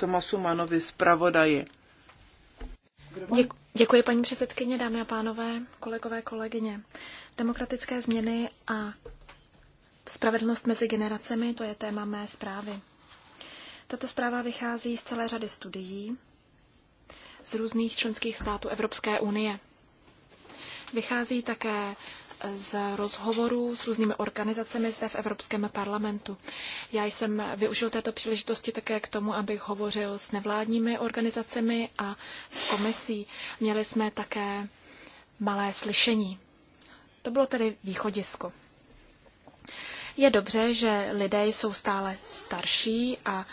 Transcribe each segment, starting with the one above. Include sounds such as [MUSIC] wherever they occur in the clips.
Tomasu Manovi zpravodaji. Děkuji. Děkuji, paní předsedkyně, dámy a pánové, kolegové, kolegyně. Demokratické změny a spravedlnost mezi generacemi, to je téma mé zprávy. Tato zpráva vychází z celé řady studií z různých členských států Evropské unie. Vychází také z rozhovorů s různými organizacemi zde v Evropském parlamentu. Já jsem využil této příležitosti také k tomu, abych hovořil s nevládními organizacemi a s komisí. Měli jsme také malé slyšení. To bylo tedy východisko. Je dobře, že lidé jsou stále starší a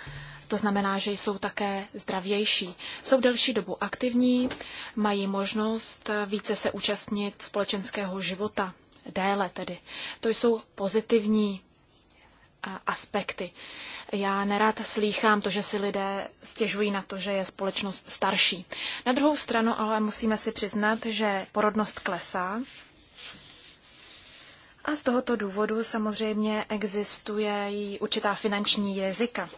to znamená, že jsou také zdravější. Jsou delší dobu aktivní, mají možnost více se účastnit společenského života, déle tedy. To jsou pozitivní aspekty. Já nerád slýchám to, že si lidé stěžují na to, že je společnost starší. Na druhou stranu ale musíme si přiznat, že porodnost klesá. A z tohoto důvodu samozřejmě existuje i určitá finanční rizika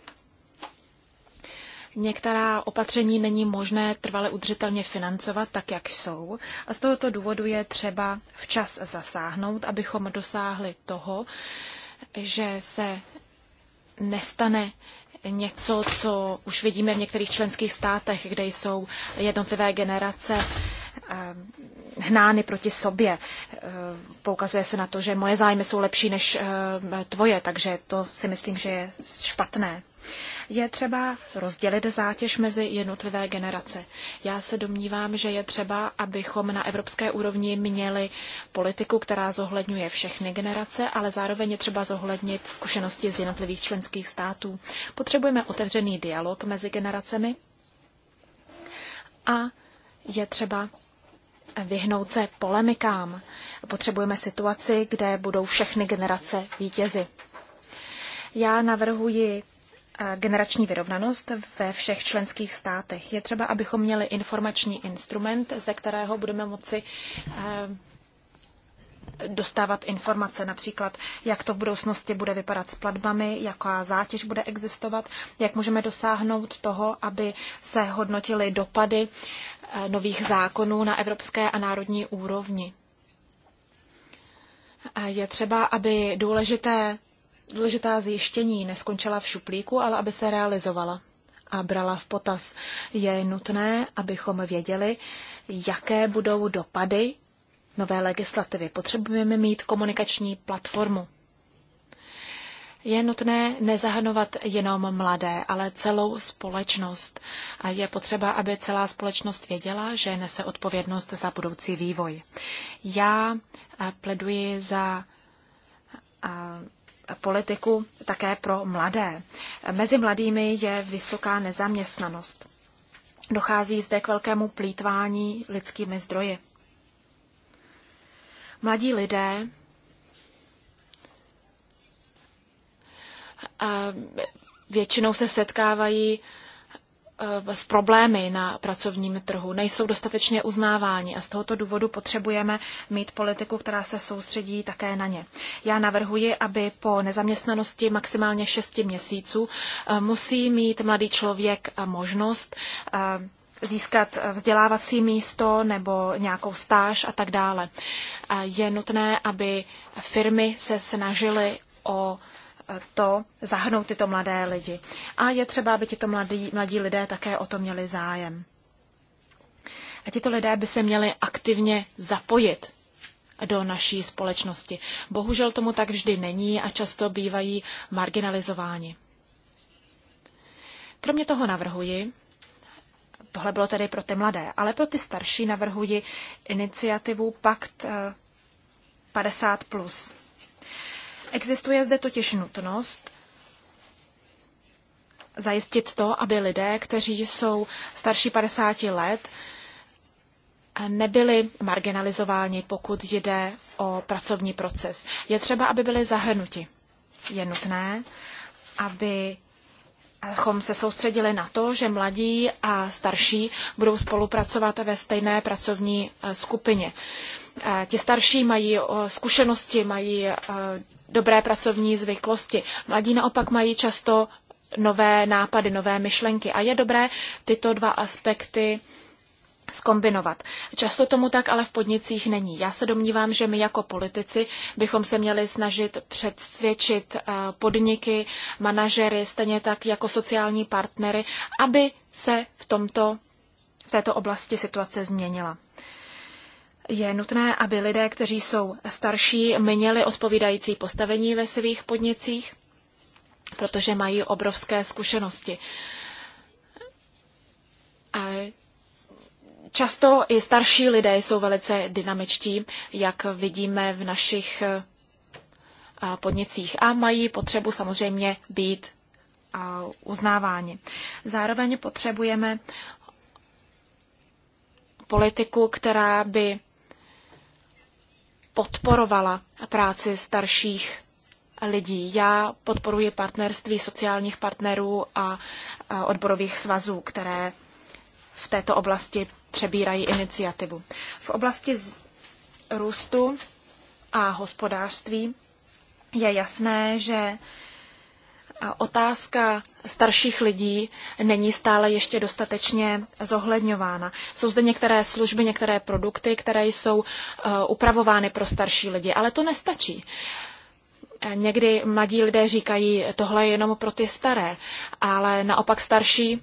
některá opatření není možné trvale udržitelně financovat tak, jak jsou. A z tohoto důvodu je třeba včas zasáhnout, abychom dosáhli toho, že se nestane něco, co už vidíme v některých členských státech, kde jsou jednotlivé generace eh, hnány proti sobě. Eh, poukazuje se na to, že moje zájmy jsou lepší než eh, tvoje, takže to si myslím, že je špatné. Je třeba rozdělit zátěž mezi jednotlivé generace. Já se domnívám, že je třeba, abychom na evropské úrovni měli politiku, která zohledňuje všechny generace, ale zároveň je třeba zohlednit zkušenosti z jednotlivých členských států. Potřebujeme otevřený dialog mezi generacemi a je třeba vyhnout se polemikám. Potřebujeme situaci, kde budou všechny generace vítězi. Já navrhuji generační vyrovnanost ve všech členských státech. Je třeba, abychom měli informační instrument, ze kterého budeme moci eh, dostávat informace, například jak to v budoucnosti bude vypadat s platbami, jaká zátěž bude existovat, jak můžeme dosáhnout toho, aby se hodnotily dopady eh, nových zákonů na evropské a národní úrovni. Eh, je třeba, aby důležité důležitá zjištění neskončila v šuplíku, ale aby se realizovala a brala v potaz. Je nutné, abychom věděli, jaké budou dopady nové legislativy. Potřebujeme mít komunikační platformu. Je nutné nezahrnovat jenom mladé, ale celou společnost. A je potřeba, aby celá společnost věděla, že nese odpovědnost za budoucí vývoj. Já pleduji za politiku také pro mladé. Mezi mladými je vysoká nezaměstnanost. Dochází zde k velkému plítvání lidskými zdroji. Mladí lidé většinou se setkávají Eh, s problémy na pracovním trhu, nejsou dostatečně uznáváni a z tohoto důvodu potřebujeme mít politiku, která se soustředí také na ně. Já navrhuji, aby po nezaměstnanosti maximálně 6 měsíců eh, musí mít mladý člověk eh, možnost získat vzdělávací místo nebo nějakou stáž a tak dále. Je nutné, aby firmy se snažily o to zahrnout tyto mladé lidi. A je třeba, aby tyto mladí, mladí lidé také o to měli zájem. A tito lidé by se měli aktivně zapojit do naší společnosti. Bohužel tomu tak vždy není a často bývají marginalizováni. Kromě toho navrhuji, tohle bylo tedy pro ty mladé, ale pro ty starší navrhuji iniciativu Pakt 50+. Eh, plus. Existuje zde totiž nutnost zajistit to, aby lidé, kteří jsou starší 50 let, nebyli marginalizováni, pokud jde o pracovní proces. Je třeba, aby byli zahrnuti. Je nutné, aby abychom se soustředili na to, že mladí a starší budou spolupracovat ve stejné pracovní eh, skupině. Eh, ti starší mají eh, zkušenosti, mají dobré pracovní zvyklosti. Mladí naopak mají často nové nápady, nové myšlenky a je dobré tyto dva aspekty skombinovat. Často tomu tak ale v podnicích není. Já se domnívám, že my jako politici bychom se měli snažit předsvědčit eh, podniky, manažery, stejně tak jako sociální partnery, aby se v tomto v této oblasti situace změnila. Je nutné, aby lidé, kteří jsou starší, měli odpovídající postavení ve svých podnicích, protože mají obrovské zkušenosti. A často i starší lidé jsou velice dynamičtí, jak vidíme v našich eh, podnicích a mají potřebu samozřejmě být uznáváni. Zároveň potřebujeme politiku, která by podporovala práci starších lidí. Já podporuji partnerství sociálních partnerů a odborových svazů, které v této oblasti přebírají iniciativu. V oblasti růstu a hospodářství je jasné, že otázka starších lidí není stále ještě dostatečně zohledňována. Jsou zde některé služby, některé produkty, které jsou eh, upravovány pro starší lidi, ale to nestačí. Eh, někdy mladí lidé říkají, tohle je jenom pro ty staré, ale naopak starší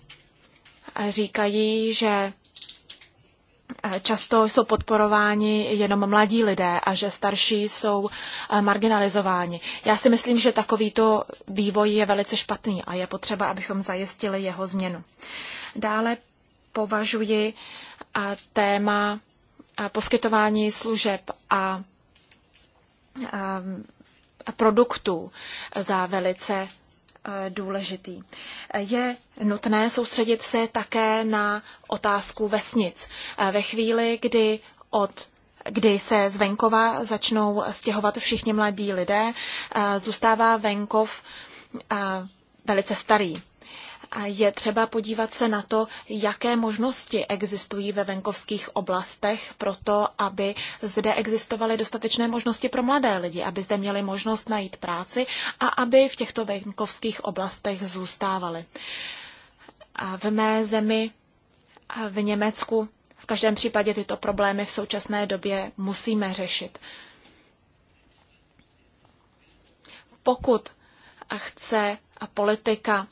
eh, říkají, že často jsou podporováni jenom mladí lidé a že starší jsou eh, marginalizováni. Já si myslím, že takovýto vývoj je velice špatný a je potřeba, abychom zajistili jeho změnu. Dále považuji eh, téma eh, poskytování služeb a produktů za velice Eh, důležitý. Je nutné soustředit se také na otázku vesnic. Eh, ve chvíli, kdy od kdy se z venkova začnou stěhovat všichni mladí lidé, eh, zůstává venkov velice starý je třeba podívat se na to, jaké možnosti existují ve venkovských oblastech pro to, aby zde existovaly dostatečné možnosti pro mladé lidi, aby zde měli možnost najít práci a aby v těchto venkovských oblastech zůstávali. v mé zemi, v Německu, v každém případě tyto problémy v současné době musíme řešit. Pokud chce politika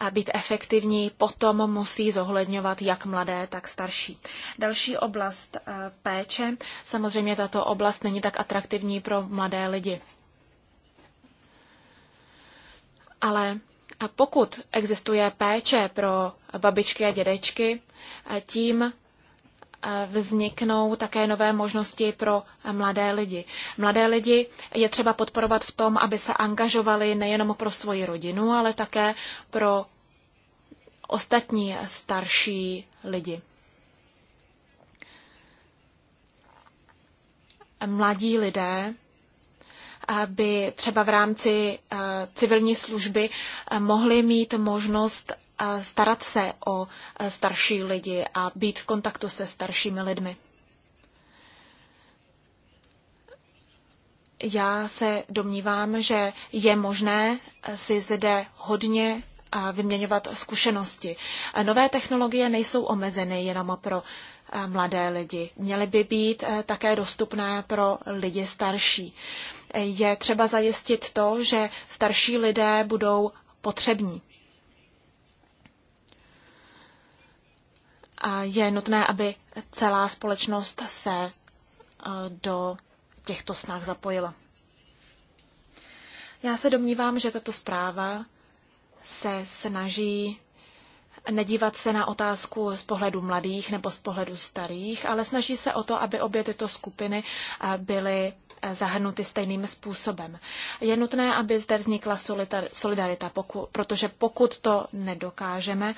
a být efektivní, potom musí zohledňovat jak mladé, tak starší. Další oblast eh, péče. Samozřejmě tato oblast není tak atraktivní pro mladé lidi. Ale pokud existuje péče pro babičky a dědečky, eh, tím vzniknou také nové možnosti pro mladé lidi. Mladé lidi je třeba podporovat v tom, aby se angažovali nejenom pro svoji rodinu, ale také pro ostatní starší lidi. Mladí lidé by třeba v rámci civilní služby mohli mít možnost starat se o e, starší lidi a být v kontaktu se staršími lidmi. Já se domnívám, že je možné si zde hodně e, vyměňovat zkušenosti. E, nové technologie nejsou omezeny jenom pro mladé lidi. Měly by být také dostupné pro lidi starší. Je třeba zajistit to, že starší lidé budou potřební. je nutné, aby celá společnost se eh, do těchto snah zapojila. Já se domnívám, že tato zpráva se snaží nedívat se na otázku z pohledu mladých nebo z pohledu starých, ale snaží se o to, aby obě tyto skupiny eh, byly zahrnuty stejným způsobem. Je nutné, aby zde vznikla solidarita, poku, protože pokud to nedokážeme,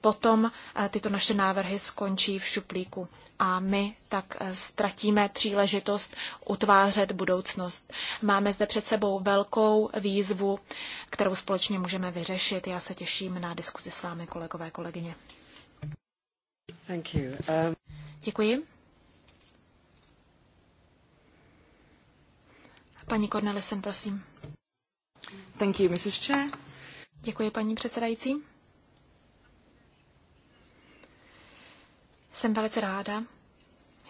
potom eh, tyto naše návrhy skončí v šuplíku a my tak eh, ztratíme příležitost utvářet budoucnost. Máme zde před sebou velkou výzvu, kterou společně můžeme vyřešit. Já se těším na diskuzi s vámi, kolegové, kolegyně. Thank you. Um... Děkuji. Paní Cornelisen, prosím. Thank you, Mrs. Chair. Děkuji, paní předsedající. Jsem velice ráda,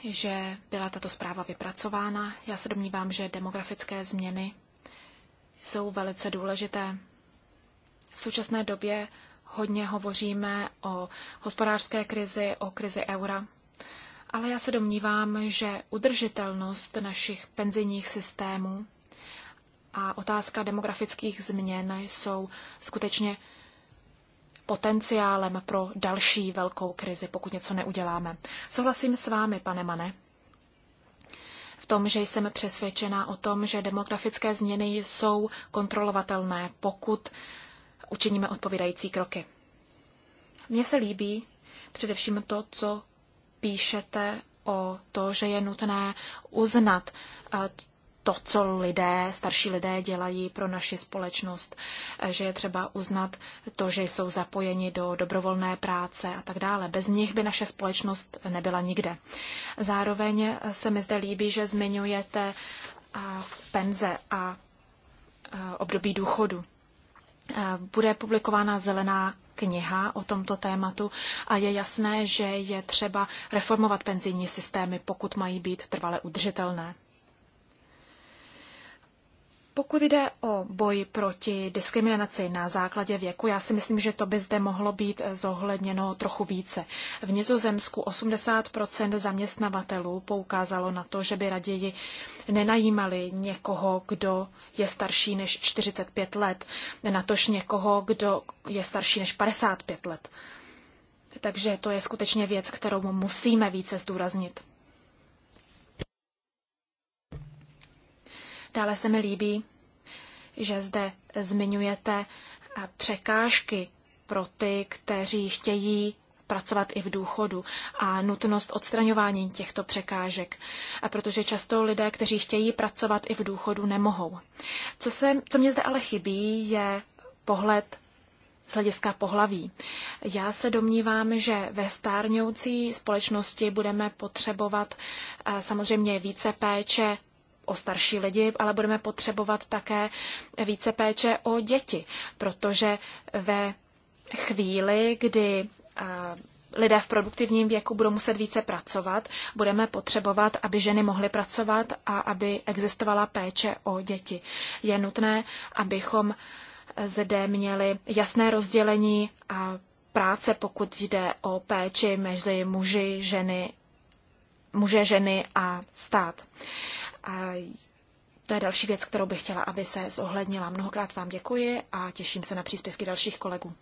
že byla tato zpráva vypracována. Já se domnívám, že demografické změny jsou velice důležité. V současné době hodně hovoříme o hospodářské krizi, o krizi eura. Ale já se domnívám, že udržitelnost našich penzijních systémů a otázka demografických změn jsou skutečně potenciálem pro další velkou krizi, pokud něco neuděláme. Souhlasím s vámi, pane Mane, v tom, že jsem přesvědčená o tom, že demografické změny jsou kontrolovatelné, pokud učiníme odpovídající kroky. Mně se líbí především to, co píšete o to, že je nutné uznat eh, to, co lidé, starší lidé dělají pro naši společnost, eh, že je třeba uznat to, že jsou zapojeni do dobrovolné práce a tak dále. Bez nich by naše společnost nebyla nikde. Zároveň se mi zde líbí, že zmiňujete eh, penze a období důchodu. Bude publikována zelená kniha o tomto tématu a je jasné, že je třeba reformovat penzijní systémy, pokud mají být trvale udržitelné. Pokud jde o boj proti diskriminaci na základě věku, já si myslím, že to by zde mohlo být zohledněno trochu více. V Nizozemsku 80 zaměstnavatelů poukázalo na to, že by raději nenajímali někoho, kdo je starší než 45 let, natož někoho, kdo je starší než 55 let. Takže to je skutečně věc, kterou musíme více zdůraznit. Dále se mi líbí, že zde zmiňujete eh, překážky pro ty, kteří chtějí pracovat i v důchodu a nutnost odstraňování těchto překážek, a protože často lidé, kteří chtějí pracovat i v důchodu, nemohou. Co, se, co mě zde ale chybí, je pohled z hlediska pohlaví. Já se domnívám, že ve stárňoucí společnosti budeme potřebovat eh, samozřejmě více péče o starší lidi, ale budeme potřebovat také více péče o děti, protože ve chvíli, kdy eh, lidé v produktivním věku budou muset více pracovat, budeme potřebovat, aby ženy mohly pracovat a aby existovala péče o děti. Je nutné, abychom zde měli jasné rozdělení a práce, pokud jde o péči mezi muži, ženy muže, ženy a stát. A to je další věc, kterou bych chtěla, aby se zohlednila. Mnohokrát vám děkuji a těším se na příspěvky dalších kolegů.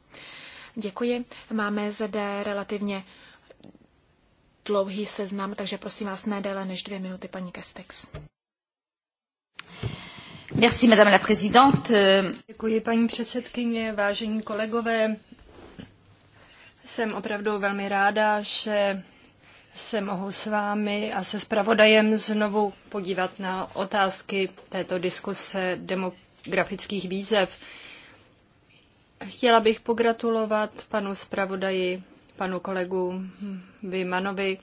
Děkuji. Máme zde relativně dlouhý seznam, takže prosím vás, ne déle než dvě minuty, paní Kestex. Merci, madame la présidente. Děkuji, paní předsedkyně, vážení kolegové. Jsem opravdu velmi ráda, že se mohu s vámi a se spravodajem znovu podívat na otázky této diskuse demografických výzev. Chtěla bych pogratulovat panu spravodaji, panu kolegu Vymanovi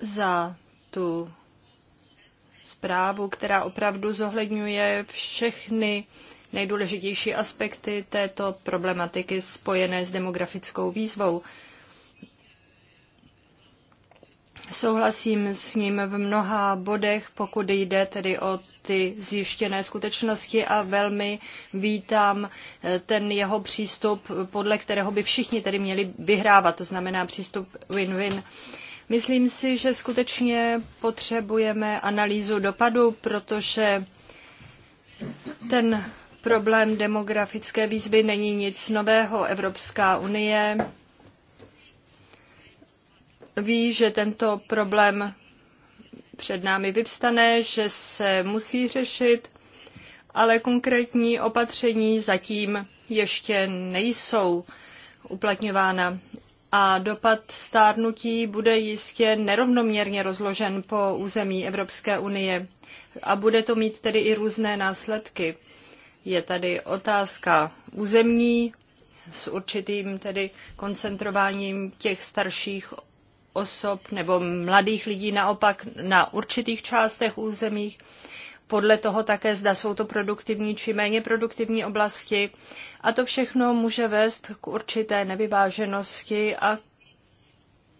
za tu zprávu, která opravdu zohledňuje všechny nejdůležitější aspekty této problematiky spojené s demografickou výzvou. Souhlasím s ním v mnoha bodech, pokud jde tedy o ty zjištěné skutečnosti a velmi vítám eh, ten jeho přístup, podle kterého by všichni tedy měli vyhrávat, to znamená přístup win-win. Myslím si, že skutečně potřebujeme analýzu dopadu, protože ten problém demografické výzvy není nic nového. Evropská unie ví, že tento problém před námi vyvstane, že se musí řešit, ale konkrétní opatření zatím ještě nejsou uplatňována a dopad stárnutí bude jistě nerovnoměrně rozložen po území Evropské unie a bude to mít tedy i různé následky. Je tady otázka územní s určitým tedy koncentrováním těch starších osob nebo mladých lidí naopak na určitých částech územích, podle toho také zda jsou to produktivní či méně produktivní oblasti. A to všechno může vést k určité nevyváženosti a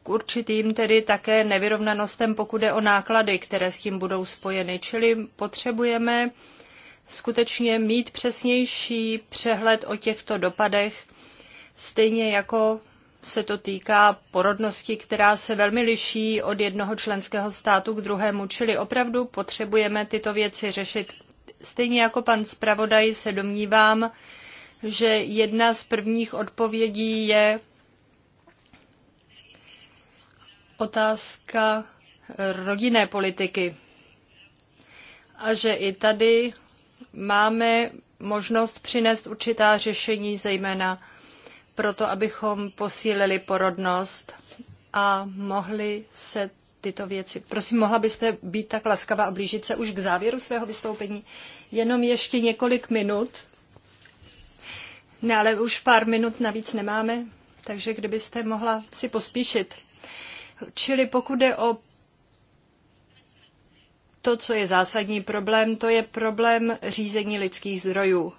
k určitým tedy také nevyrovnanostem, pokud je o náklady, které s tím budou spojeny. Čili potřebujeme skutečně mít přesnější přehled o těchto dopadech, stejně jako se to týká porodnosti, která se velmi liší od jednoho členského státu k druhému, čili opravdu potřebujeme tyto věci řešit. Stejně jako pan zpravodaj se domnívám, že jedna z prvních odpovědí je otázka rodinné politiky. A že i tady máme možnost přinést určitá řešení, zejména proto abychom posílili porodnost a mohli se tyto věci. Prosím, mohla byste být tak laskavá a blížit se už k závěru svého vystoupení? Jenom ještě několik minut. Ne, ale už pár minut navíc nemáme, takže kdybyste mohla si pospíšit. Čili pokud jde o to, co je zásadní problém, to je problém řízení lidských zdrojů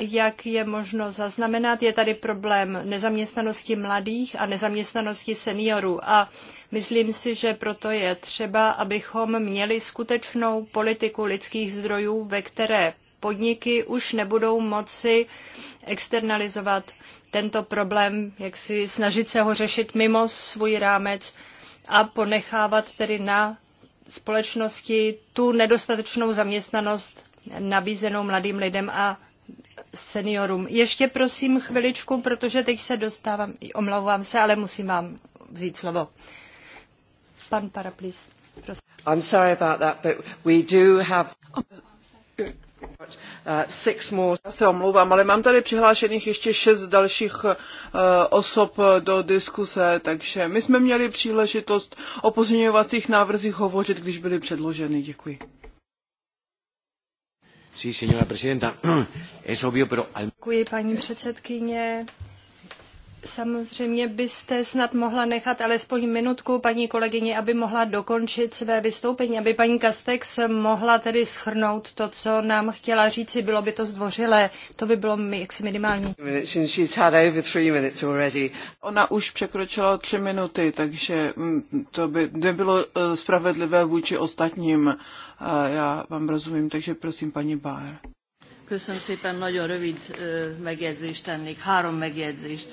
jak je možno zaznamenat, je tady problém nezaměstnanosti mladých a nezaměstnanosti seniorů. A myslím si, že proto je třeba, abychom měli skutečnou politiku lidských zdrojů, ve které podniky už nebudou moci externalizovat tento problém, jak si snažit se ho řešit mimo svůj rámec a ponechávat tedy na společnosti tu nedostatečnou zaměstnanost nabízenou mladým lidem a seniorům. Ještě prosím chviličku, protože teď se dostávám, omlouvám se, ale musím vám vzít slovo. Pan Paraplis, prosím. I'm sorry about that, but we do have... Eh, six more. Já se omlouvám, ale mám tady přihlášených ještě šest dalších eh, osob do diskuse, takže my jsme měli příležitost o pozměňovacích návrzích hovořit, když byly předloženy. Děkuji. Sí, señora presidenta. [CLEARS THROAT] Es obvio, pero... Děkuji, paní předsedkyně. Samozřejmě byste snad mohla nechat alespoň minutku paní kolegyni, aby mohla dokončit své vystoupení, aby paní Kastex mohla tedy schrnout to, co nám chtěla říci. Bylo by to zdvořilé, to by bylo jaksi minimální. Ona už překročila tři minuty, takže mm, to by nebylo eh, spravedlivé vůči ostatním. Eh, já vám rozumím, takže prosím paní Bájer. Köszönöm szépen, nagyon rövid eh, megjegyzést tennék, három megjegyzést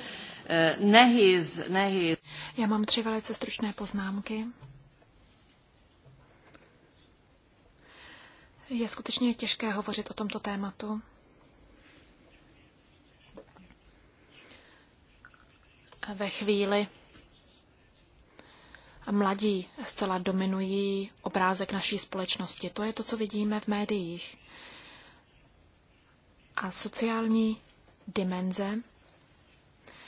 nehyz, nehyz. Já mám tři velice stručné poznámky. Je skutečně těžké hovořit o tomto tématu. Ve chvíli mladí zcela dominují obrázek naší společnosti. To je to, co vidíme v médiích. A sociální dimenze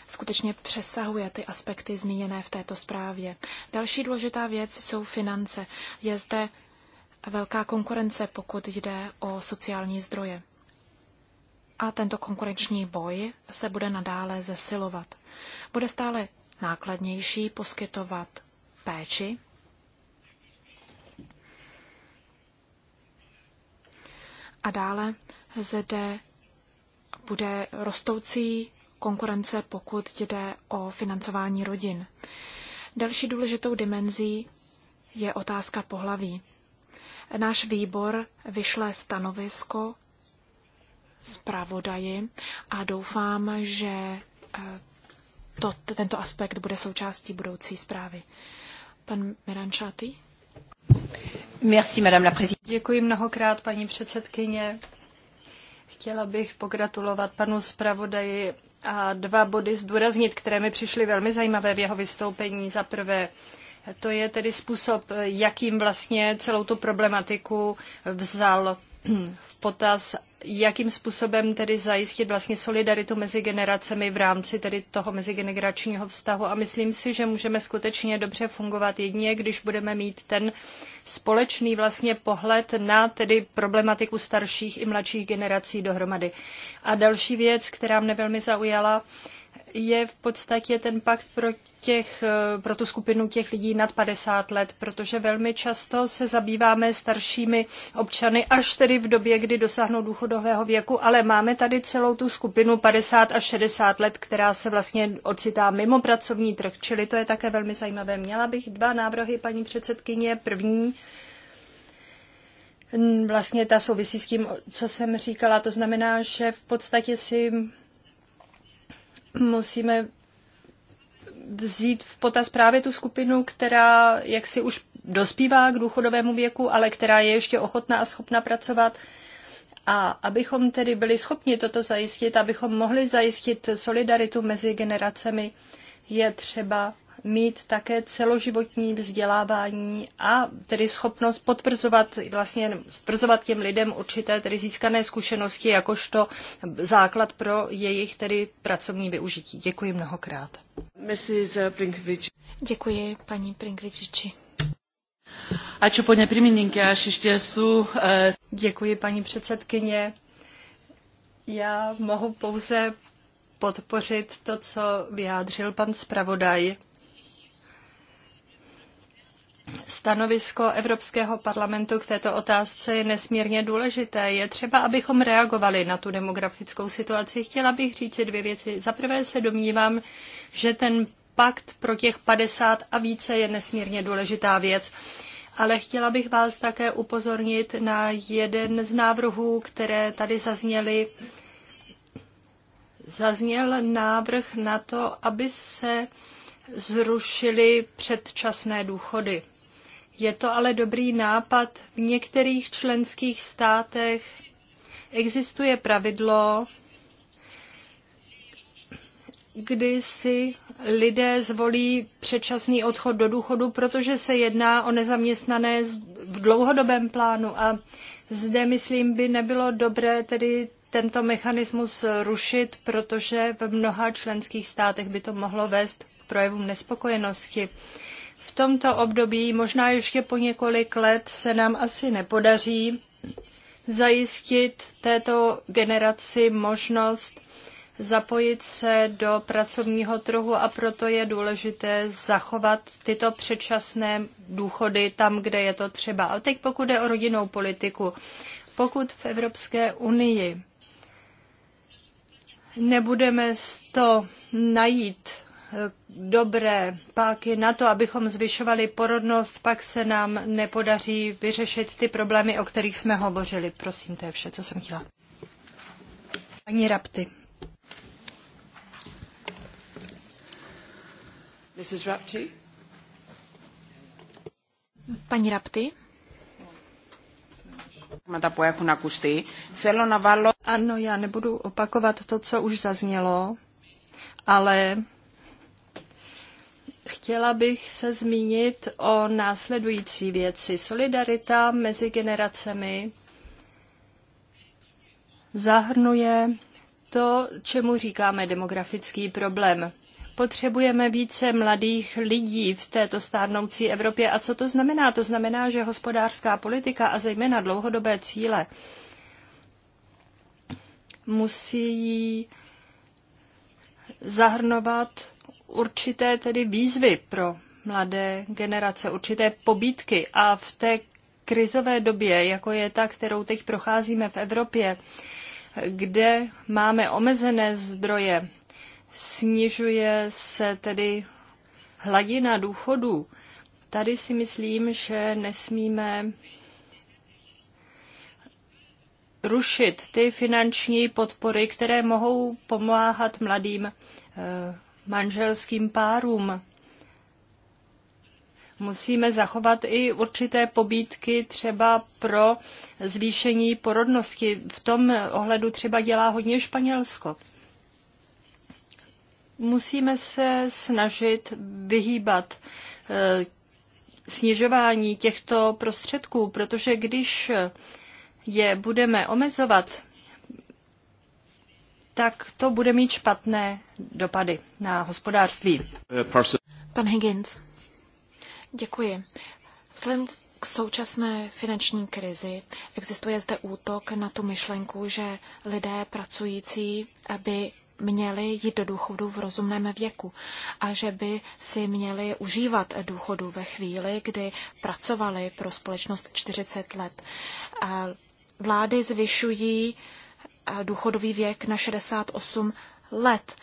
skutečně přesahuje ty aspekty zmíněné v této zprávě. Další důležitá věc jsou finance. Je zde velká konkurence, pokud jde o sociální zdroje. A tento konkurenční boj se bude nadále zesilovat. Bude stále nákladnější poskytovat péči. A dále zde bude rostoucí konkurence, pokud jde o financování rodin. Další důležitou dimenzí je otázka pohlaví. Náš výbor vyšle stanovisko zpravodaji a doufám, že eh, to, tento aspekt bude součástí budoucí zprávy. Pan Merančáty? Merci, madame la Děkuji mnohokrát, paní předsedkyně. Chtěla bych pogratulovat panu zpravodaji a dva body zdůraznit, které mi přišly velmi zajímavé v jeho vystoupení. Za prvé, to je tedy způsob, jakým vlastně celou tu problematiku vzal v [CLEARS THROAT] potaz, jakým způsobem tedy zajistit vlastně solidaritu mezi generacemi v rámci tedy toho mezigeneračního vztahu. A myslím si, že můžeme skutečně dobře fungovat jedině, když budeme mít ten společný vlastně pohled na tedy problematiku starších i mladších generací dohromady. A další věc, která mne velmi zaujala, je v podstatě ten pakt pro, těch, eh, pro tu skupinu těch lidí nad 50 let, protože velmi často se zabýváme staršími občany až tedy v době, kdy dosáhnou důchodového věku, ale máme tady celou tu skupinu 50 až 60 let, která se vlastně ocitá mimo pracovní trh, čili to je také velmi zajímavé. Měla bych dva návrhy, paní předsedkyně. První vlastně ta souvisí s tím, co jsem říkala. To znamená, že v podstatě si musíme vzít v potaz právě tu skupinu, která jak si už dospívá k důchodovému věku, ale která je ještě ochotná a schopna pracovat. A abychom tedy byli schopni toto zajistit, abychom mohli zajistit solidaritu mezi generacemi, je třeba mít také celoživotní vzdělávání a tedy schopnost potvrzovat, vlastně stvrzovat těm lidem určité tedy získané zkušenosti jakožto základ pro jejich tedy pracovní využití. Děkuji mnohokrát. Mrs. Brinkovič. Děkuji, paní Brinkvičiči. Ačiū, poně primininky, až ještě jsou... E, Děkuji, paní předsedkyně. Já mohu pouze podpořit to, co vyjádřil pan zpravodaj. Stanovisko Evropského parlamentu k této otázce je nesmírně důležité. Je třeba, abychom reagovali na tu demografickou situaci. Chtěla bych říct dvě věci. Za prvé se domnívám, že ten pakt pro těch 50 a více je nesmírně důležitá věc. Ale chtěla bych vás také upozornit na jeden z návrhů, které tady zazněly. Zazněl návrh na to, aby se zrušily předčasné důchody. Je to ale dobrý nápad. V některých členských státech existuje pravidlo, kdy si lidé zvolí předčasný odchod do důchodu, protože se jedná o nezaměstnané v dlouhodobém plánu. A zde, myslím, by nebylo dobré tedy tento mechanismus rušit, protože v mnoha členských státech by to mohlo vést k projevům nespokojenosti tomto období, možná ještě po několik let, se nám asi nepodaří zajistit této generaci možnost zapojit se do pracovního trhu a proto je důležité zachovat tyto předčasné důchody tam, kde je to třeba. A teď pokud je o rodinnou politiku, pokud v Evropské unii nebudeme z to najít dobré páky na to, abychom zvyšovali porodnost, pak se nám nepodaří vyřešit ty problémy, o kterých jsme hovořili. Prosím, to je vše, co jsem chtěla. Paní Rapty. Mrs. Rapti? Paní Rapti? Ano, já nebudu opakovat to, co už zaznělo, ale Chtěla bych se zmínit o následující věci. Solidarita mezi generacemi zahrnuje to, čemu říkáme demografický problém. Potřebujeme více mladých lidí v této stárnoucí Evropě. A co to znamená? To znamená, že hospodářská politika a zejména dlouhodobé cíle musí zahrnovat určité tedy výzvy pro mladé generace, určité pobídky a v té krizové době, jako je ta, kterou teď procházíme v Evropě, kde máme omezené zdroje, snižuje se tedy hladina důchodů. Tady si myslím, že nesmíme rušit ty finanční podpory, které mohou pomáhat mladým eh, manželským párům. Musíme zachovat i určité pobídky třeba pro zvýšení porodnosti. V tom ohledu třeba dělá hodně Španělsko. Musíme se snažit vyhýbat eh, snižování těchto prostředků, protože když je budeme omezovat, tak to bude mít špatné dopady na hospodářství. Pan Higgins, děkuji. Vzhledem k současné finanční krizi existuje zde útok na tu myšlenku, že lidé pracující by měli jít do důchodu v rozumném věku a že by si měli užívat důchodu ve chvíli, kdy pracovali pro společnost 40 let. A vlády zvyšují důchodový věk na 68 let.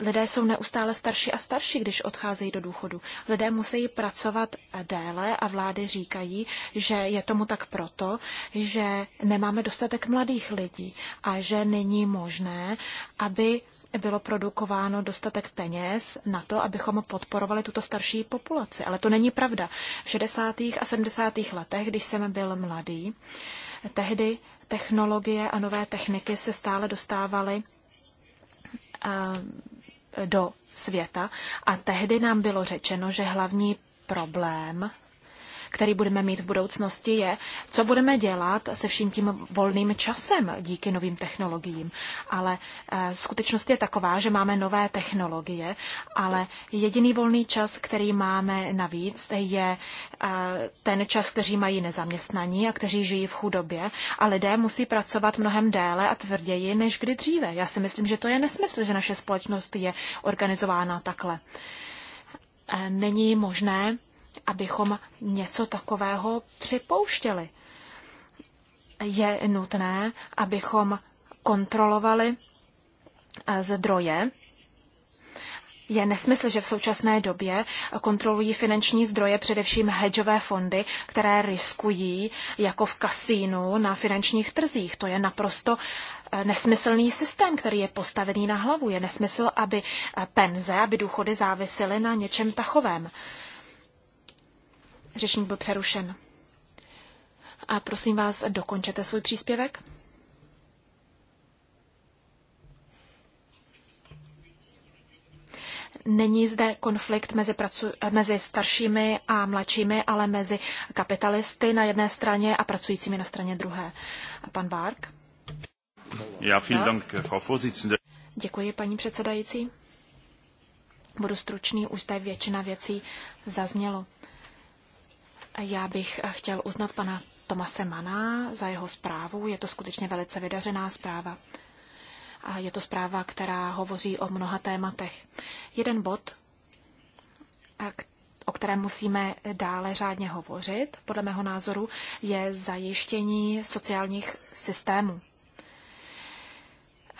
Lidé jsou neustále starší a starší, když odcházejí do důchodu. Lidé musí pracovat déle a vlády říkají, že je tomu tak proto, že nemáme dostatek mladých lidí a že není možné, aby bylo produkováno dostatek peněz na to, abychom podporovali tuto starší populaci. Ale to není pravda. V 60. a 70. letech, když jsem byl mladý, tehdy technologie a nové techniky se stále dostávaly eh, do světa a tehdy nám bylo řečeno, že hlavní problém který budeme mít v budoucnosti, je, co budeme dělat se vším tím volným časem díky novým technologiím. Ale eh, skutečnost je taková, že máme nové technologie, ale jediný volný čas, který máme navíc, je eh, ten čas, který mají nezaměstnaní a kteří žijí v chudobě. A lidé musí pracovat mnohem déle a tvrději než kdy dříve. Já si myslím, že to je nesmysl, že naše společnost je organizována takhle. Eh, není možné abychom něco takového připouštěli. Je nutné, abychom kontrolovali eh, zdroje. Je nesmysl, že v současné době kontrolují finanční zdroje především hedžové fondy, které riskují jako v kasínu na finančních trzích. To je naprosto eh, nesmyslný systém, který je postavený na hlavu. Je nesmysl, aby eh, penze, aby důchody závisely na něčem takovém. Řečník byl přerušen. A prosím vás, dokončete svůj příspěvek. Není zde konflikt mezi, pracu- mezi staršími a mladšími, ale mezi kapitalisty na jedné straně a pracujícími na straně druhé. A pan Bark? Já, Dank, Frau Děkuji, paní předsedající. Budu stručný, už zde většina věcí zaznělo. Já bych eh, chtěl uznat pana Tomase Mana za jeho zprávu. Je to skutečně velice vydařená zpráva. A je to zpráva, která hovoří o mnoha tématech. Jeden bod, eh, o kterém musíme dále řádně hovořit, podle mého názoru, je zajištění sociálních systémů.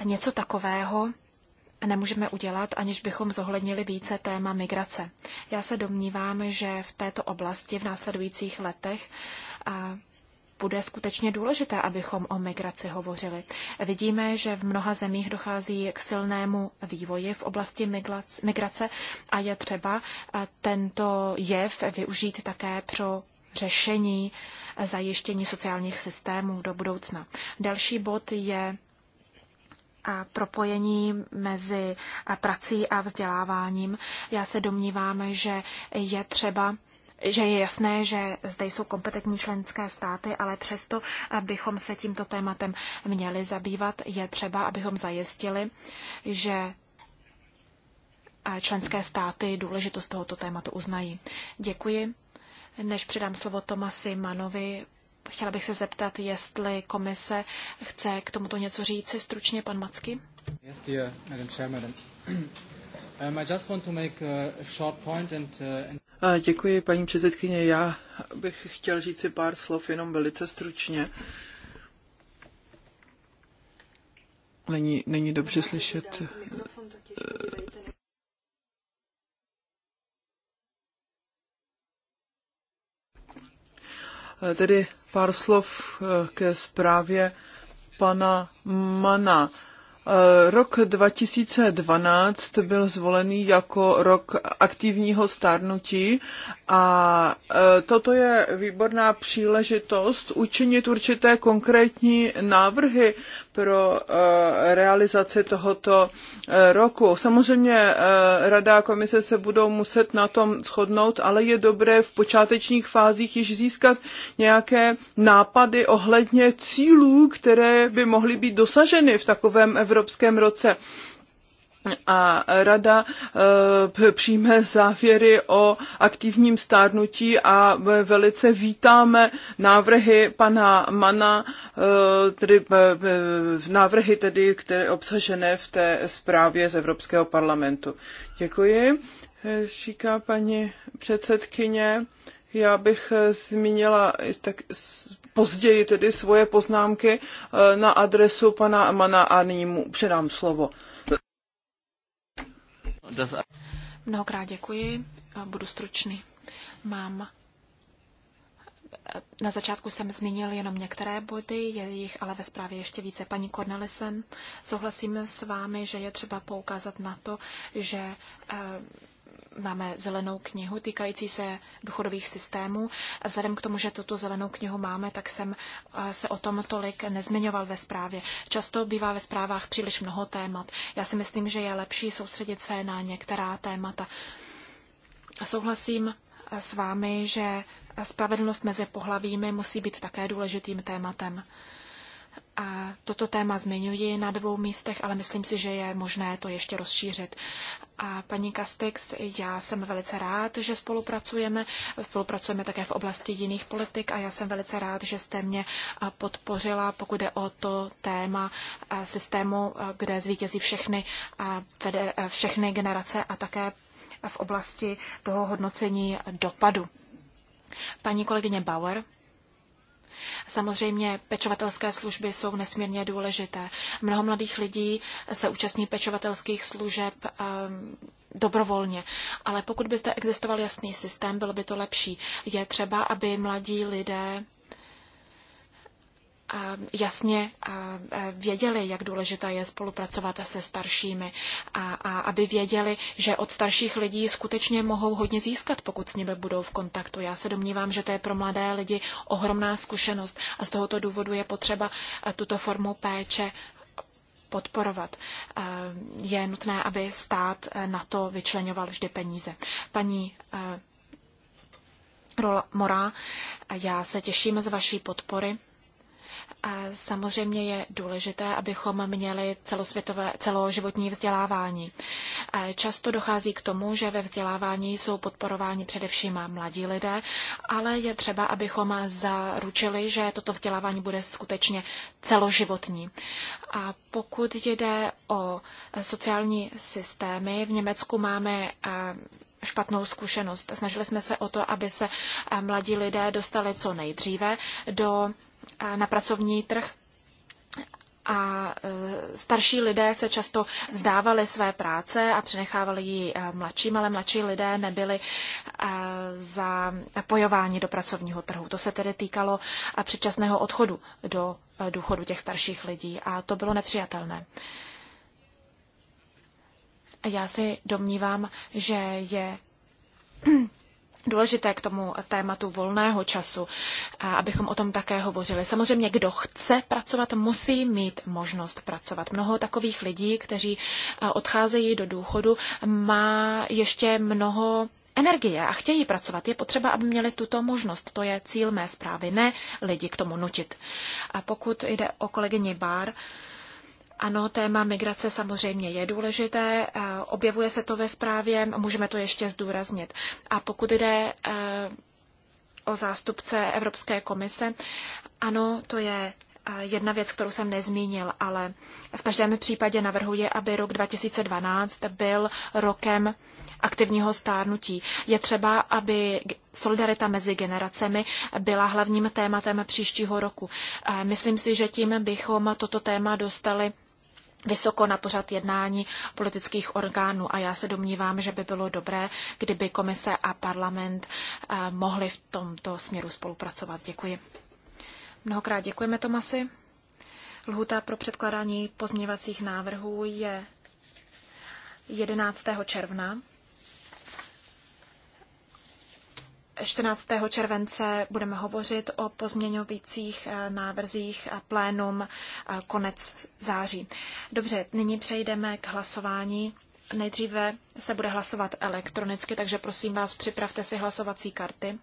Něco takového nemůžeme udělat, aniž bychom zohlednili více téma migrace. Já se domnívám, že v této oblasti v následujících letech bude skutečně důležité, abychom o migraci hovořili. Vidíme, že v mnoha zemích dochází k silnému vývoji v oblasti migrace a je třeba tento jev využít také pro řešení zajištění sociálních systémů do budoucna. Další bod je propojení mezi prací a vzděláváním. Já se domnívám, že je třeba že je jasné, že zde jsou kompetentní členské státy, ale přesto abychom se tímto tématem měli zabývat. Je třeba, abychom zajistili, že členské státy důležitost tohoto tématu uznají. Děkuji. Než předám slovo Tomasi Manovi, Chtěla bych se zeptat, jestli komise chce k tomuto něco říct stručně, pan Macky. Yes, dear Madam Chair, Madam. [CLEARS THROAT] Um, I just want to make a short point and, uh, and... děkuji, paní předsedkyně. Já bych chtěl říct si pár slov jenom velice stručně. Není, není dobře slyšet. Eh, tedy pár slov eh, ke zprávě pana Mana. Eh, rok 2012 byl zvolený jako rok aktivního stárnutí a eh, toto je výborná příležitost učinit určité konkrétní návrhy pro eh, realizaci tohoto eh, roku. Samozřejmě eh, Rada a komise se budou muset na tom shodnout, ale je dobré v počátečních fázích již získat nějaké nápady ohledně cílů, které by mohly být dosaženy v takovém evropském roce a rada eh, přijme závěry o aktivním stárnutí a velice vítáme návrhy pana Mana, eh, tedy eh, návrhy tedy, které obsažené v té zprávě z Evropského parlamentu. Děkuji, říká paní předsedkyně. Já bych zmínila tak později tedy svoje poznámky na adresu pana Mana a nyní mu předám slovo. Mnohokrát děkuji, budu stručný. Mám na začátku jsem zmínil jenom některé body, je jich ale ve zprávě ještě více. Paní Cornelisen, souhlasíme s vámi, že je třeba poukázat na to, že eh, Máme zelenou knihu týkající se důchodových systémů. Vzhledem k tomu, že tuto zelenou knihu máme, tak jsem eh, se o tom tolik nezmiňoval ve zprávě. Často bývá ve zprávách příliš mnoho témat. Já si myslím, že je lepší soustředit se na některá témata. Souhlasím eh, s vámi, že spravedlnost mezi pohlavími musí být také důležitým tématem. A toto téma zmiňuji na dvou místech, ale myslím si, že je možné to ještě rozšířit. A paní Kastix, já jsem velice rád, že spolupracujeme. Spolupracujeme také v oblasti jiných politik a já jsem velice rád, že jste mě podpořila, pokud jde o to téma systému, kde zvítězí všechny, všechny generace a také v oblasti toho hodnocení dopadu. Paní kolegyně Bauer Samozřejmě pečovatelské služby jsou nesmírně důležité. Mnoho mladých lidí se účastní pečovatelských služeb ehm, dobrovolně. Ale pokud by zde existoval jasný systém, bylo by to lepší. Je třeba, aby mladí lidé jasně věděli, jak důležité je spolupracovat se staršími a, a aby věděli, že od starších lidí skutečně mohou hodně získat, pokud s nimi budou v kontaktu. Já se domnívám, že to je pro mladé lidi ohromná zkušenost a z tohoto důvodu je potřeba tuto formu péče podporovat. Je nutné, aby stát na to vyčlenoval vždy peníze. Paní Morá, já se těším z vaší podpory Samozřejmě je důležité, abychom měli celosvětové, celoživotní vzdělávání. Často dochází k tomu, že ve vzdělávání jsou podporováni především mladí lidé, ale je třeba, abychom zaručili, že toto vzdělávání bude skutečně celoživotní. A pokud jde o sociální systémy, v Německu máme špatnou zkušenost. Snažili jsme se o to, aby se mladí lidé dostali co nejdříve do na pracovní trh. A e, starší lidé se často zdávali své práce a přenechávali ji e, mladším, ale mladší lidé nebyli e, za pojování do pracovního trhu. To se tedy týkalo předčasného odchodu do důchodu těch starších lidí a to bylo nepřijatelné. Já si domnívám, že je důležité k tomu tématu volného času, abychom o tom také hovořili. Samozřejmě, kdo chce pracovat, musí mít možnost pracovat. Mnoho takových lidí, kteří odcházejí do důchodu, má ještě mnoho energie a chtějí pracovat. Je potřeba, aby měli tuto možnost. To je cíl mé zprávy, ne lidi k tomu nutit. A pokud jde o kolegyni Bár, ano, téma migrace samozřejmě je důležité, eh, objevuje se to ve zprávě, můžeme to ještě zdůraznit. A pokud jde eh, o zástupce Evropské komise, ano, to je eh, jedna věc, kterou jsem nezmínil, ale v každém případě navrhuji, aby rok 2012 byl rokem aktivního stárnutí. Je třeba, aby solidarita mezi generacemi byla hlavním tématem příštího roku. Myslím si, že tím bychom toto téma dostali vysoko na pořad jednání politických orgánů a já se domnívám, že by bylo dobré, kdyby komise a parlament eh, mohli v tomto směru spolupracovat. Děkuji. Mnohokrát děkujeme Tomasi. Lhuta pro předkládání pozměňovacích návrhů je 11. června. 14. července budeme hovořit o pozměňovacích eh, návrzích a plénum eh, konec září. Dobře, nyní přejdeme k hlasování. Nejdříve se bude hlasovat elektronicky, takže prosím vás, připravte si hlasovací karty,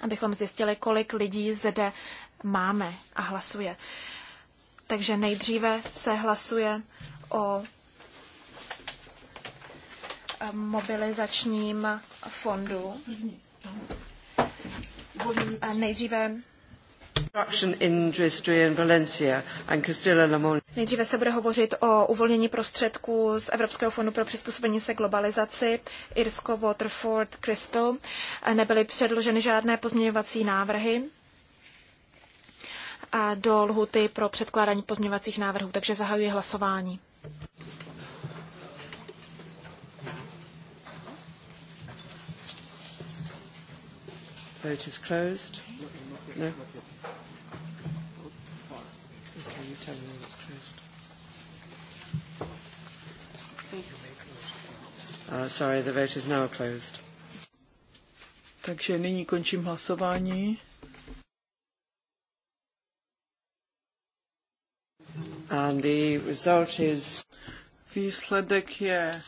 abychom zjistili, kolik lidí zde máme a hlasuje. Takže nejdříve se hlasuje o eh, mobilizačním fondu. První. Eh, nejdříve Nejdříve se bude hovořit o uvolnění prostředků z Evropského fondu pro přizpůsobení se globalizaci. Irsko, Waterford, Crystal. Eh, nebyly předloženy žádné pozměňovací návrhy a eh, do lhuty pro předkládání pozměňovacích návrhů, takže zahajuji hlasování. Vote is closed. No? Okay, you tell me when it's closed. Uh, sorry, the vote is now closed. Takže nyní končím hlasování. And the result is... Výsledek je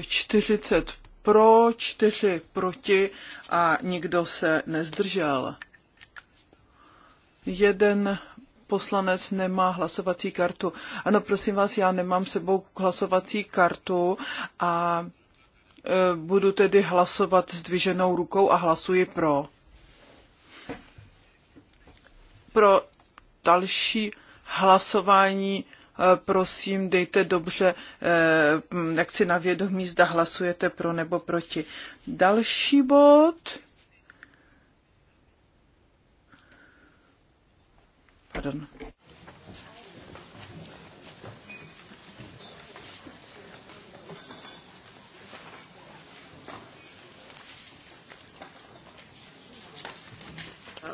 40 eh, pro, čtyři proti a nikdo se nezdržel. Jeden poslanec nemá hlasovací kartu. Ano, prosím vás, já nemám sebou hlasovací kartu a e, budu tedy hlasovat s dviženou rukou a hlasuji pro. Pro další hlasování Eh, prosím dejte dobře, eh, jak si na vědomí, zda hlasujete pro nebo proti. Další bod. Pardon.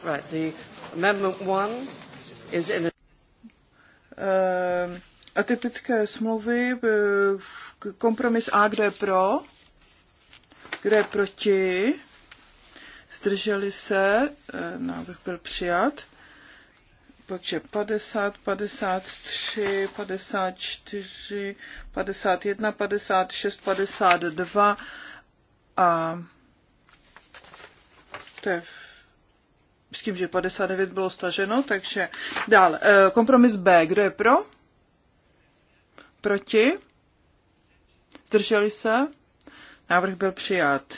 Right, the amendment one is in a Eh, atypické smlouvy, eh, kompromis A, kdo je pro, kdo je proti, zdrželi se, eh, návrh byl přijat, takže 50, 53, 54, 51, 56, 52 a to je s tím, že 59 bylo staženo, takže dál. Eh, kompromis B, kdo je pro? Proti? Zdrželi se? Návrh byl přijat.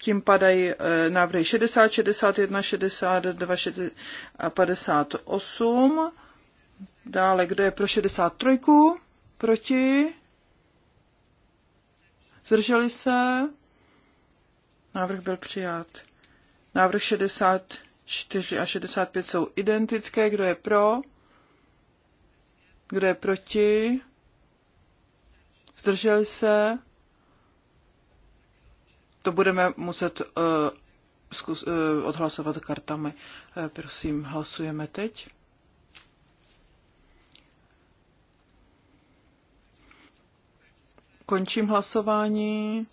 Tím padají eh, návrhy 60, 61, 62 a 58. Dále, kdo je pro 63? Proti? Zdrželi se? Návrh byl přijat. Návrh 64 a 65 jsou identické. Kdo je pro? Kdo je proti? Zdrželi se? To budeme muset uh, zkus, uh, odhlasovat kartami. Uh, prosím, hlasujeme teď. Končím hlasování.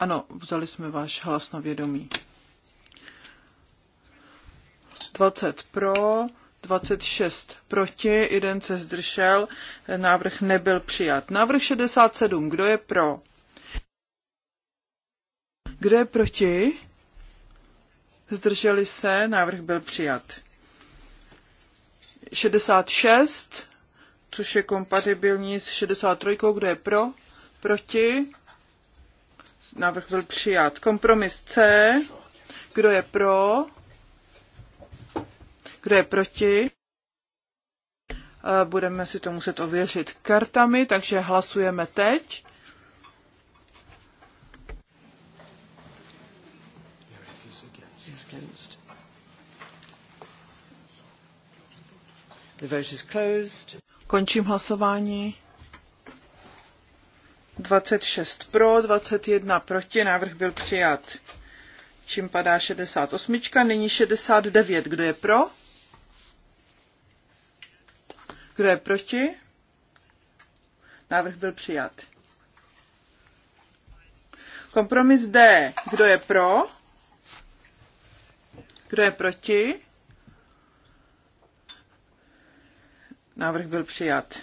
Ano, vzali jsme váš hlas na vědomí. 20 pro, 26 proti, jeden se zdržel, návrh nebyl přijat. Návrh 67, kdo je pro? Kdo je proti? Zdrželi se, návrh byl přijat. 66, což je kompatibilní s 63, kdo je pro? Proti? Návrh byl přijat. Kompromis C, kdo je pro? Kdo je proti? Eh, budeme si to muset ověřit kartami, takže hlasujeme teď. The vote is closed. Končím hlasování. 26 pro, 21 proti, návrh byl přijat. Čím padá 68, nyní 69. Kdo je pro? Kdo je proti? Návrh byl přijat. Kompromis D. Kdo je pro? Kdo je proti? Návrh byl přijat.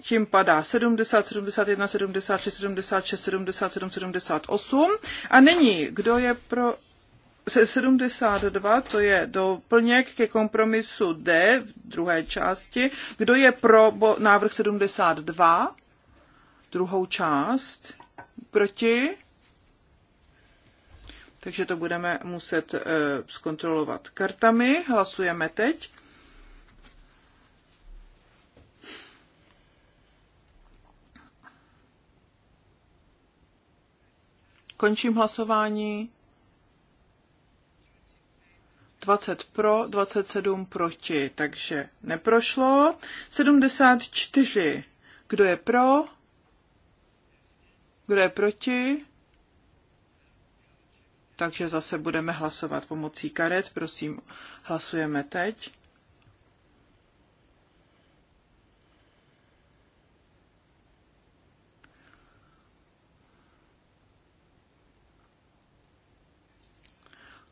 Tím padá 70, 71, 73, 76, 77, 78. A nyní, kdo je pro se 72, to je doplněk ke kompromisu D v druhé části. Kdo je pro bo, návrh 72, druhou část, proti? Takže to budeme muset e, zkontrolovat kartami. Hlasujeme teď. Končím hlasování. 20 pro, 27 proti, takže neprošlo. 74, kdo je pro, kdo je proti, takže zase budeme hlasovat pomocí karet, prosím, hlasujeme teď.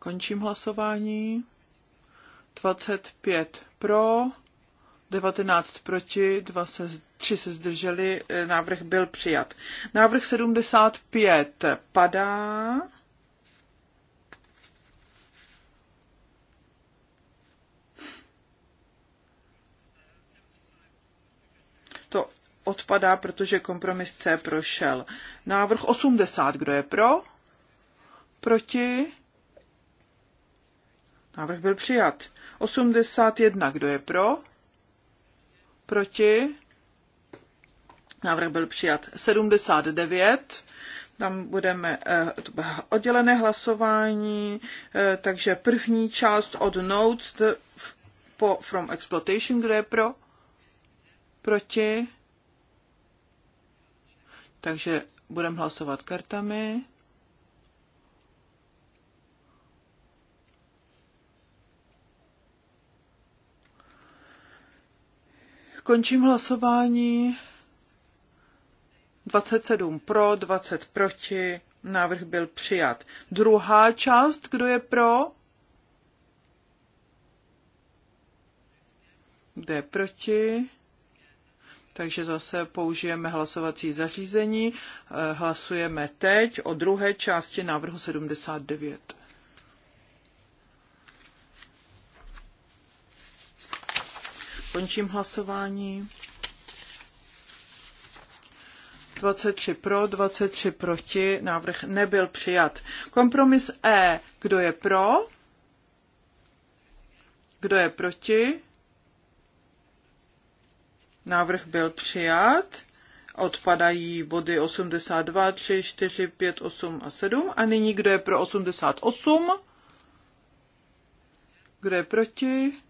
Končím hlasování. 25 pro, 19 proti, 2 se, 3 se zdrželi, e, návrh byl přijat. Návrh 75 padá. To odpadá, protože kompromis C prošel. Návrh 80, kdo je pro? Proti? Návrh byl přijat. 81. Kdo je pro? Proti? Návrh byl přijat. 79. Tam budeme eh, oddělené hlasování, eh, takže první část od notes po, from exploitation, kdo je pro? Proti? Takže budeme hlasovat kartami. Končím hlasování. 27 pro, 20 proti. Návrh byl přijat. Druhá část, kdo je pro? Kdo je proti? Takže zase použijeme hlasovací zařízení. Eh, hlasujeme teď o druhé části návrhu 79. Končím hlasování. 23 pro, 23 proti, návrh nebyl přijat. Kompromis E, kdo je pro? Kdo je proti? Návrh byl přijat. Odpadají body 82, 3, 4, 5, 8 a 7. A nyní kdo je pro 88? Kdo je proti?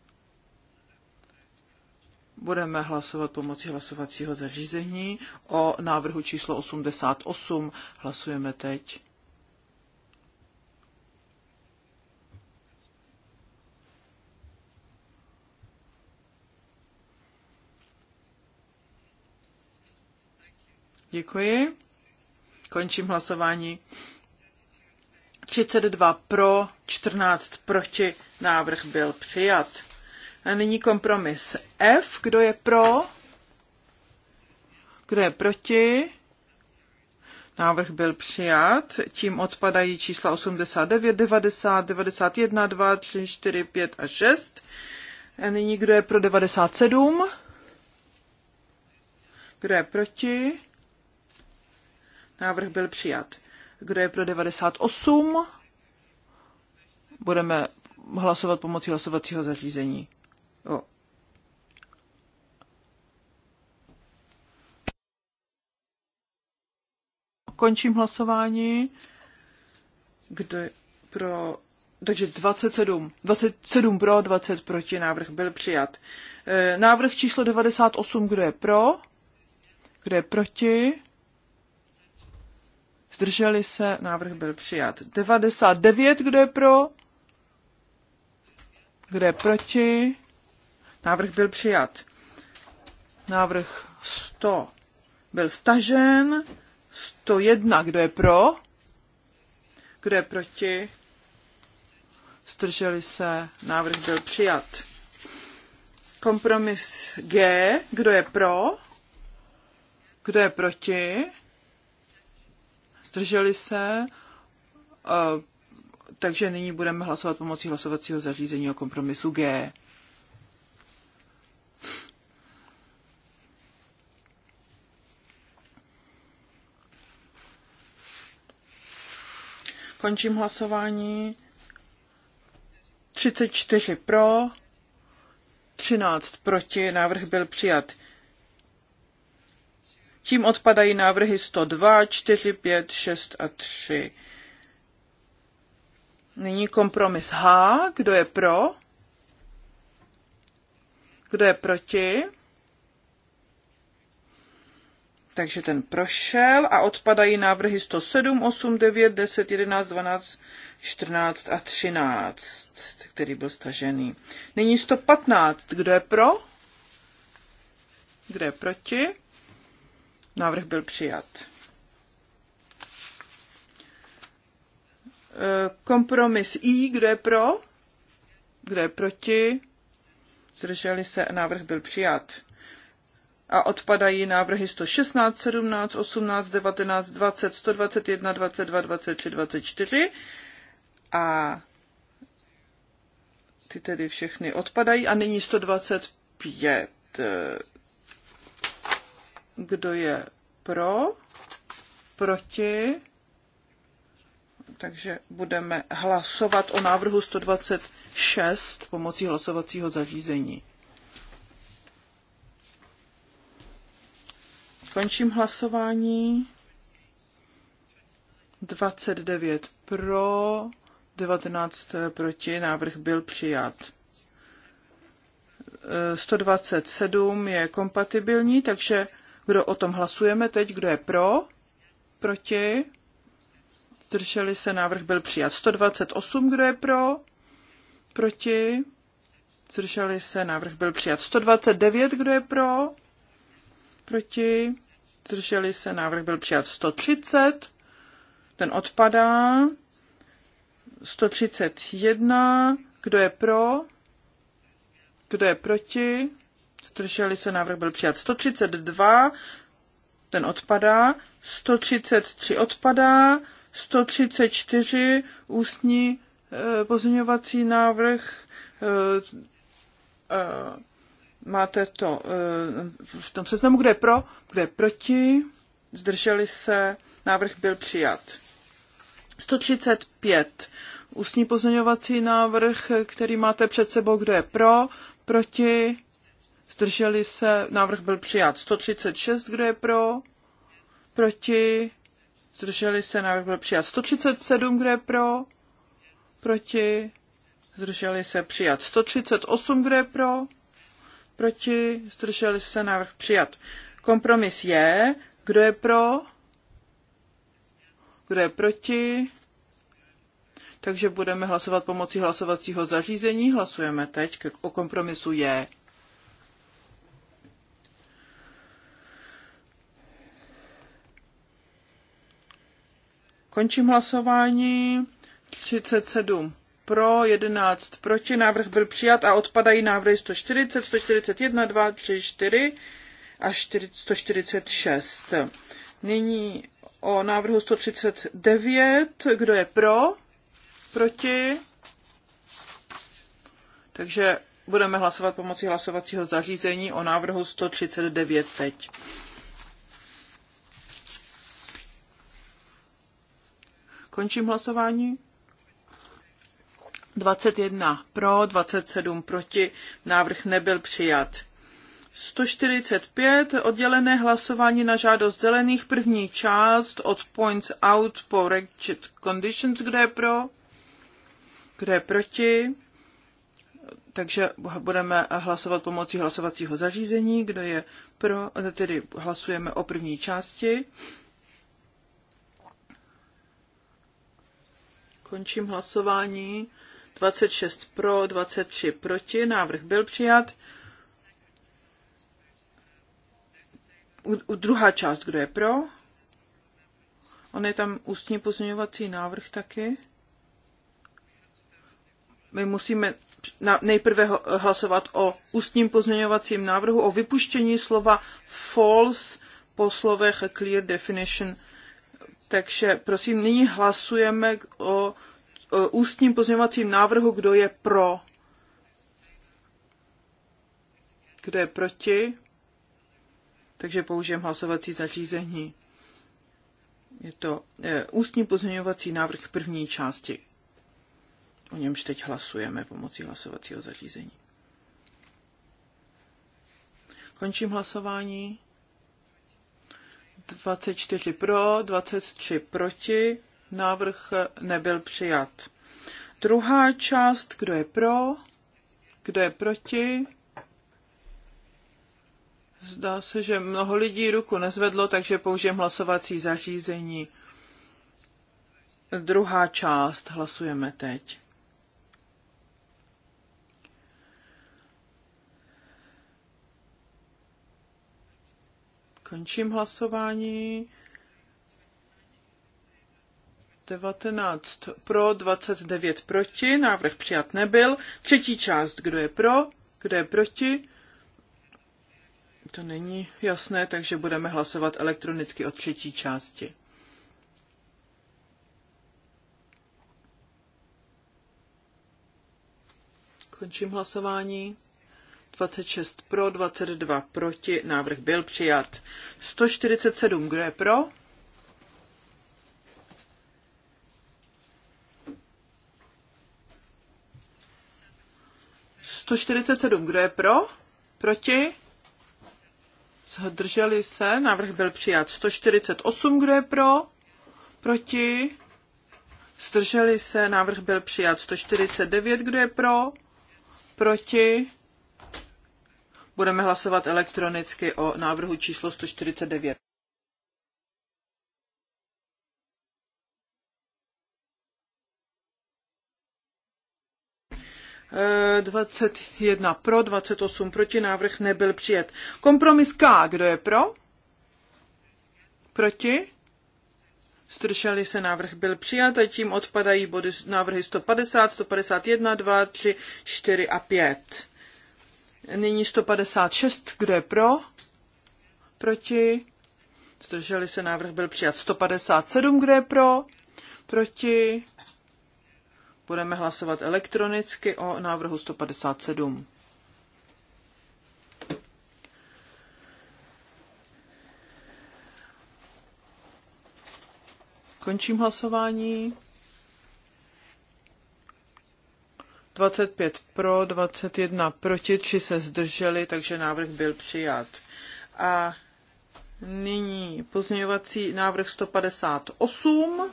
budeme hlasovat pomocí hlasovacího zařízení o návrhu číslo 88. Hlasujeme teď. Děkuji. Končím hlasování. 32 pro, 14 proti. Návrh byl přijat. A nyní kompromis F. Kdo je pro? Kdo je proti? Návrh byl přijat, tím odpadají čísla 89, 90, 91, 2, 3, 4, 5 a 6. A nyní kdo je pro 97? Kdo je proti? Návrh byl přijat. Kdo je pro 98? Budeme hlasovat pomocí hlasovacího zařízení. Končím hlasování. Kdo je pro? Takže 27. 27 pro, 20 proti. Návrh byl přijat. E, návrh číslo 98. Kdo je pro? Kdo je proti? Zdrželi se. Návrh byl přijat. 99. Kdo je pro? Kdo je proti? Návrh byl přijat. Návrh 100 byl stažen. 101, kdo je pro? Kdo je proti? Zdrželi se. Návrh byl přijat. Kompromis G. Kdo je pro? Kdo je proti? Zdrželi se. Eh, takže nyní budeme hlasovat pomocí hlasovacího zařízení o kompromisu G. Končím hlasování. 34 pro, 13 proti, návrh byl přijat. Tím odpadají návrhy 102, 4, 5, 6 a 3. Nyní kompromis H. Kdo je pro? Kdo je proti? Takže ten prošel a odpadají návrhy 107, 8, 9, 10, 11, 12, 14 a 13, který byl stažený. Nyní 115. Kdo je pro? Kdo je proti? Návrh byl přijat. E, kompromis I. Kdo je pro? Kdo je proti? Zdrželi se, návrh byl přijat a odpadají návrhy 116, 17, 18, 19, 20, 121, 22, 23, 24 a ty tedy všechny odpadají a nyní 125. Kdo je pro? Proti? Takže budeme hlasovat o návrhu 126 pomocí hlasovacího zařízení. Končím hlasování. 29 pro, 19 proti, návrh byl přijat. 127 je kompatibilní, takže kdo o tom hlasujeme teď, kdo je pro, proti, zdrželi se, návrh byl přijat. 128, kdo je pro, proti, zdrželi se, návrh byl přijat. 129, kdo je pro, proti, zdrželi se, návrh byl přijat 130, ten odpadá, 131, kdo je pro, kdo je proti, zdrželi se, návrh byl přijat 132, ten odpadá, 133 odpadá, 134 ústní eh, pozměňovací návrh eh, eh, Máte to eh, v tom seznamu, kde je pro, kde je proti. Zdrželi se. Návrh byl přijat. 135. Ústní pozměňovací návrh, který máte před sebou, kdo je pro, proti, zdrželi se, návrh byl přijat. 136, kdo je pro, proti, zdrželi se, návrh byl přijat. 137, kdo je pro, proti, zdrželi se, přijat. 138, kdo je pro, proti, zdrželi se, návrh přijat. Kompromis je, kdo je pro, kdo je proti, takže budeme hlasovat pomocí hlasovacího zařízení. Hlasujeme teď o kompromisu je. Končím hlasování. 37 pro, 11 proti, návrh byl přijat a odpadají návrhy 140, 141, 2, 3, 4 a 146. Nyní o návrhu 139, kdo je pro, proti, takže budeme hlasovat pomocí hlasovacího zařízení o návrhu 139 teď. Končím hlasování. 21 pro, 27 proti, návrh nebyl přijat. 145 oddělené hlasování na žádost zelených, první část od points out po ratchet conditions, kde je pro, kde je proti. Takže budeme hlasovat pomocí hlasovacího zařízení, kde je pro, tedy hlasujeme o první části. Končím hlasování. 26 pro, 23 proti, návrh byl přijat. U, u druhá část, kdo je pro? On je tam ústní pozměňovací návrh taky. My musíme na nejprve hlasovat o ústním pozměňovacím návrhu o vypuštění slova false po slovech clear definition. Takže prosím, nyní hlasujeme o Eh, ústním pozměňovacím návrhu. Kdo je pro? Kdo je proti? Takže použijeme hlasovací zařízení. Je to eh, ústní pozměňovací návrh první části. O němž teď hlasujeme pomocí hlasovacího zařízení. Končím hlasování. 24 pro, 23 proti. Návrh nebyl přijat. Druhá část, kdo je pro, kdo je proti. Zdá se, že mnoho lidí ruku nezvedlo, takže použijem hlasovací zařízení. Druhá část hlasujeme teď. Končím hlasování. 19 pro, 29 proti, návrh přijat nebyl. Třetí část, kdo je pro, kdo je proti. To není jasné, takže budeme hlasovat elektronicky o třetí části. Končím hlasování. 26 pro, 22 proti, návrh byl přijat. 147, kdo je pro? 147, kdo je pro? Proti? Zdrželi se, návrh byl přijat. 148, kdo je pro? Proti? Zdrželi se, návrh byl přijat. 149, kdo je pro? Proti? Budeme hlasovat elektronicky o návrhu číslo 149. 21 eh, pro, 28 proti, návrh nebyl přijat. Kompromis K, kdo je pro? Proti? Zdrželi se, návrh byl přijat a tím odpadají body, návrhy 150, 151, 2, 3, 4 a 5. Nyní 156, kdo je pro? Proti? Zdrželi se, návrh byl přijat. 157, kdo je pro? Proti? Budeme hlasovat elektronicky o návrhu 157. Končím hlasování. 25 pro, 21 proti, 3 se zdrželi, takže návrh byl přijat. A nyní pozměňovací návrh 158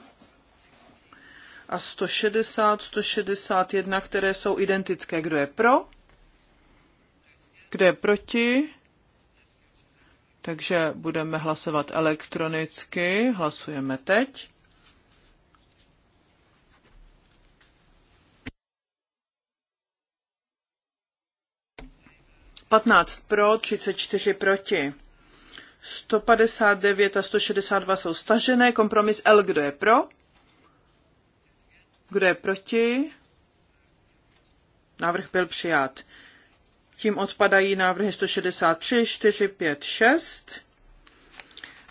a 160, 161, které jsou identické. Kdo je pro? Kdo je proti? Takže budeme hlasovat elektronicky. Hlasujeme teď. Patnáct pro, 34 proti. 159 a 162 jsou stažené. Kompromis L, kdo je pro? Kdo je proti? Návrh byl přijat. Tím odpadají návrhy 163, 4, 5, 6.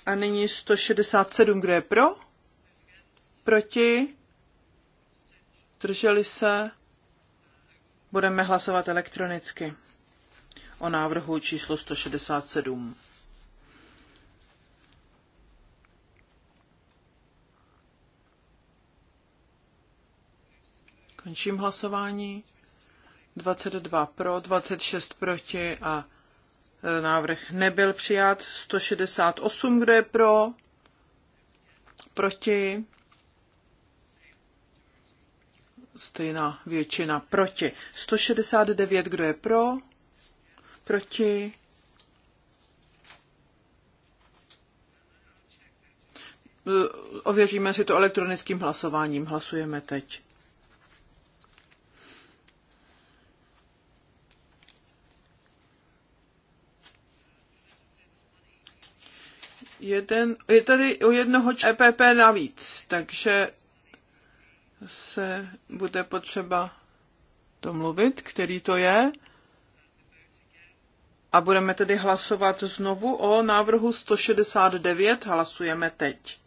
A nyní 167, kdo je pro? Proti? Drželi se? Budeme hlasovat elektronicky o návrhu číslo 167. Končím hlasování. 22 pro, 26 proti a e, návrh nebyl přijat. 168, kdo je pro, proti. Stejná většina proti. 169, kdo je pro, proti. E, ověříme si to elektronickým hlasováním. Hlasujeme teď. jeden, je tady o jednoho EPP navíc, takže se bude potřeba domluvit, který to je. A budeme tedy hlasovat znovu o návrhu 169. Hlasujeme teď.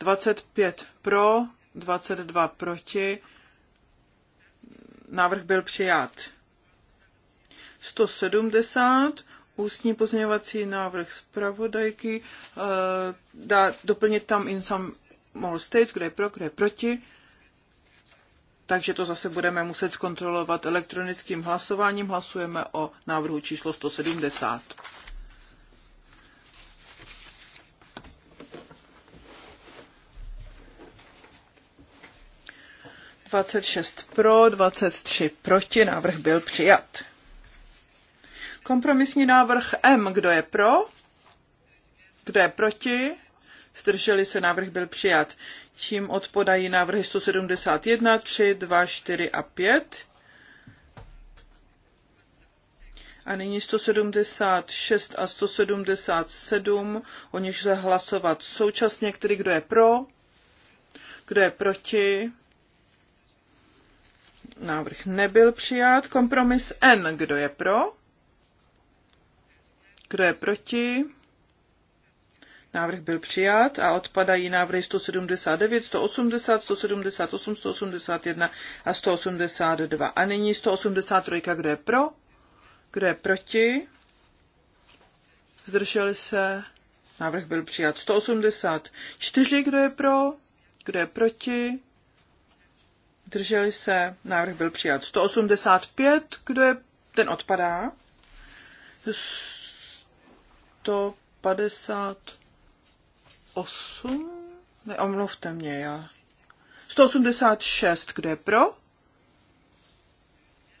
25 pro, 22 proti. Návrh byl přijat. 170 ústní pozměňovací návrh zpravodajky, eh, dá doplnit tam in some more states, kde je pro, kde je proti. Takže to zase budeme muset zkontrolovat elektronickým hlasováním. Hlasujeme o návrhu číslo 170. 26 pro, 23 proti, návrh byl přijat. Kompromisní návrh M, kdo je pro, kdo je proti, zdrželi se, návrh byl přijat. Tím odpodají návrhy 171, 3, 2, 4 a 5. A nyní 176 a 177, o nichž se hlasovat současně, který kdo je pro, kdo je proti, Návrh nebyl přijat. Kompromis N. Kdo je pro? Kdo je proti? Návrh byl přijat a odpadají návrhy 179, 180, 178, 181 a 182. A nyní 183, kdo je pro? Kdo je proti? Zdrželi se? Návrh byl přijat. 184, kdo je pro? Kdo je proti? Drželi se. Návrh byl přijat. 185. Kdo je? Ten odpadá. 158. Neomluvte mě, já. 186. Kdo je pro?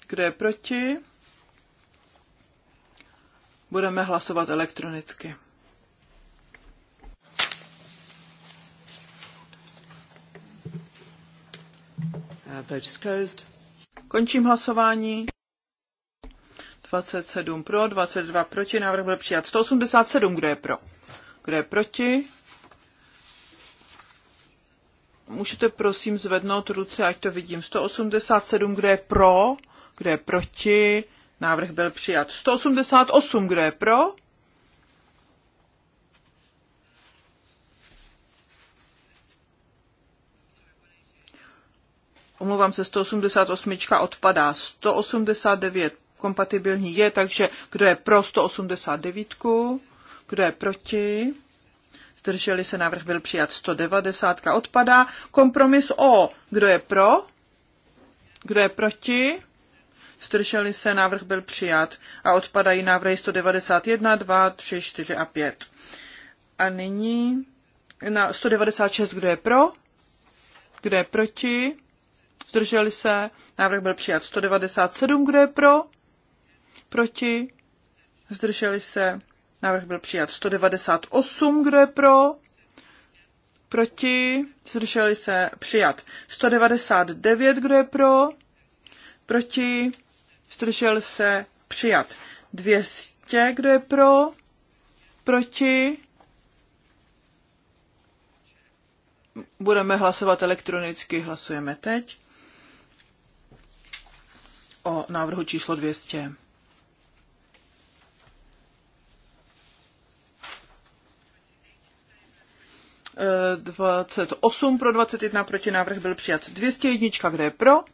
Kdo je proti? Budeme hlasovat elektronicky. Uh, vote is closed. Končím hlasování. 27 pro, 22 proti, návrh byl přijat. 187, kdo je pro? Kdo je proti? Můžete prosím zvednout ruce, ať to vidím. 187, kdo je pro? Kdo je proti? Návrh byl přijat. 188, kdo je pro? omlouvám se, 188 odpadá, 189 kompatibilní je, takže kdo je pro 189, kdo je proti, zdrželi se, návrh byl přijat 190, odpadá, kompromis O, kdo je pro, kdo je proti, zdrželi se, návrh byl přijat a odpadají návrhy 191, 2, 3, 4 a 5. A nyní na 196, kdo je pro, kdo je proti, zdrželi se, návrh byl přijat 197, kdo je pro, proti, zdrželi se, návrh byl přijat 198, kdo je pro, proti, zdrželi se, přijat 199, kdo je pro, proti, zdržel se, přijat 200, kdo je pro, proti, budeme hlasovat elektronicky, hlasujeme teď o návrhu číslo 200. E, 28 pro 21, proti návrh byl přijat 201, kde je pro,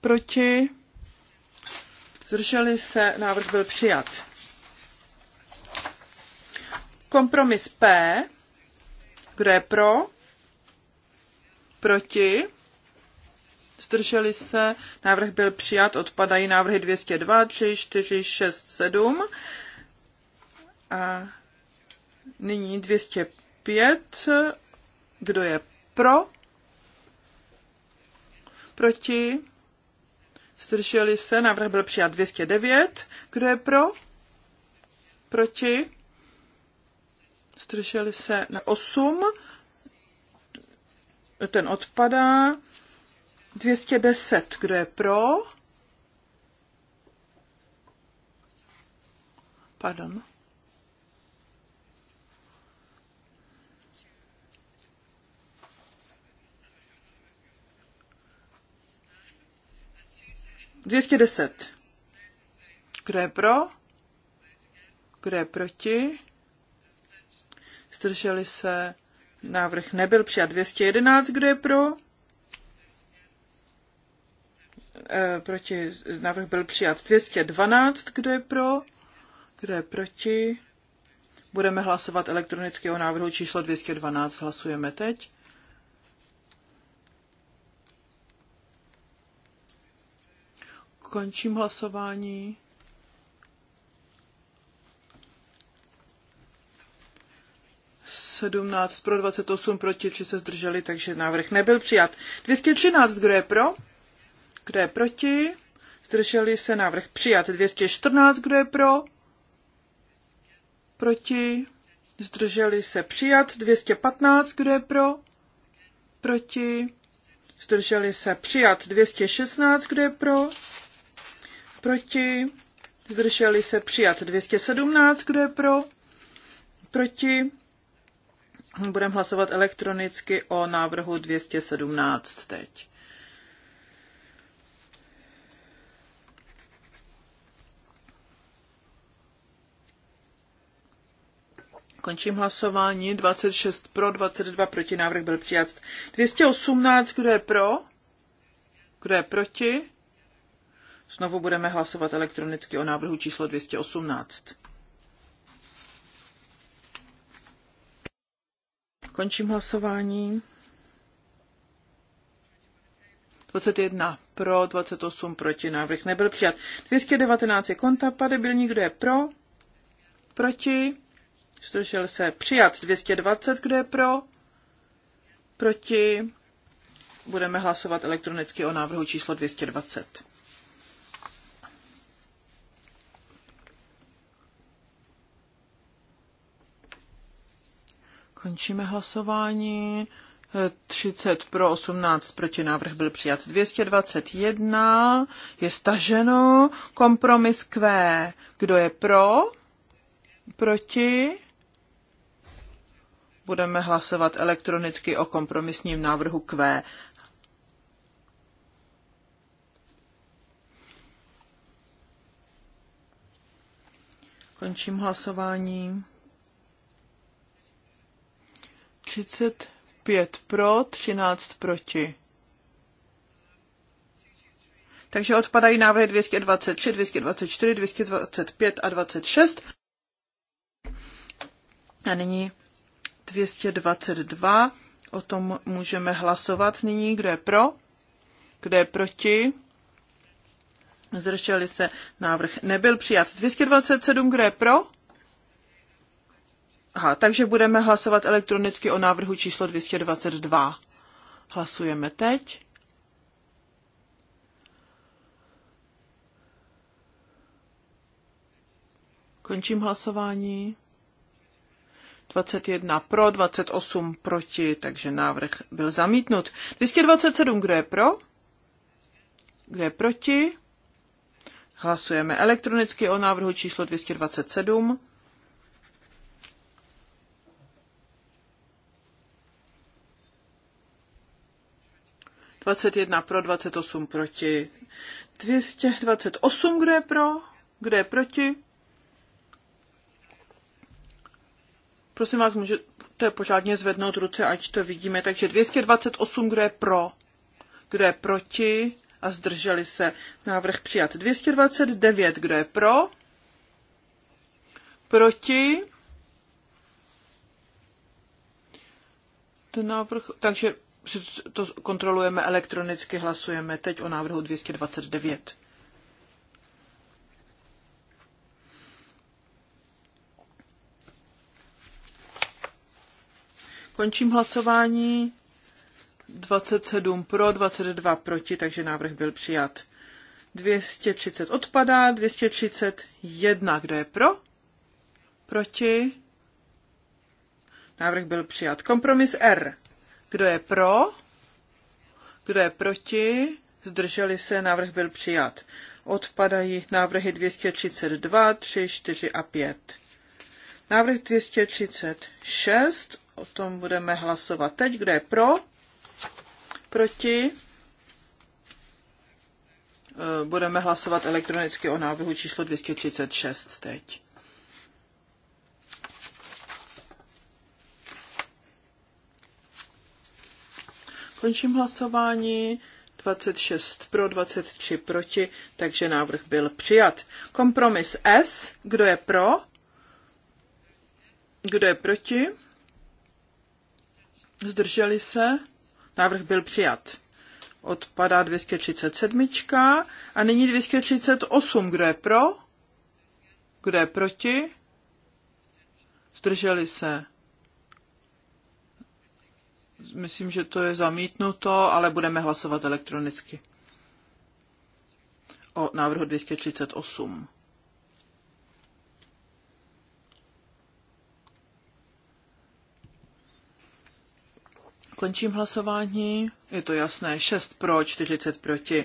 proti, zdrželi se, návrh byl přijat. Kompromis P, kde je pro, proti, zdrželi se, návrh byl přijat, odpadají návrhy 202, 3, 4, 6, 7 a nyní 205, kdo je pro, proti, zdrželi se, návrh byl přijat 209, kdo je pro, proti, zdrželi se na 8, ten odpadá, 210, kdo je pro? Pardon. Dvěstě deset. Kdo je pro? Kdo je proti? Zdrželi se. Návrh nebyl přijat. 211. Kdo je pro? proti, návrh byl přijat 212, kdo je pro, kdo je proti. Budeme hlasovat elektronicky o návrhu číslo 212, hlasujeme teď. Končím hlasování. Sedmnáct pro 28 proti, tři se zdrželi, takže návrh nebyl přijat. 213, kdo je pro? Kdo je proti? Zdrželi se návrh přijat. 214. Kdo je pro? Proti? Zdrželi se přijat. 215. Kdo je pro? Proti? Zdrželi se přijat. 216. Kdo je pro? Proti? Zdrželi se přijat. 217. Kdo je pro? Proti? Budeme hlasovat elektronicky o návrhu 217 teď. Končím hlasování. 26 pro, 22 proti. Návrh byl přijat. 218, kdo je pro? Kdo je proti? Znovu budeme hlasovat elektronicky o návrhu číslo 218. Končím hlasování. 21 pro, 28 proti, návrh nebyl přijat. 219 je konta, pade byl nikdo je pro, proti, zdržel se přijat 220, kdo je pro, proti, budeme hlasovat elektronicky o návrhu číslo 220. Končíme hlasování. 30 pro 18 proti návrh byl přijat 221, je staženo, kompromis Q, kdo je pro, proti, budeme hlasovat elektronicky o kompromisním návrhu Q. Končím hlasování. 35 pro, 13 proti. Takže odpadají návrhy 223, 224, 225 a 26. A nyní 222. O tom můžeme hlasovat nyní. Kdo je pro? Kdo je proti? Zdrželi se. Návrh nebyl přijat. 227. Kdo je pro? Aha, takže budeme hlasovat elektronicky o návrhu číslo 222. Hlasujeme teď. Končím hlasování. 21 pro, 28 proti, takže návrh byl zamítnut. 227, kdo je pro? Kdo je proti? Hlasujeme elektronicky o návrhu číslo 227. Dvacet jedna pro, dvacet osm proti. Dvěstě dvacet osm, kdo je pro, kdo je proti? Prosím vás, můžete pořádně zvednout ruce, ať to vidíme. Takže 228, kdo je pro, kdo je proti a zdrželi se. Návrh přijat. 229, kdo je pro, proti. Ten návrh, takže to kontrolujeme elektronicky, hlasujeme teď o návrhu 229. Končím hlasování. 27 pro, 22 proti, takže návrh byl přijat. 230 odpadá, 231, kdo je pro? Proti? Návrh byl přijat. Kompromis R. Kdo je pro? Kdo je proti? Zdrželi se, návrh byl přijat. Odpadají návrhy 232, 3, 4 a 5. Návrh 236 O tom budeme hlasovat teď. Kdo je pro? Proti? E, budeme hlasovat elektronicky o návrhu číslo 236 teď. Končím hlasování. 26 pro, 23 proti, takže návrh byl přijat. Kompromis S. Kdo je pro? Kdo je proti? zdrželi se, návrh byl přijat. Odpadá 237 a nyní 238. Kdo je pro? Kdo je proti? Zdrželi se. Myslím, že to je zamítnuto, ale budeme hlasovat elektronicky. O návrhu 238. Končím hlasování. Je to jasné. 6 pro, 40 proti.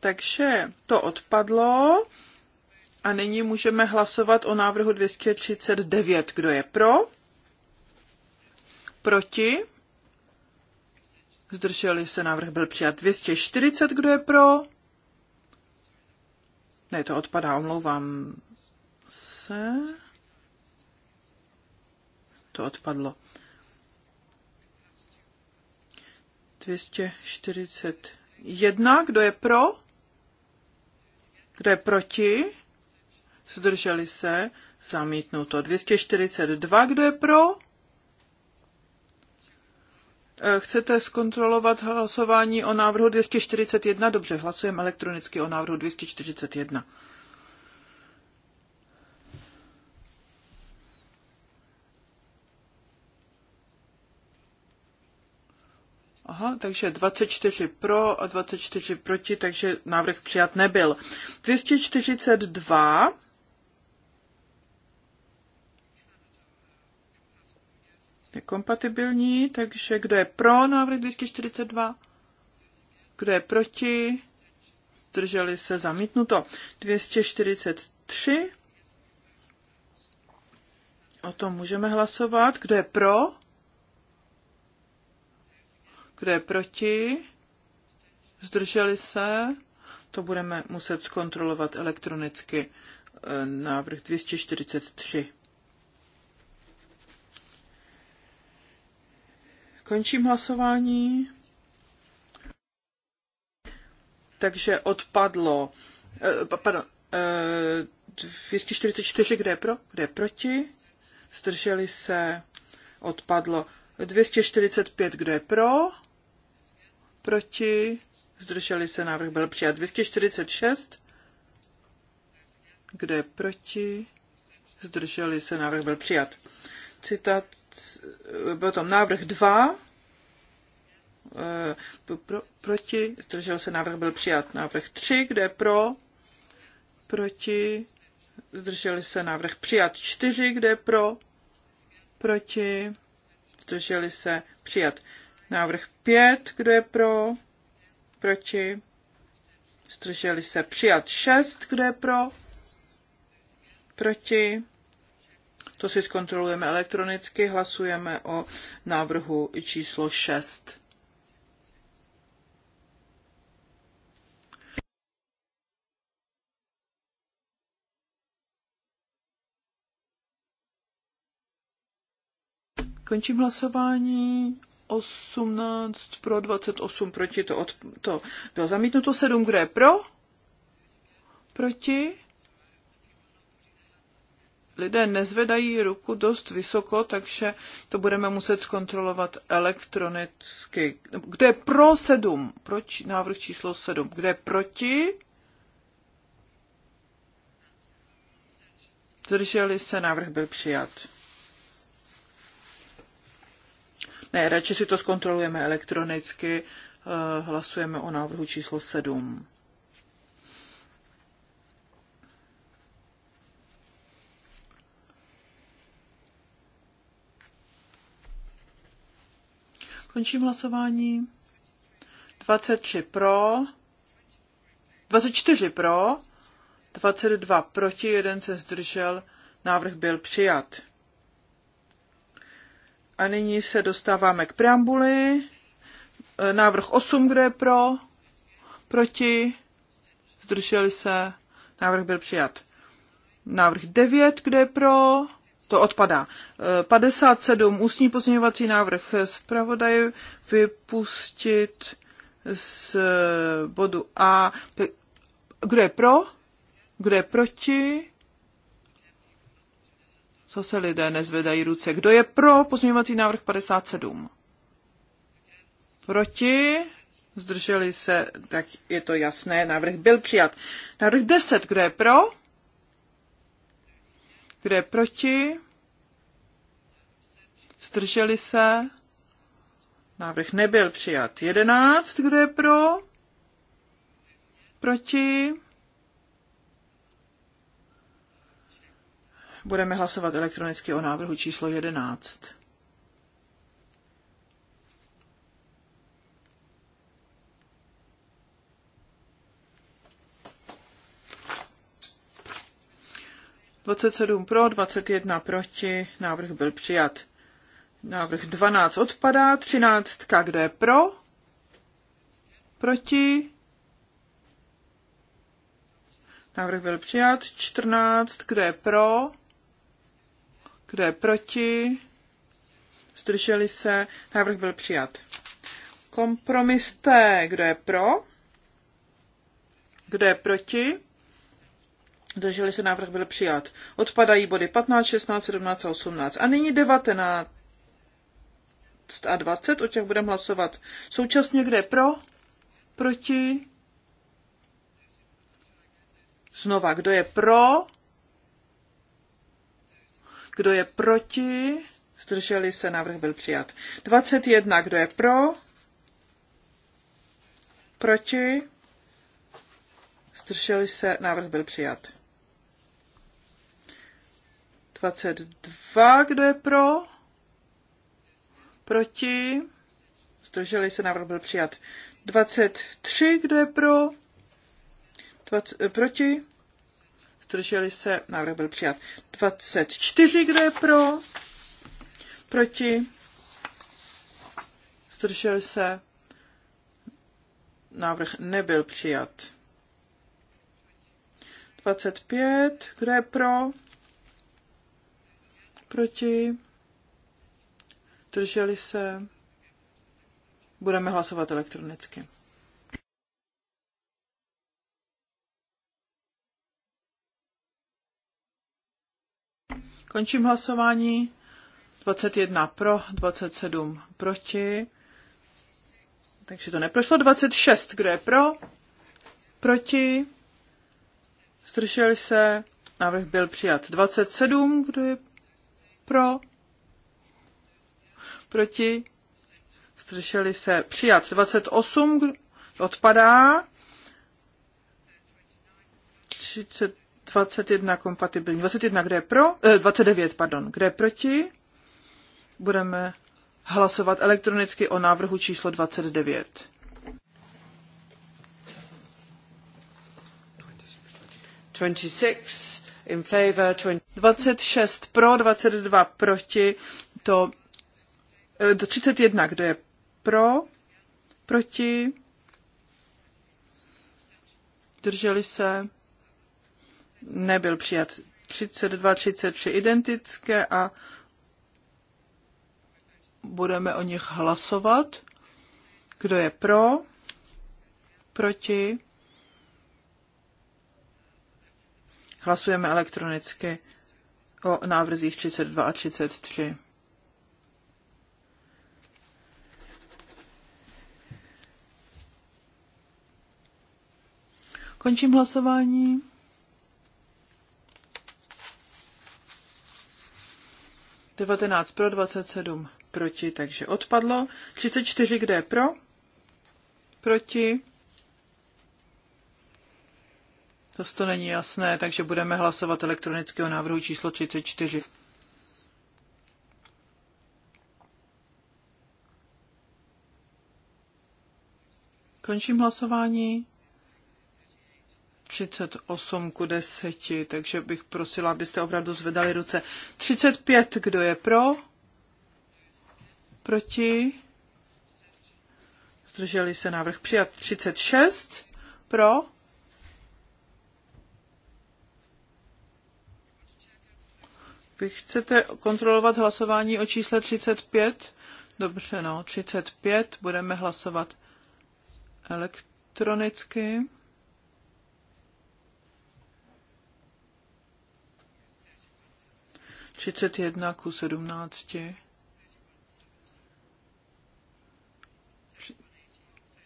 Takže to odpadlo. A nyní můžeme hlasovat o návrhu 239. Kdo je pro? Proti? Zdrželi se, návrh byl přijat. 240, kdo je pro? Ne, to odpadá, omlouvám se to odpadlo. 241, kdo je pro? Kdo je proti? Zdrželi se, zamítnuto. 242, kdo je pro? Eh, chcete zkontrolovat hlasování o návrhu 241? Dobře, hlasujeme elektronicky o návrhu 241. Aha, takže 24 pro a 24 proti, takže návrh přijat nebyl. 242. Je kompatibilní, takže kdo je pro návrh 242? Kdo je proti? Drželi se zamítnuto. 243. O tom můžeme hlasovat. Kdo je pro? Kdo je proti? Zdrželi se? To budeme muset zkontrolovat elektronicky. E, návrh 243. Končím hlasování. Takže odpadlo. E, pardon. 244, e, kde je pro, kde je proti. Zdrželi se, odpadlo. 245, kdo je pro, proti, zdrželi se, návrh byl přijat. 246, kdo je proti, zdrželi se, návrh byl přijat. Citat, byl eh, tam návrh 2, eh, pro, proti, zdržel se, návrh byl přijat. Návrh 3, kde je pro, proti, zdrželi se, návrh přijat. 4, kde je pro, proti, zdrželi se, přijat. Návrh 5, kdo je pro? Proti? Zdrželi se přijat 6, kdo je pro? Proti? To si zkontrolujeme elektronicky, hlasujeme o návrhu číslo 6. Končím hlasování 18 pro, 28 proti, to, od, to bylo zamítnuto. 7, kdo je pro? Proti? Lidé nezvedají ruku dost vysoko, takže to budeme muset zkontrolovat elektronicky. Kde je pro 7? Proč návrh číslo 7? Kde je proti? Zdrželi se, návrh byl přijat. Ne, radši si to zkontrolujeme elektronicky. Eh, hlasujeme o návrhu číslo 7. Končím hlasování. 23 pro, 24 pro, 22 proti, jeden se zdržel, návrh byl přijat. A nyní se dostáváme k preambuli. E, návrh 8, kdo je pro? Proti? Zdrželi se? Návrh byl přijat. Návrh 9, kdo je pro? To odpadá. 57, e, ústní pozměňovací návrh zpravodaje vypustit z bodu A. Kdo je pro? Kdo je proti? Zase lidé nezvedají ruce. Kdo je pro pozměňovací návrh 57? Proti? Zdrželi se, tak je to jasné, návrh byl přijat. Návrh 10, kdo je pro? Kdo je proti? Zdrželi se? Návrh nebyl přijat. 11, kdo je pro? Proti? budeme hlasovat elektronicky o návrhu číslo 11. Dvacet sedm pro, dvacet jedna proti, návrh byl přijat. Návrh 12 odpadá, 13 kde pro, proti, návrh byl přijat, 14 kde pro, kdo je proti? Zdrželi se? Návrh byl přijat. Kompromis T. Kdo je pro? Kdo je proti? Zdrželi se? Návrh byl přijat. Odpadají body 15, 16, 17 a 18. A nyní 19 a 20. O těch budeme hlasovat současně. Kde je pro? Proti? Znova, kdo je pro? Kdo je proti? Zdrželi se, návrh byl přijat. 21, kdo je pro? Proti? Zdrželi se, návrh byl přijat. 22, kdo je pro? Proti? Zdrželi se, návrh byl přijat. 23, kdo je pro? 20, proti? zdrželi se, návrh byl přijat. 24, kdo je pro, proti, zdrželi se, návrh nebyl přijat. 25, kdo je pro, proti, zdrželi se, budeme hlasovat elektronicky. Končím hlasování. 21 pro, 27 proti. Takže to neprošlo. 26, kdo je pro? Proti? Zdrželi se? Návrh byl přijat. 27, kdo je pro? Proti? Zdrželi se? Přijat. 28, kdo odpadá? 30, 21 kompatibilní. 21, kde je pro? Eh, 29, pardon. Kde je proti? Budeme hlasovat elektronicky o návrhu číslo 29. In favor, 26 pro, 22 proti, to 31, eh, kdo je pro, proti, drželi se, nebyl přijat. 32, 33 identické a budeme o nich hlasovat. Kdo je pro? Proti? Hlasujeme elektronicky o návrzích 32 a 33. Končím hlasování. 19 pro, 27 proti, takže odpadlo. 34, kde je pro? Proti. To to není jasné, takže budeme hlasovat elektronického návrhu číslo 34. Končím hlasování. 38 ku 10, takže bych prosila, abyste opravdu zvedali ruce. 35, kdo je pro? Proti? Zdrželi se návrh přijat. 36 pro? Vy chcete kontrolovat hlasování o čísle 35? Dobře, no, 35 budeme hlasovat elektronicky. 31 ku 17.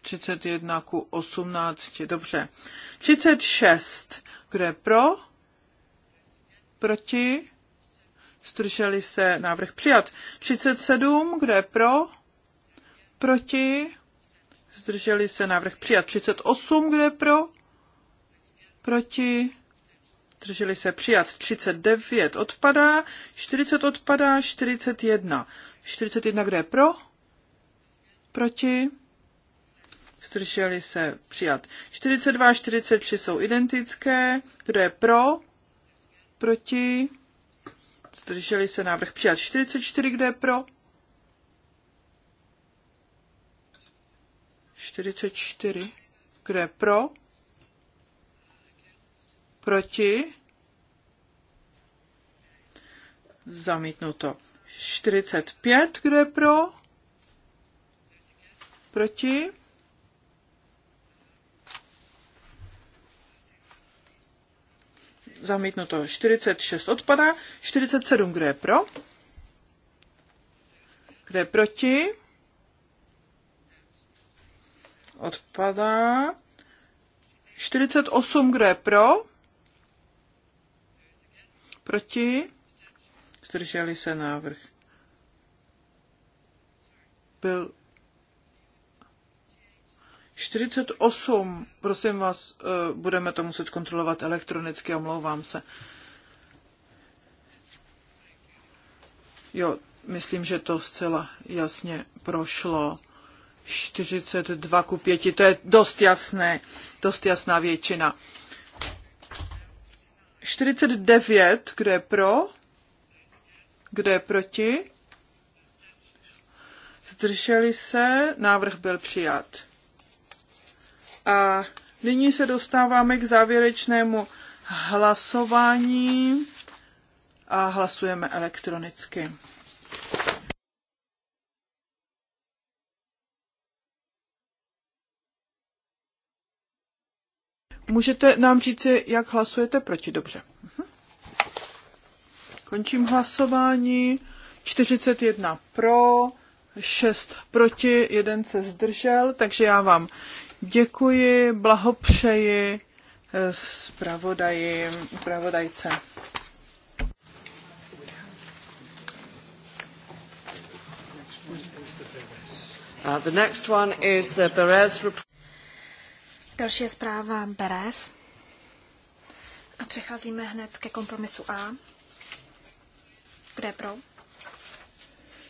31 ku 18, dobře. 36, kdo je pro? Proti? Strželi se, návrh přijat. 37, kdo je pro? Proti? Zdrželi se, návrh přijat. 38, kdo je pro? Proti? zdrželi se přijat 39 odpadá, 40 odpadá, 41. 41 kde je pro? Proti? Zdrželi se přijat. 42 a 43 jsou identické. Kdo je pro? Proti? Zdrželi se návrh přijat. 44 kde je pro? 44. kde je pro? proti, zamítnuto. 45, kdo je pro, proti, zamítnuto 46 odpadá, 47 kdo je pro, kdo je proti, odpadá, 48 kdo je pro, Proti? Zdrželi se návrh. Byl 48, prosím vás, eh, budeme to muset kontrolovat elektronicky, omlouvám se. Jo, myslím, že to zcela jasně prošlo. 42 ku 5, to je dost jasné, dost jasná většina. 49, kdo je pro? Kdo je proti? Zdrželi se, návrh byl přijat. A nyní se dostáváme k závěrečnému hlasování a hlasujeme elektronicky. Můžete nám říci, jak hlasujete proti? Dobře. Mhm. Končím hlasování. 41 pro, 6 proti, jeden se zdržel, takže já vám děkuji, blahopřeji eh, zpravodaji, zpravodajce. Uh, the next one is the Perez report. Další je zpráva Beres. A přecházíme hned ke kompromisu A. Kde je pro?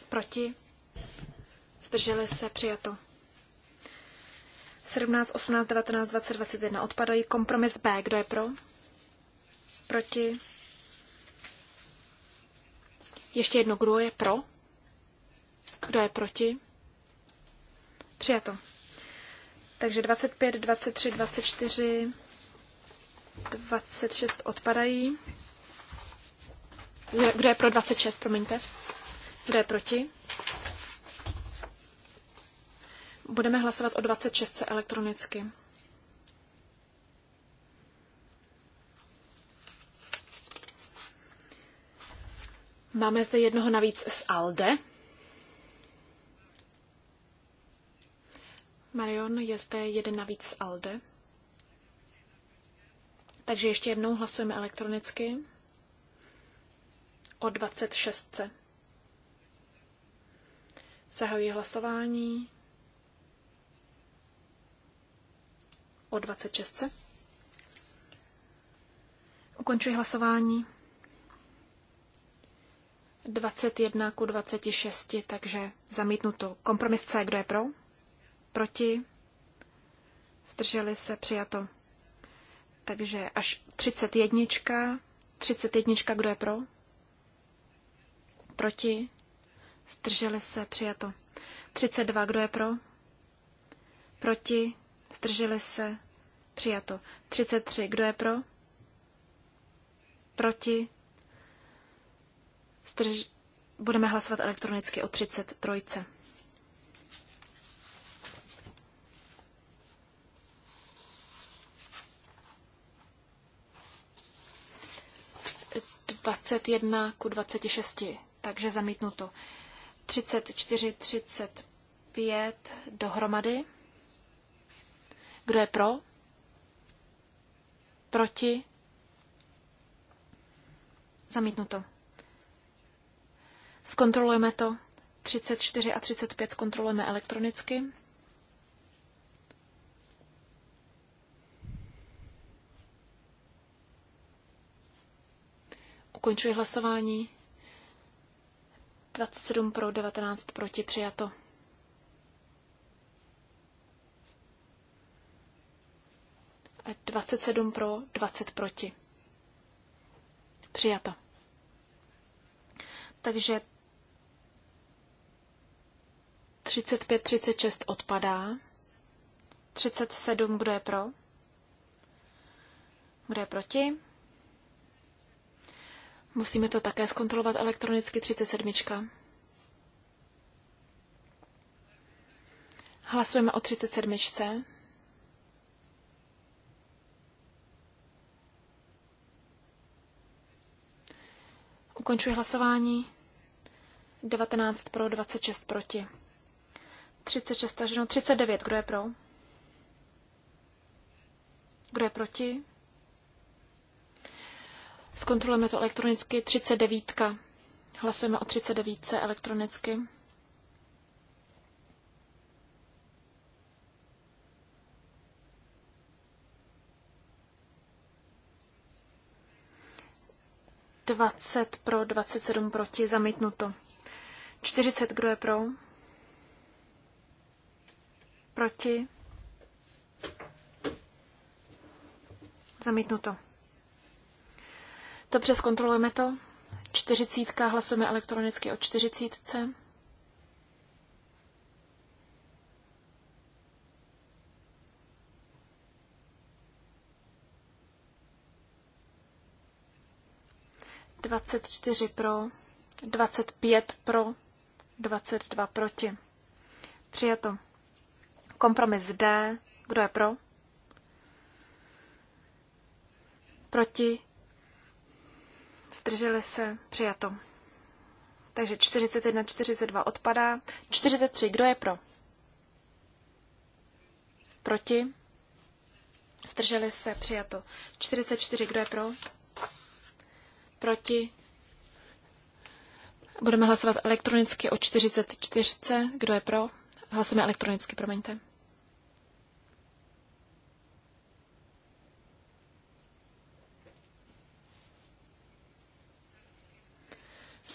Proti? Zdrželi se přijato. 17, 18, 19, 20, 21 odpadají. Kompromis B. Kdo je pro? Proti? Ještě jedno, kdo je pro? Kdo je proti? Přijato. Takže 25, 23, 24, 26 odpadají. Kdo je pro 26, promiňte? Kdo je proti? Budeme hlasovat o 26 elektronicky. Máme zde jednoho navíc z ALDE. Marion, je zde jeden navíc z ALDE. Takže ještě jednou hlasujeme elektronicky o 26. Zahajuji hlasování o 26. Ukončuji hlasování. 21 ku 26, takže zamítnuto. Kompromis C, kdo je pro? proti, zdrželi se přijato. Takže až 31, 31, kdo je pro, proti, zdrželi se přijato. 32, kdo je pro, proti, zdrželi se přijato. 33, kdo je pro, proti, zdrž... budeme hlasovat elektronicky o 33. 21 ku 26, takže zamítnuto. 34, 35 dohromady. Kdo je pro? Proti? Zamítnuto. Zkontrolujeme to. 34 a 35 zkontrolujeme elektronicky. Ukončuji hlasování. 27 pro, 19 proti, přijato. A 27 pro, 20 proti. Přijato. Takže 35, 36 odpadá. 37, kdo je pro? Kdo je proti? Musíme to také zkontrolovat elektronicky 37. Hlasujeme o 37. Ukončuji hlasování. 19 pro, 26 proti. 36 staženo, 39. Kdo je pro? Kdo je proti? Zkontrolujeme to elektronicky. 39. Hlasujeme o 39. elektronicky. Dvacet pro, 27 proti, zamítnuto. 40, kdo je pro? Proti? Zamítnuto. To přeskontrolujeme to. Čtyřicítka, hlasujeme elektronicky o čtyřicítce. Dvacet čtyři pro, dvacet pět pro, dvacet dva proti. Přijato. Kompromis D. Kdo je pro? Proti? zdrželi se, přijato. Takže 41, 42 odpadá. 43, kdo je pro? Proti? Zdrželi se, přijato. 44, kdo je pro? Proti? Budeme hlasovat elektronicky o 44. Kdo je pro? Hlasujeme elektronicky, promiňte.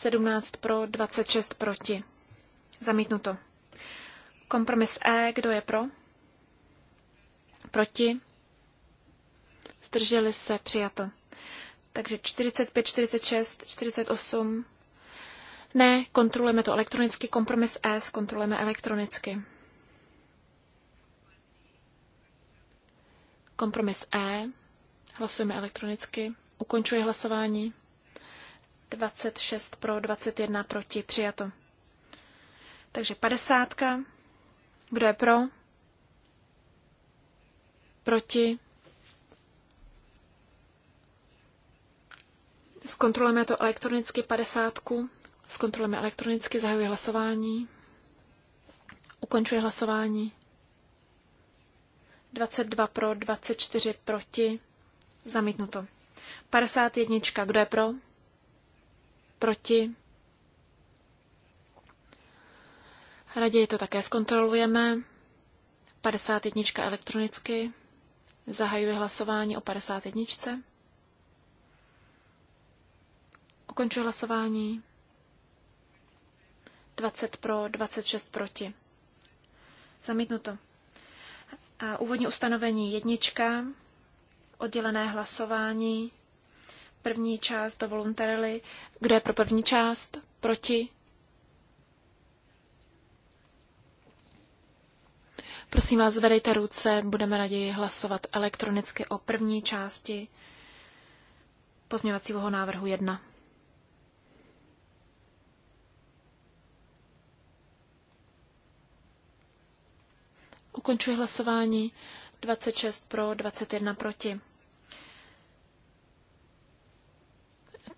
17 pro, 26 proti. Zamítnuto. Kompromis E, kdo je pro? Proti? Zdrželi se, přijato. Takže 45, 46, 48. Ne, kontrolujeme to elektronicky. Kompromis S e kontrolujeme elektronicky. Kompromis E. Hlasujeme elektronicky. Ukončuji hlasování. 26 pro, 21 proti, přijato. Takže 50. Kdo je pro? Proti? Zkontrolujeme to elektronicky 50. Zkontrolujeme elektronicky, zahajuje hlasování. Ukončuje hlasování. 22 pro, 24 proti. Zamítnuto. 51. Kdo je pro? proti. Raději to také zkontrolujeme. 51 elektronicky. Zahajuji hlasování o 51. Ukončuji hlasování. 20 pro, 26 proti. Zamítnuto. A úvodní ustanovení jednička, oddělené hlasování První část do voluntarily. Kdo je pro první část? Proti? Prosím vás, zvedejte ruce, budeme raději hlasovat elektronicky o první části pozměvacího návrhu 1. Ukončuji hlasování 26 pro, 21 proti.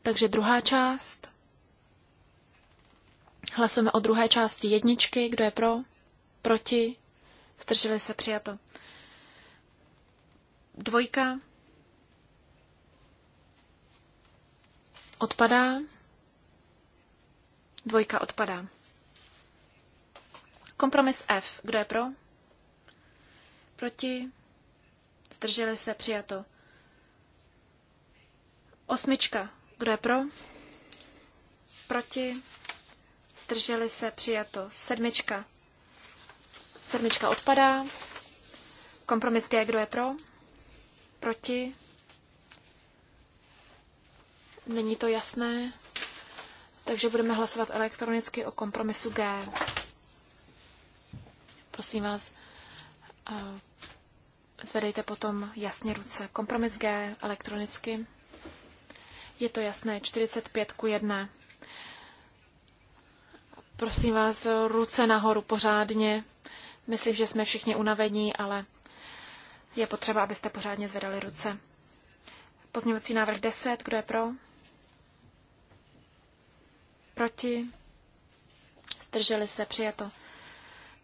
Takže druhá část. Hlasujeme o druhé části jedničky. Kdo je pro? Proti? Zdrželi se přijato. Dvojka. Odpadá. Dvojka odpadá. Kompromis F. Kdo je pro? Proti? Zdrželi se přijato. Osmička. Kdo je pro? Proti? Zdrželi se přijato. Sedmička. Sedmička odpadá. Kompromis G, kdo je pro? Proti? Není to jasné, takže budeme hlasovat elektronicky o kompromisu G. Prosím vás, eh, zvedejte potom jasně ruce. Kompromis G elektronicky. Je to jasné, 45 ku 1. Prosím vás, ruce nahoru pořádně. Myslím, že jsme všichni unavení, ale je potřeba, abyste pořádně zvedali ruce. Pozměňovací návrh 10, kdo je pro? Proti? Zdrželi se, přijato.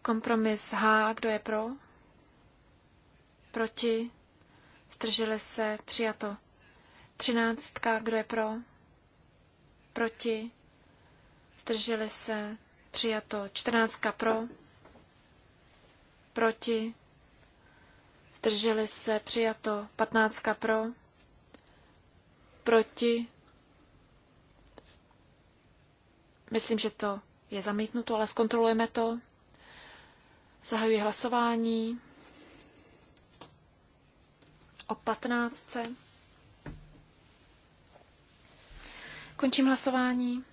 Kompromis H, kdo je pro? Proti? Zdrželi se, přijato. Třináctka, kdo je pro? Proti? Zdrželi se? Přijato. Čtrnáctka pro? Proti? Zdrželi se? Přijato. Patnáctka pro? Proti? Myslím, že to je zamítnuto, ale zkontrolujeme to. Zahajuji hlasování o patnáctce. Končím hlasování.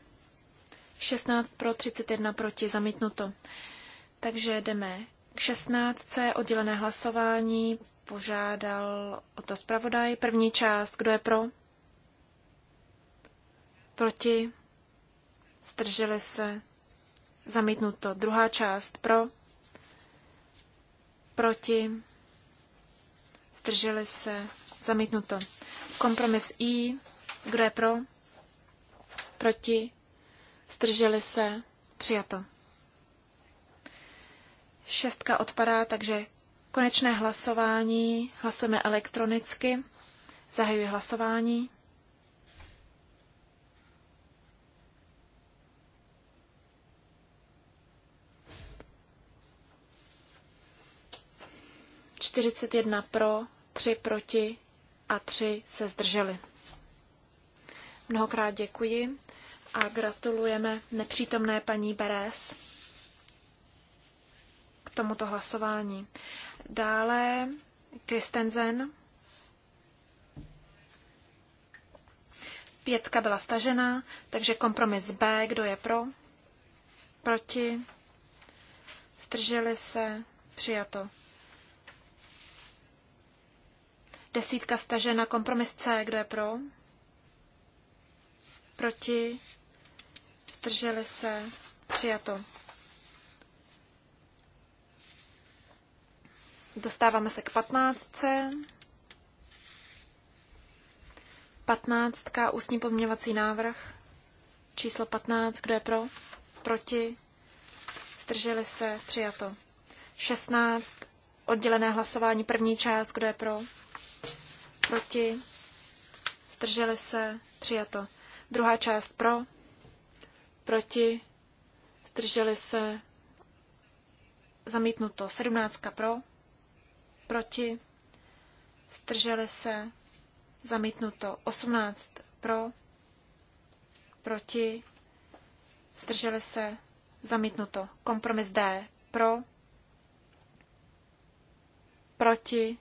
16 pro, 31 proti, zamítnuto. Takže jdeme k 16. oddělené hlasování. Požádal o to zpravodaj. První část, kdo je pro? Proti? Zdrželi se? Zamítnuto. Druhá část, pro? Proti? Zdrželi se? Zamítnuto. Kompromis I, kdo je pro? proti, zdrželi se, přijato. Šestka odpadá, takže konečné hlasování, hlasujeme elektronicky, zahajuji hlasování. Čtyřicet jedna pro, tři proti a tři se zdrželi. Mnohokrát děkuji a gratulujeme nepřítomné paní Beres k tomuto hlasování. Dále Kristensen. Pětka byla stažena, takže kompromis B, kdo je pro, proti, strželi se, přijato. Desítka stažena, kompromis C, kdo je pro, proti, Zdrželi se? Přijato. Dostáváme se k patnáctce. Patnáctka, ústní podměňovací návrh. Číslo patnáct, kdo je pro? Proti? Zdrželi se? Přijato. Šestnáct, oddělené hlasování, první část, kdo je pro? Proti? Zdrželi se? Přijato. Druhá část pro? proti, zdrželi se, zamítnuto. 17 pro, proti, zdrželi se, zamítnuto. 18 pro, proti, zdrželi se, zamítnuto. Kompromis D pro, proti,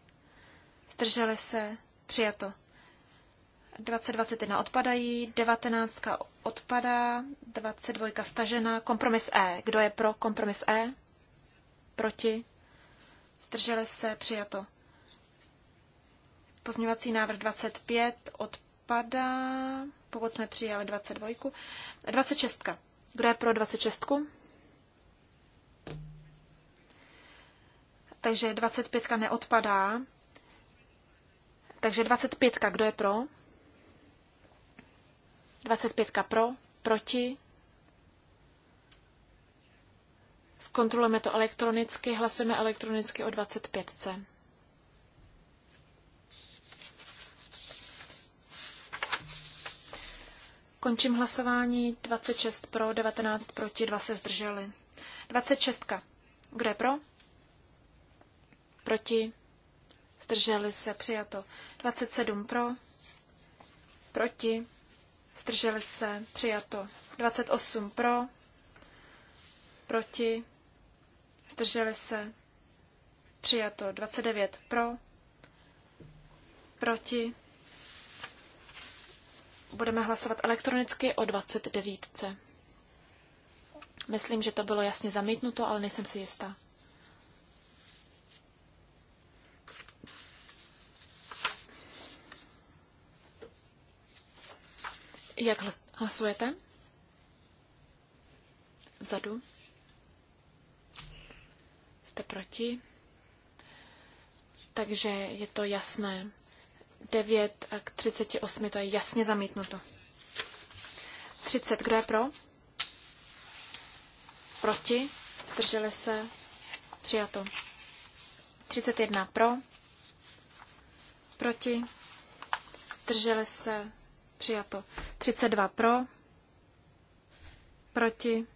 zdrželi se, přijato. 2021 odpadají, 19 odpadá, 22 stažena, kompromis E. Kdo je pro kompromis E? Proti? Zdrželi se, přijato. Pozměňovací návrh 25 odpadá, pokud jsme přijali 22. 26. Kdo je pro 26? Takže 25 neodpadá. Takže 25, kdo je pro? 25 pro, proti. Zkontrolujeme to elektronicky, hlasujeme elektronicky o 25. Končím hlasování 26 pro, 19 proti, 2 se zdrželi. 26. Kdo je pro? Proti? Zdrželi se, přijato. 27 pro? Proti? zdrželi se, přijato. 28 pro, proti, zdrželi se, přijato. 29 pro, proti. Budeme hlasovat elektronicky o 29. Myslím, že to bylo jasně zamítnuto, ale nejsem si jistá. Jak hlasujete? Vzadu. Jste proti. Takže je to jasné. 9 k 38 to je jasně zamítnuto. 30, kdo je pro? Proti? Zdrželi se? Přijato. 31 pro? Proti? Zdrželi se? Přijato. 32 pro, proti,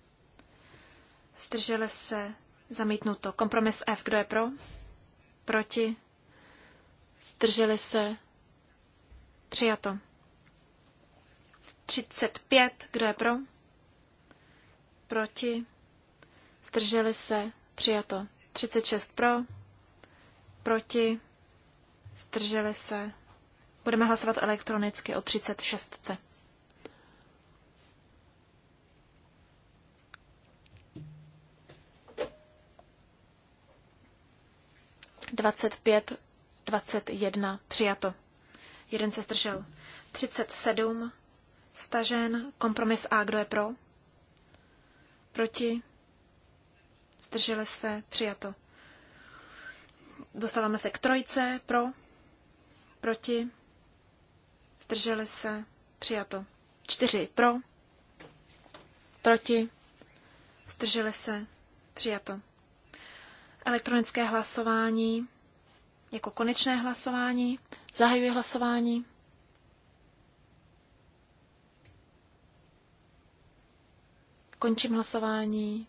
zdrželi se, zamítnuto. Kompromis F, kdo je pro, proti, zdrželi se, přijato. 35, kdo je pro, proti, zdrželi se, přijato. 36 pro, proti, zdrželi se, Budeme hlasovat elektronicky o 36. Dvacet pět, dvacet jedna, přijato. Jeden se zdržel. Třicet sedm, stažen, kompromis A, kdo je pro? Proti? Zdrželi se, přijato. Dostáváme se k trojce, pro, proti, zdrželi se, přijato. Čtyři pro, proti, zdrželi se, přijato. Elektronické hlasování jako konečné hlasování. Zahajuji hlasování. Končím hlasování.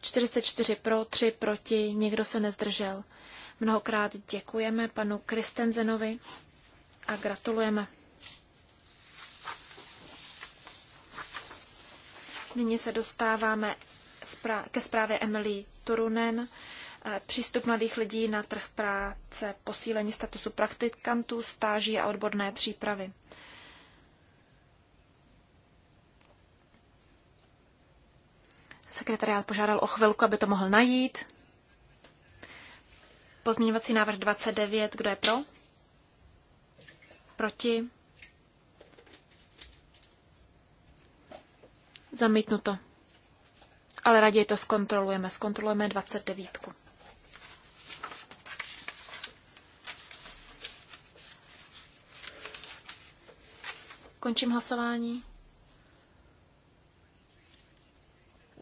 44 pro, 3 proti, nikdo se nezdržel. Mnohokrát děkujeme panu Kristenzenovi a gratulujeme. Nyní se dostáváme ke zprávě Emily Turunen. Eh, Přístup mladých lidí na trh práce, posílení statusu praktikantů, stáží a odborné přípravy. Sekretariát požádal o chvilku, aby to mohl najít. Pozměňovací návrh 29, kdo je pro? Proti? Zamítnuto. Ale raději to zkontrolujeme. Zkontrolujeme 29. Končím hlasování.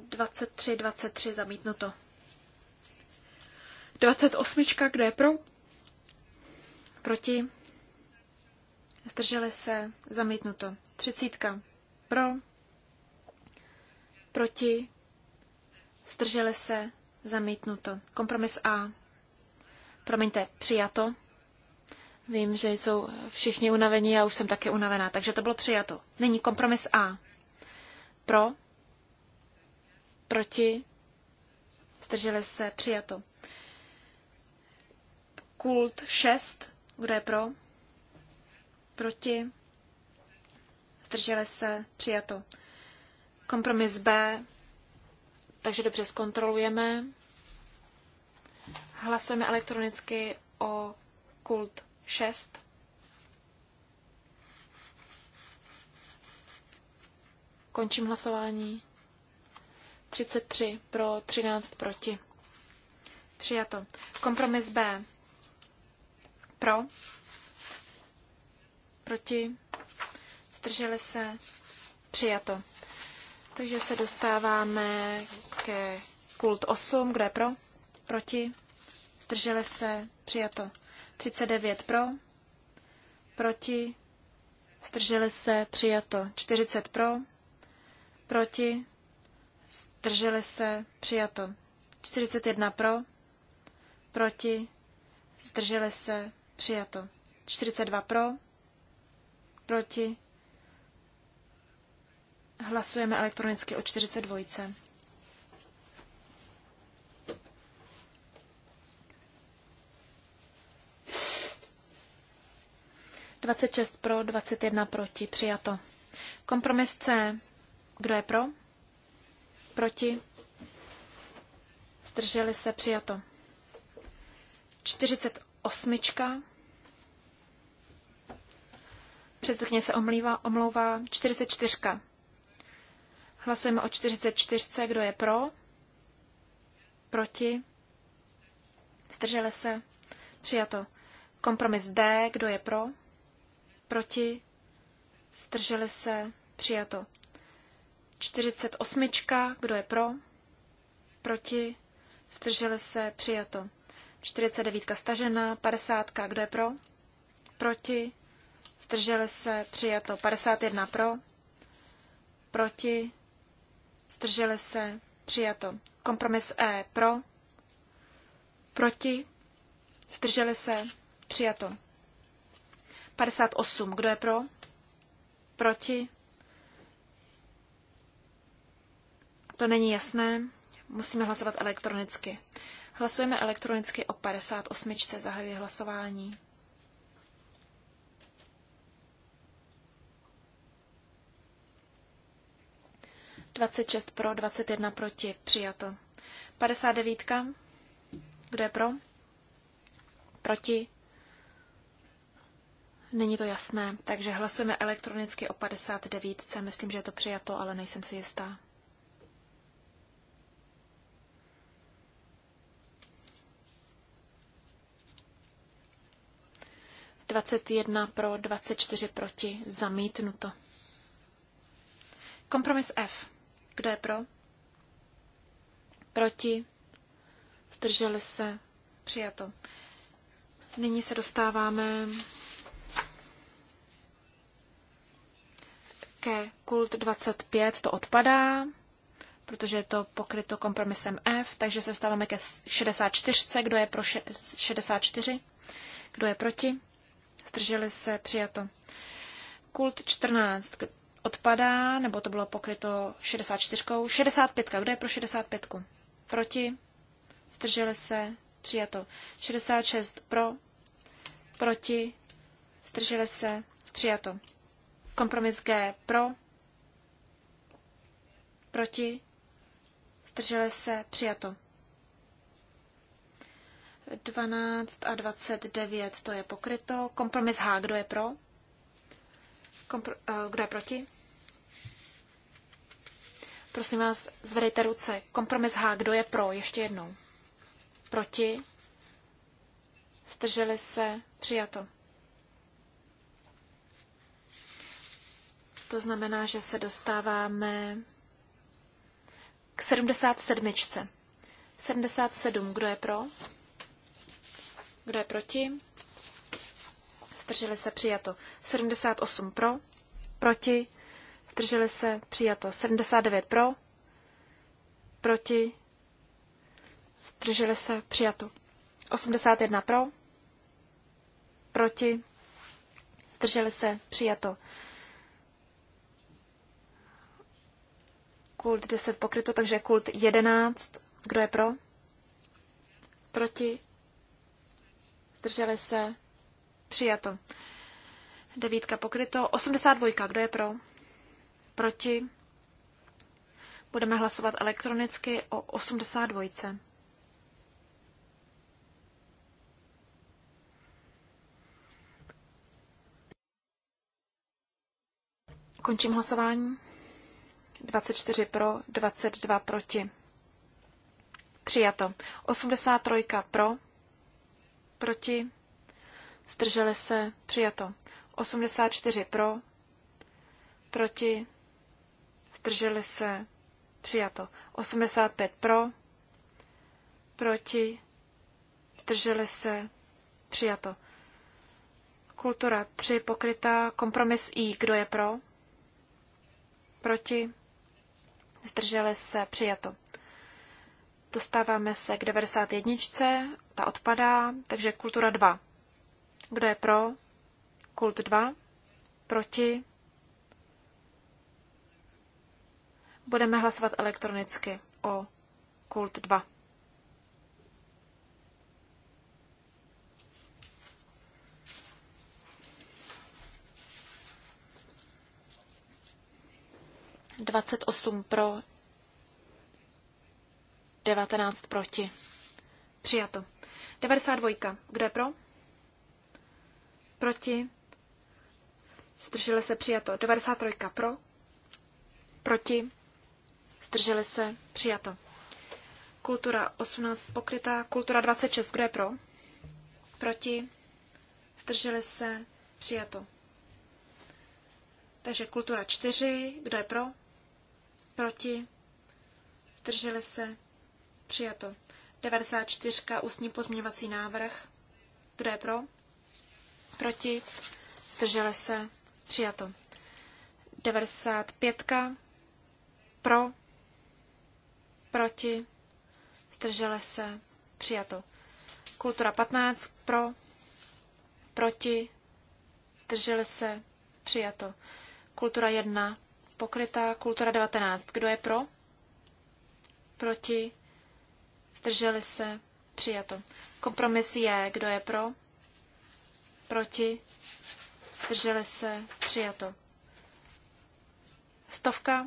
23, 23, zamítnuto. 28, kdo je pro? Proti? zdrželi se, zamítnuto. Třicítka pro, proti, zdrželi se, zamítnuto. Kompromis A, promiňte, přijato. Vím, že jsou všichni unavení, já už jsem také unavená, takže to bylo přijato. není kompromis A. Pro, proti, zdrželi se, přijato. Kult 6, kdo je pro? Proti? Zdrželi se? Přijato. Kompromis B. Takže dobře zkontrolujeme. Hlasujeme elektronicky o kult 6. Končím hlasování. 33 pro, 13 proti. Přijato. Kompromis B. Pro, proti, zdrželi se, přijato. Takže se dostáváme ke kult 8, kde pro, proti, zdrželi se, přijato. 39 pro, proti, zdrželi se, přijato. 40 pro, proti, zdrželi se, přijato. 41 pro, proti, zdrželi se, přijato. 42 pro, proti. Hlasujeme elektronicky o 42. Dvacet šest pro, dvacet jedna proti. Přijato. Kompromis C. Kdo je pro? Proti? Zdrželi se přijato. 48. Předsedkyně se omlívá, omlouvá 44. Hlasujeme o 44. Kdo je pro? Proti? Zdrželi se? Přijato. Kompromis D. Kdo je pro? Proti? Zdrželi se? Přijato. 48. Kdo je pro? Proti? Zdrželi se? Přijato. 49. Stažena. 50. Kdo je pro? Proti? zdrželi se, přijato 51 pro, proti, zdrželi se, přijato kompromis E pro, proti, zdrželi se, přijato 58, kdo je pro, proti, to není jasné, musíme hlasovat elektronicky. Hlasujeme elektronicky o 58. Zahajuji hlasování. 26 pro, 21 proti. Přijato. 59. Kdo je pro? Proti? Není to jasné, takže hlasujeme elektronicky o 59. Myslím, že je to přijato, ale nejsem si jistá. Dvacet jedna pro, dvacet čtyři proti, zamítnuto. Kompromis F. Kdo je pro? Proti? Zdrželi se? Přijato. Nyní se dostáváme ke kult 25. To odpadá, protože je to pokryto kompromisem F, takže se dostáváme ke 64. Kdo je pro 64? Kdo je proti? Zdrželi se? Přijato. Kult 14 odpadá, nebo to bylo pokryto 64. 65. Kdo je pro 65? Proti? Zdrželi se? Přijato. 66 pro? Proti? Zdrželi se? Přijato. Kompromis G pro? Proti? Zdrželi se? Přijato. 12 a 29 to je pokryto. Kompromis H, kdo je pro? Kompr- eh, kdo je proti? Prosím vás, zvedejte ruce. Kompromis H, kdo je pro? Ještě jednou. Proti? Zdrželi se? Přijato. To znamená, že se dostáváme k 77. 77, kdo je pro? Kdo je proti? Zdrželi se přijato. 78 pro, proti, zdrželi se, přijato 79 pro, proti, zdrželi se, přijato 81 pro, proti, zdrželi se, přijato. Kult 10 pokryto, takže kult 11, kdo je pro? Proti, zdrželi se, přijato. Devítka pokryto, 82, kdo je pro? Proti? Budeme hlasovat elektronicky o 82. Končím hlasování. 24 pro, 22 proti. Přijato. 83 pro, proti, zdrželi se, přijato. 84 pro, proti, zdrželi se, přijato. 85 pro, proti, zdrželi se, přijato. Kultura 3 pokrytá, kompromis I, kdo je pro, proti, zdrželi se, přijato. Dostáváme se k 91, ta odpadá, takže kultura 2. Kdo je pro? Kult 2. Proti? Budeme hlasovat elektronicky o kult 2. Dvacet osm pro, devatenáct proti. Přijato. Devadesát dvojka. Kdo je pro? Proti. Zdrželi se přijato. Devadesát trojka. pro. Proti zdrželi se, přijato. Kultura 18 pokrytá, kultura 26, kdo je pro? Proti, zdrželi se, přijato. Takže kultura 4, kdo je pro? Proti, zdrželi se, přijato. 94, ústní pozměňovací návrh, kdo je pro? Proti, zdrželi se, přijato. 95, pro, proti, zdržele se, přijato. Kultura 15 pro, proti, zdržele se, přijato. Kultura 1 pokrytá, kultura 19. Kdo je pro? Proti, zdrželi se, přijato. Kompromis je, kdo je pro? Proti, zdrželi se, přijato. Stovka,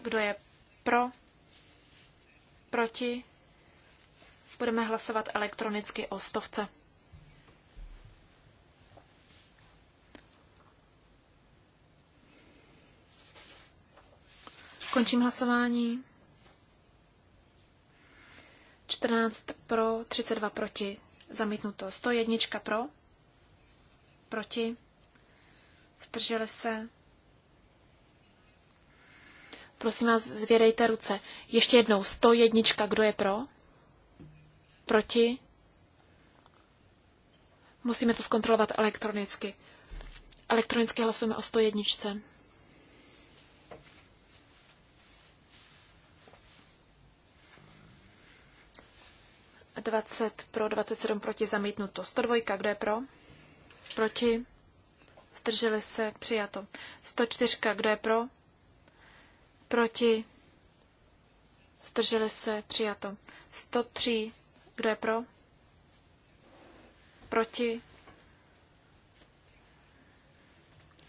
kdo je pro? Proti? Budeme hlasovat elektronicky o stovce. Končím hlasování. 14 pro, 32 proti, zamítnuto. 101 pro, proti, zdrželi se. Prosím vás, zvědejte ruce. Ještě jednou, 101, kdo je pro? Proti? Musíme to zkontrolovat elektronicky. Elektronicky hlasujeme o 101. Dvacet pro, 27 proti, zamítnuto. 102, kdo je pro? Proti? Zdrželi se, přijato. 104, kdo je pro? Proti? Zdrželi se? Přijato. 103. Kdo je pro? Proti?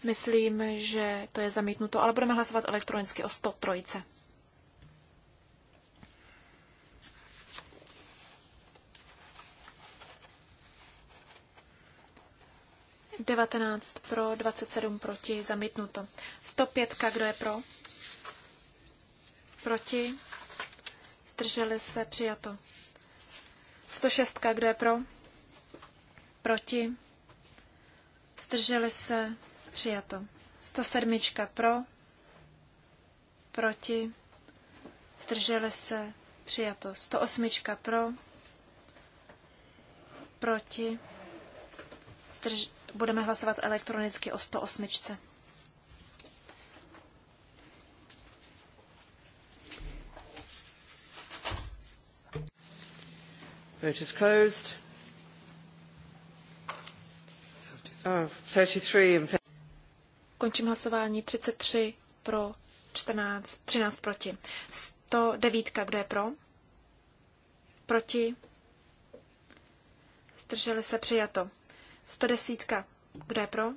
Myslím, že to je zamítnuto, ale budeme hlasovat elektronicky o 103. Devatenáct pro, dvacet sedm proti, zamítnuto. pětka, kdo je pro? Proti? Zdrželi se? Přijato. 106. Kdo je pro? Proti? Zdrželi se? Přijato. 107. Pro? Proti? Zdrželi se? Přijato. 108. Pro? Proti? Zdrž... Budeme hlasovat elektronicky o 108. Vote is closed. Oh, Končím hlasování 33 pro 14, 13 proti. 109, kdo je pro? Proti? Zdrželi se přijato. 110, kdo je pro?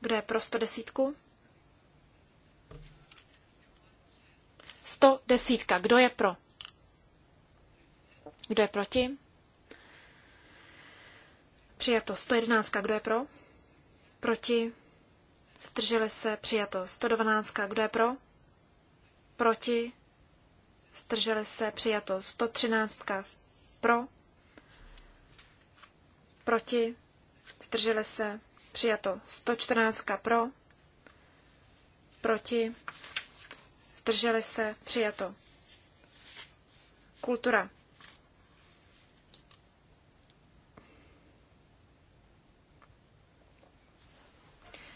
Kdo je pro 110? 110, kdo je pro? Kdo je proti? Přijato 111. Kdo je pro? Proti? Zdrželi se. Přijato 112. Kdo je pro? Proti? Zdrželi se. Přijato 113. Pro? Proti? Zdrželi se. Přijato 114. Pro? Proti? Zdrželi se. Přijato. Kultura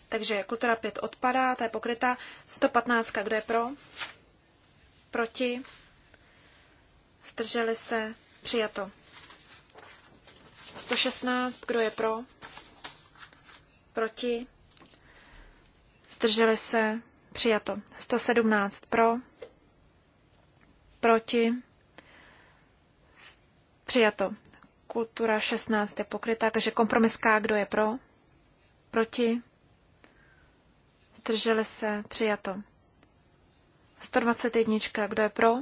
Takže kultura 5 odpadá, ta je pokryta. 115, kdo je pro? Proti? Zdrželi se? Přijato. 116, kdo je pro? Proti? Zdrželi se? Přijato. 117 pro? Proti? Přijato. Kultura 16 je pokrytá, takže kompromiská, kdo je pro? Proti? Zdrželi se. Přijato. 121. Kdo je pro?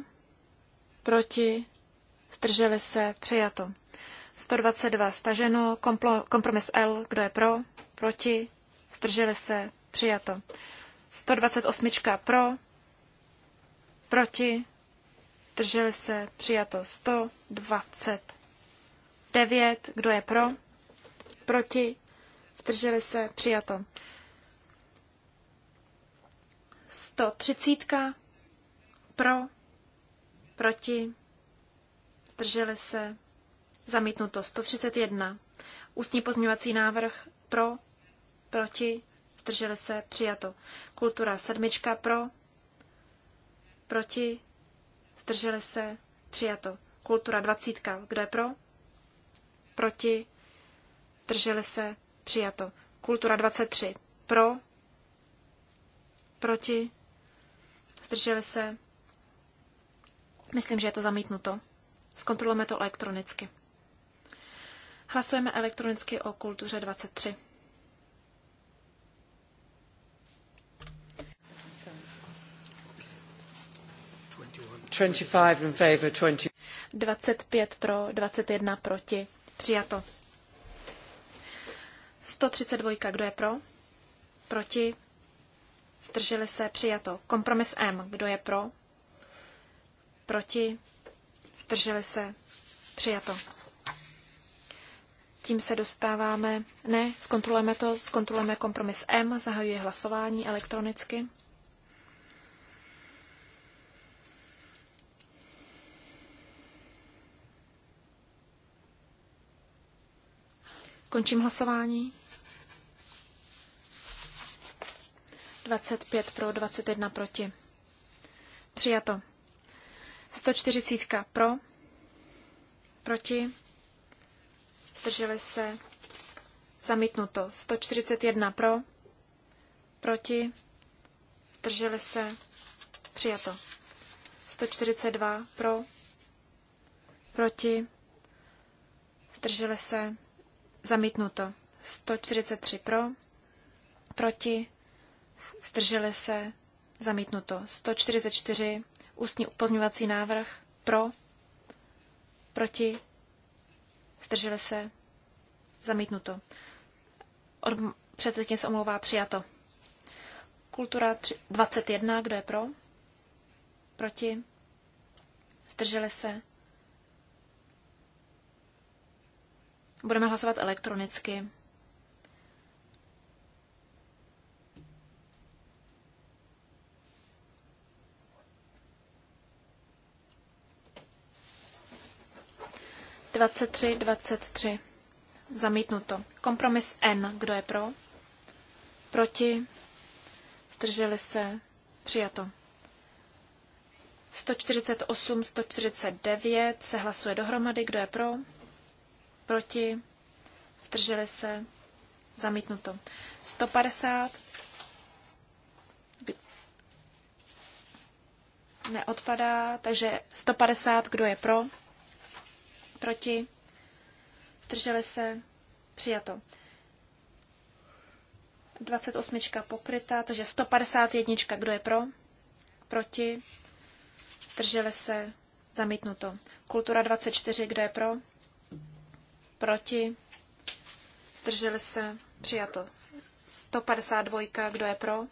Proti? Zdrželi se. Přijato. 122. Staženo. Komplo, kompromis L. Kdo je pro? Proti? Zdrželi se. Přijato. 128. Pro? Proti? Zdrželi se. Přijato. 129. Kdo je pro? Proti? Zdrželi se. Přijato. 130. Pro, proti, zdrželi se, zamítnuto. 131. Ústní pozměňovací návrh pro, proti, zdrželi se, přijato. Kultura sedmička pro, proti, zdrželi se, přijato. Kultura dvacítka, kdo je pro, proti, zdrželi se, přijato. Kultura 23, pro, Proti? Zdrželi se? Myslím, že je to zamítnuto. Zkontrolujeme to elektronicky. Hlasujeme elektronicky o kultuře 23. in favor, 20. 25 pro, 21 proti. Přijato. 132, kdo je pro? Proti? Zdrželi se přijato. Kompromis M. Kdo je pro? Proti? Zdrželi se přijato. Tím se dostáváme, ne, zkontrolujeme to, zkontrolujeme kompromis M, zahajuje hlasování elektronicky. Končím hlasování. 25 pro, 21 proti. Přijato. 140 pro, proti, drželi se, zamítnuto. 141 pro, proti, zdrželi se, přijato. 142 pro, proti, zdrželi se, zamítnuto. 143 pro, proti, zdrželi se, zamítnuto. 144, ústní upozňovací návrh, pro, proti, zdrželi se, zamítnuto. Od předsedkyně se omlouvá přijato. Kultura tři, 21, kdo je pro? Proti? Zdrželi se? Budeme hlasovat elektronicky. 23, 23. Zamítnuto. Kompromis N. Kdo je pro? Proti? Zdrželi se? Přijato. 148, 149 se hlasuje dohromady. Kdo je pro? Proti? Zdrželi se? Zamítnuto. 150. Neodpadá, takže 150, kdo je pro? Proti? Zdrželi se? Přijato. 28 pokryta, takže 151, kdo je pro? Proti? Zdrželi se? Zamítnuto. Kultura 24, kdo je pro? Proti? Zdrželi se? Přijato. 152, kdo je pro?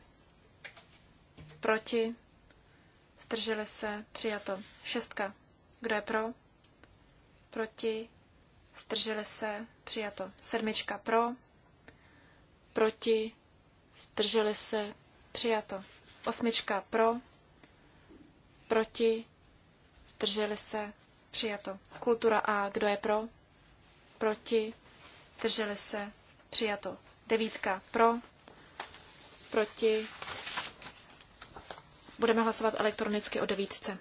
Proti? Zdrželi se? Přijato. Šestka. Kdo je pro? proti, zdrželi se, přijato. Sedmička pro, proti, zdrželi se, přijato. Osmička pro, proti, zdrželi se, přijato. Kultura A, kdo je pro, proti, zdrželi se, přijato. Devítka pro, proti, budeme hlasovat elektronicky o devítce.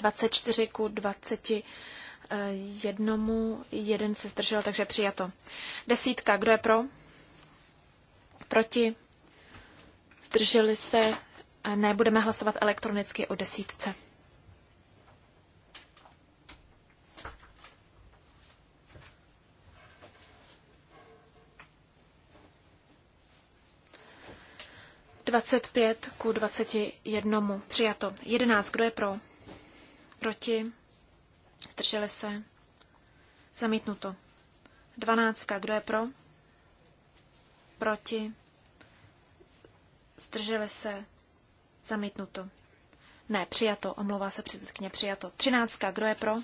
24 ku 20 jednomu, jeden se zdržel, takže přijato. Desítka, kdo je pro? Proti? Zdrželi se? Ne, budeme hlasovat elektronicky o desítce. Dvacet pět ku dvaceti jednomu. Přijato. Jedenáct. Kdo je pro? proti, zdrželi se, zamítnuto. Dvanáctka, kdo je pro, proti, zdrželi se, zamítnuto. Ne, přijato, omlouvá se předsedkyně, přijato. Třináctka, kdo je pro,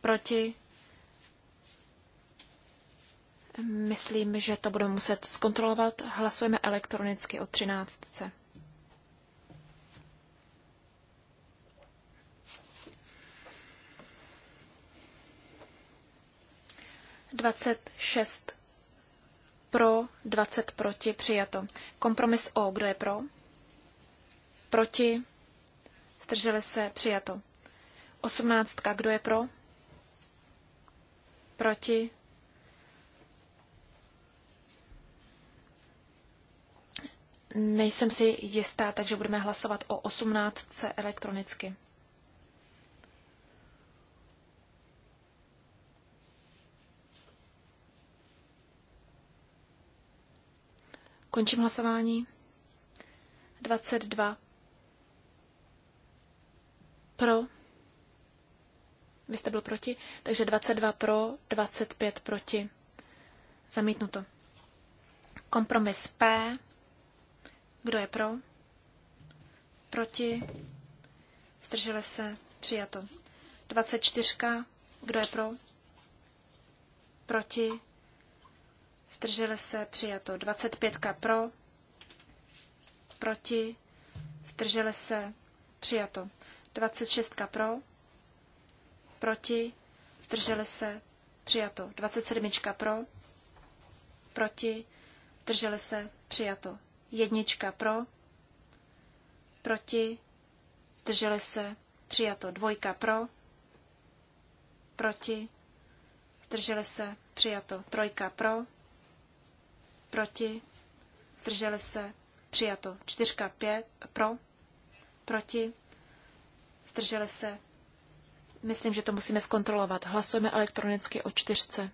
proti, Myslím, že to budeme muset zkontrolovat. Hlasujeme elektronicky o třináctce. 26 pro, 20 proti, přijato. Kompromis O, kdo je pro? Proti, zdrželi se, přijato. 18, kdo je pro? Proti. Nejsem si jistá, takže budeme hlasovat o 18 elektronicky. Končím hlasování. 22. Pro. Vy jste byl proti, takže 22 pro, 25 proti. Zamítnuto. Kompromis P. Kdo je pro? Proti? Zdrželi se? Přijato. 24. Kdo je pro? Proti? zdrželi se, přijato 25 pro, proti, zdrželi se, přijato 26 pro, proti, zdrželi se, přijato 27 pro, proti, zdrželi se, přijato 1 pro, proti, zdrželi se, přijato 2 pro, proti, zdrželi se, přijato 3 pro, proti, proti, zdrželi se, přijato. Čtyřka pět, pro, proti, zdrželi se. Myslím, že to musíme zkontrolovat. Hlasujeme elektronicky o čtyřce.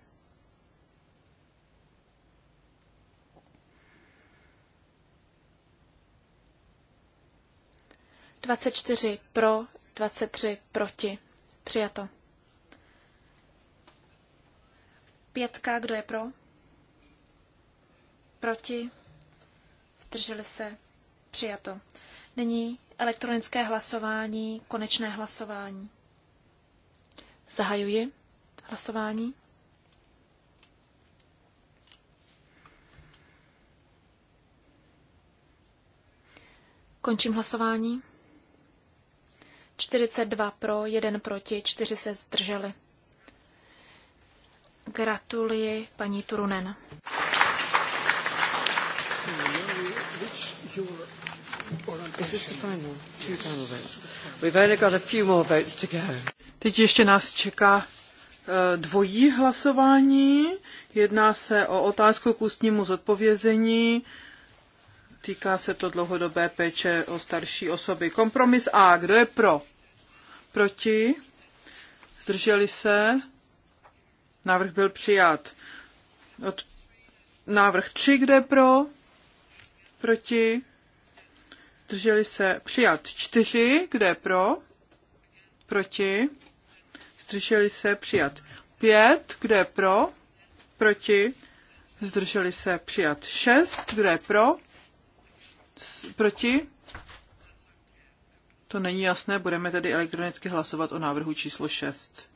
Dvacet čtyři pro, dvacet tři proti. Přijato. Pětka, kdo je pro? proti, zdrželi se, přijato. Nyní elektronické hlasování, konečné hlasování. Zahajuji hlasování. Končím hlasování. 42 pro, 1 proti, 4 se zdrželi. Gratuluji paní Turunen. Is this the final? Two final votes. We've only got a few more votes to go. Teď ještě nás čeká eh, dvojí hlasování. Jedná se o otázku k ústnímu zodpovězení. Týká se to dlouhodobé péče o starší osoby. Kompromis A. Kdo je pro? Proti? Zdrželi se? Návrh byl přijat. Od návrh 3, je pro? Proti? zdrželi se přijat 4, kde pro, proti, zdrželi se přijat 5, kde pro, proti, zdrželi se přijat 6, kde pro, proti, to není jasné, budeme tedy elektronicky hlasovat o návrhu číslo 6.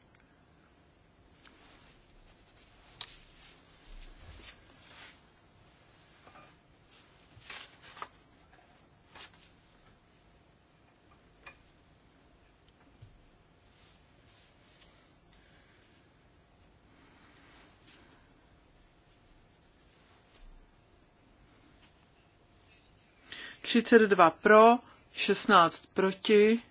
32 pro, 16 proti.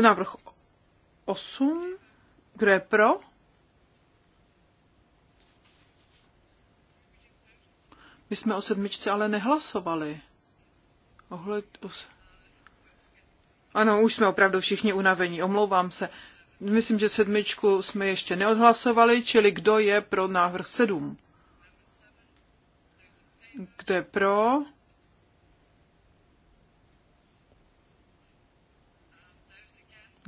Návrh 8. Kdo je pro? My jsme o sedmičce ale nehlasovali. Ohled, os... Ano, už jsme opravdu všichni unavení, omlouvám se. Myslím, že sedmičku jsme ještě neodhlasovali, čili kdo je pro návrh sedm? Kdo je pro?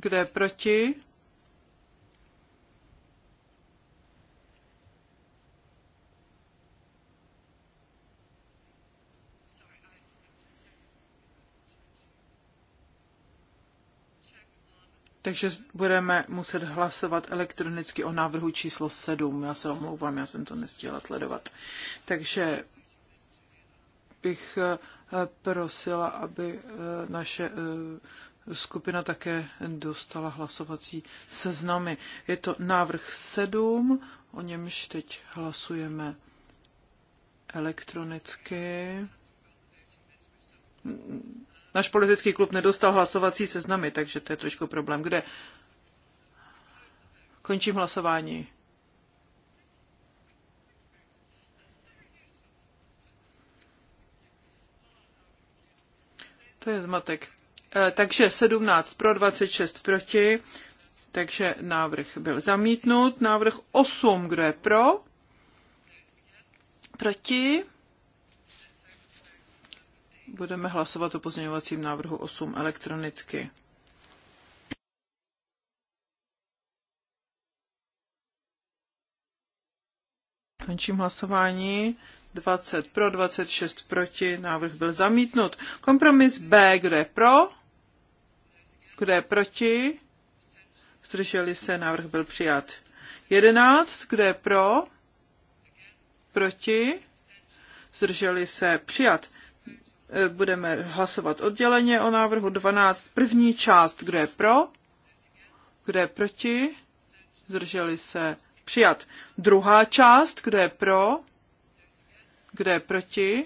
Kdo je proti? Takže budeme muset hlasovat elektronicky o návrhu číslo 7. Já se omlouvám, já jsem to nestihla sledovat. Takže bych eh, prosila, aby eh, naše eh, skupina také dostala hlasovací seznamy. Je to návrh 7, o němž teď hlasujeme elektronicky náš politický klub nedostal hlasovací seznamy, takže to je trošku problém. Kde? Končím hlasování. To je zmatek. E, takže 17 pro, 26 proti, takže návrh byl zamítnut. Návrh 8, kdo je pro? Proti? Budeme hlasovat o pozměňovacím návrhu 8 elektronicky. Končím hlasování. 20 pro, 26 proti. Návrh byl zamítnut. Kompromis B. Kdo je pro? Kdo je proti? Zdrželi se. Návrh byl přijat. 11. Kdo je pro? Proti? Zdrželi se. Přijat budeme hlasovat odděleně o návrhu 12. První část, kdo je pro, kdo je proti, zdrželi se přijat. Druhá část, kdo je pro, kdo je proti,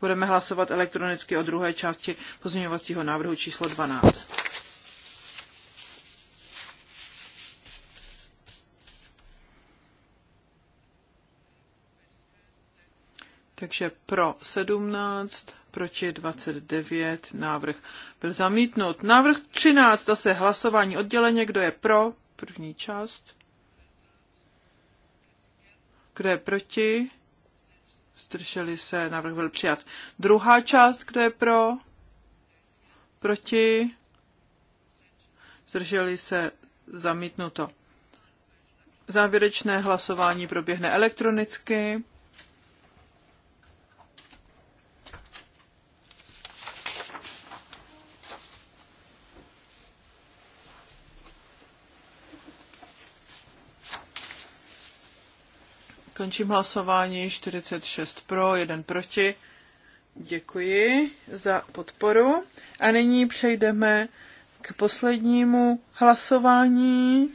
budeme hlasovat elektronicky o druhé části pozměňovacího návrhu číslo 12. Takže pro 17, proti 29, návrh byl zamítnut. Návrh 13, zase hlasování odděleně, kdo je pro, první část, kdo je proti, zdrželi se, návrh byl přijat. Druhá část, kdo je pro, proti, zdrželi se, zamítnuto. Závěrečné hlasování proběhne elektronicky. Končím hlasování 46 pro, 1 proti. Děkuji za podporu. A nyní přejdeme k poslednímu hlasování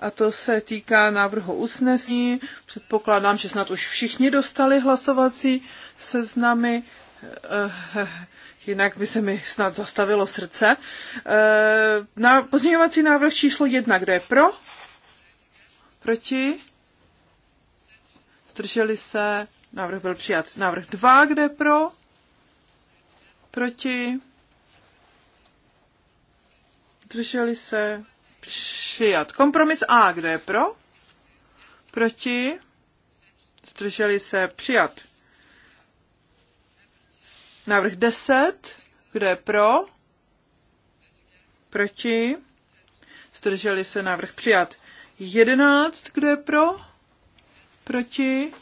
a to se týká návrhu usnesení. Předpokládám, že snad už všichni dostali hlasovací seznamy, eh, jinak by se mi snad zastavilo srdce. Eh, na pozměňovací návrh číslo jedna, kde je pro? Proti? zdrželi se, návrh byl přijat. Návrh 2, kde pro, proti, zdrželi se, přijat. Kompromis A, kde je pro, proti, zdrželi se, přijat. Návrh 10, kde je pro, proti, zdrželi se, návrh přijat. 11, kde je pro, proti.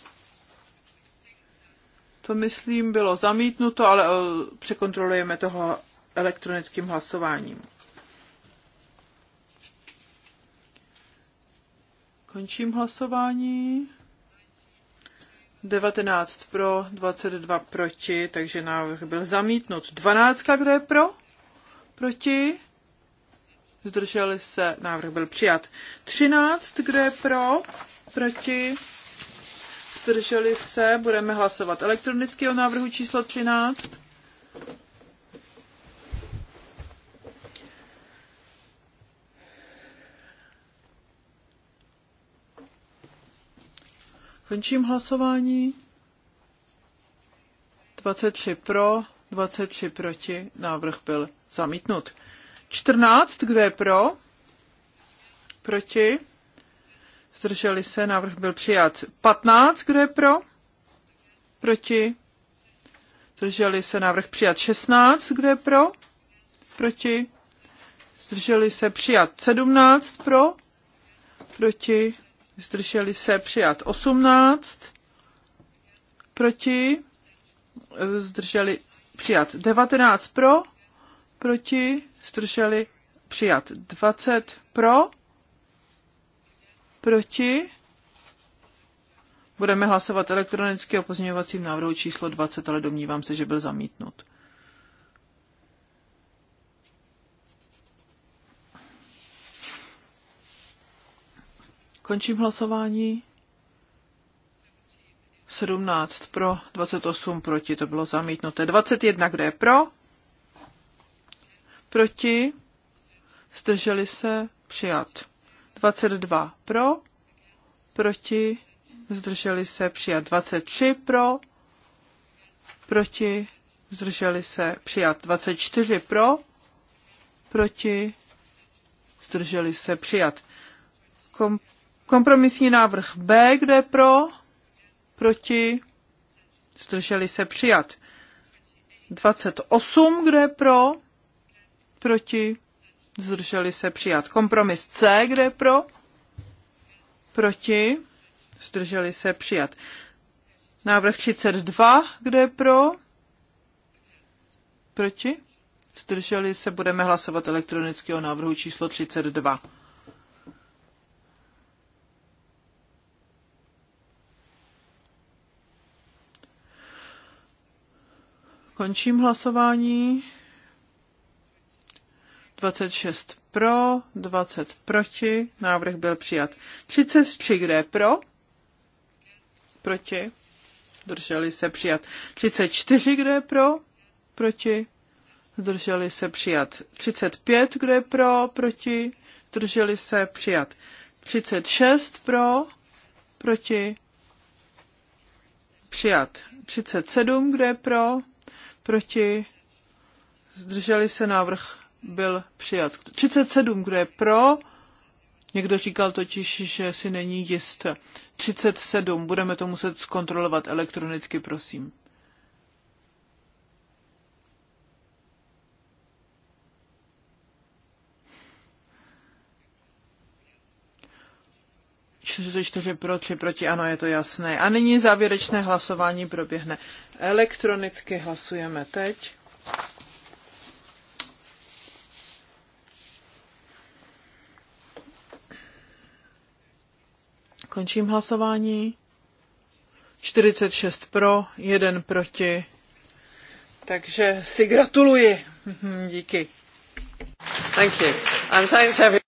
To, myslím, bylo zamítnuto, ale eh, překontrolujeme toho elektronickým hlasováním. Končím hlasování. 19 pro, 22 proti, takže návrh byl zamítnut. 12, kdo je pro? Proti? Zdrželi se, návrh byl přijat. 13, kdo je pro? Proti? zdrželi se, budeme hlasovat elektronicky o návrhu číslo 13. Končím hlasování. 23 pro, 23 proti, návrh byl zamítnut. 14, kdo je pro? Proti? Zdrželi se, návrh byl přijat. 15, kdo je pro? Proti? Zdrželi se, návrh přijat. 16, kdo je pro? Proti? Zdrželi se, přijat. 17, pro? Proti? Zdrželi se, přijat. 18, proti? Zdrželi, přijat. 19 pro? Proti? Zdrželi, přijat. 20 pro? Proti? Budeme hlasovat elektronicky o pozměňovacím návrhu číslo 20, ale domnívám se, že byl zamítnut. Končím hlasování. 17 pro, 28 proti, to bylo zamítnuté. 21, kde je pro? Proti? Zdrželi se? Přijat. 22 pro, proti, zdrželi se přijat 23 pro, proti, zdrželi se přijat 24 pro, proti, zdrželi se přijat. Kom, kompromisní návrh B, kde je pro, proti, zdrželi se přijat. 28, kde je pro, proti, zdrželi se přijat. Kompromis C, kde je pro, proti, zdrželi se přijat. Návrh 32, kde je pro, proti, zdrželi se, budeme hlasovat elektronicky o návrhu číslo 32. Končím hlasování. 26 pro, 20 proti, návrh byl přijat. 33, kde je pro? Proti. Zdrželi se přijat. 34, kde je pro? Proti. Zdrželi se přijat. 35, kde je pro? Proti. Zdrželi se přijat. 36 pro, proti. Přijat. 37, kde je pro? Proti. Zdrželi se návrh byl přijat. 37, kdo je pro, někdo říkal totiž, že si není jist. 37, budeme to muset zkontrolovat elektronicky, prosím. čtyři pro, tři proti, ano, je to jasné. A nyní závěrečné hlasování proběhne. Elektronicky hlasujeme teď. Končím hlasování. 46 pro, 1 proti. Takže si gratuluji. [LAUGHS] Díky. Thank you. And thanks every...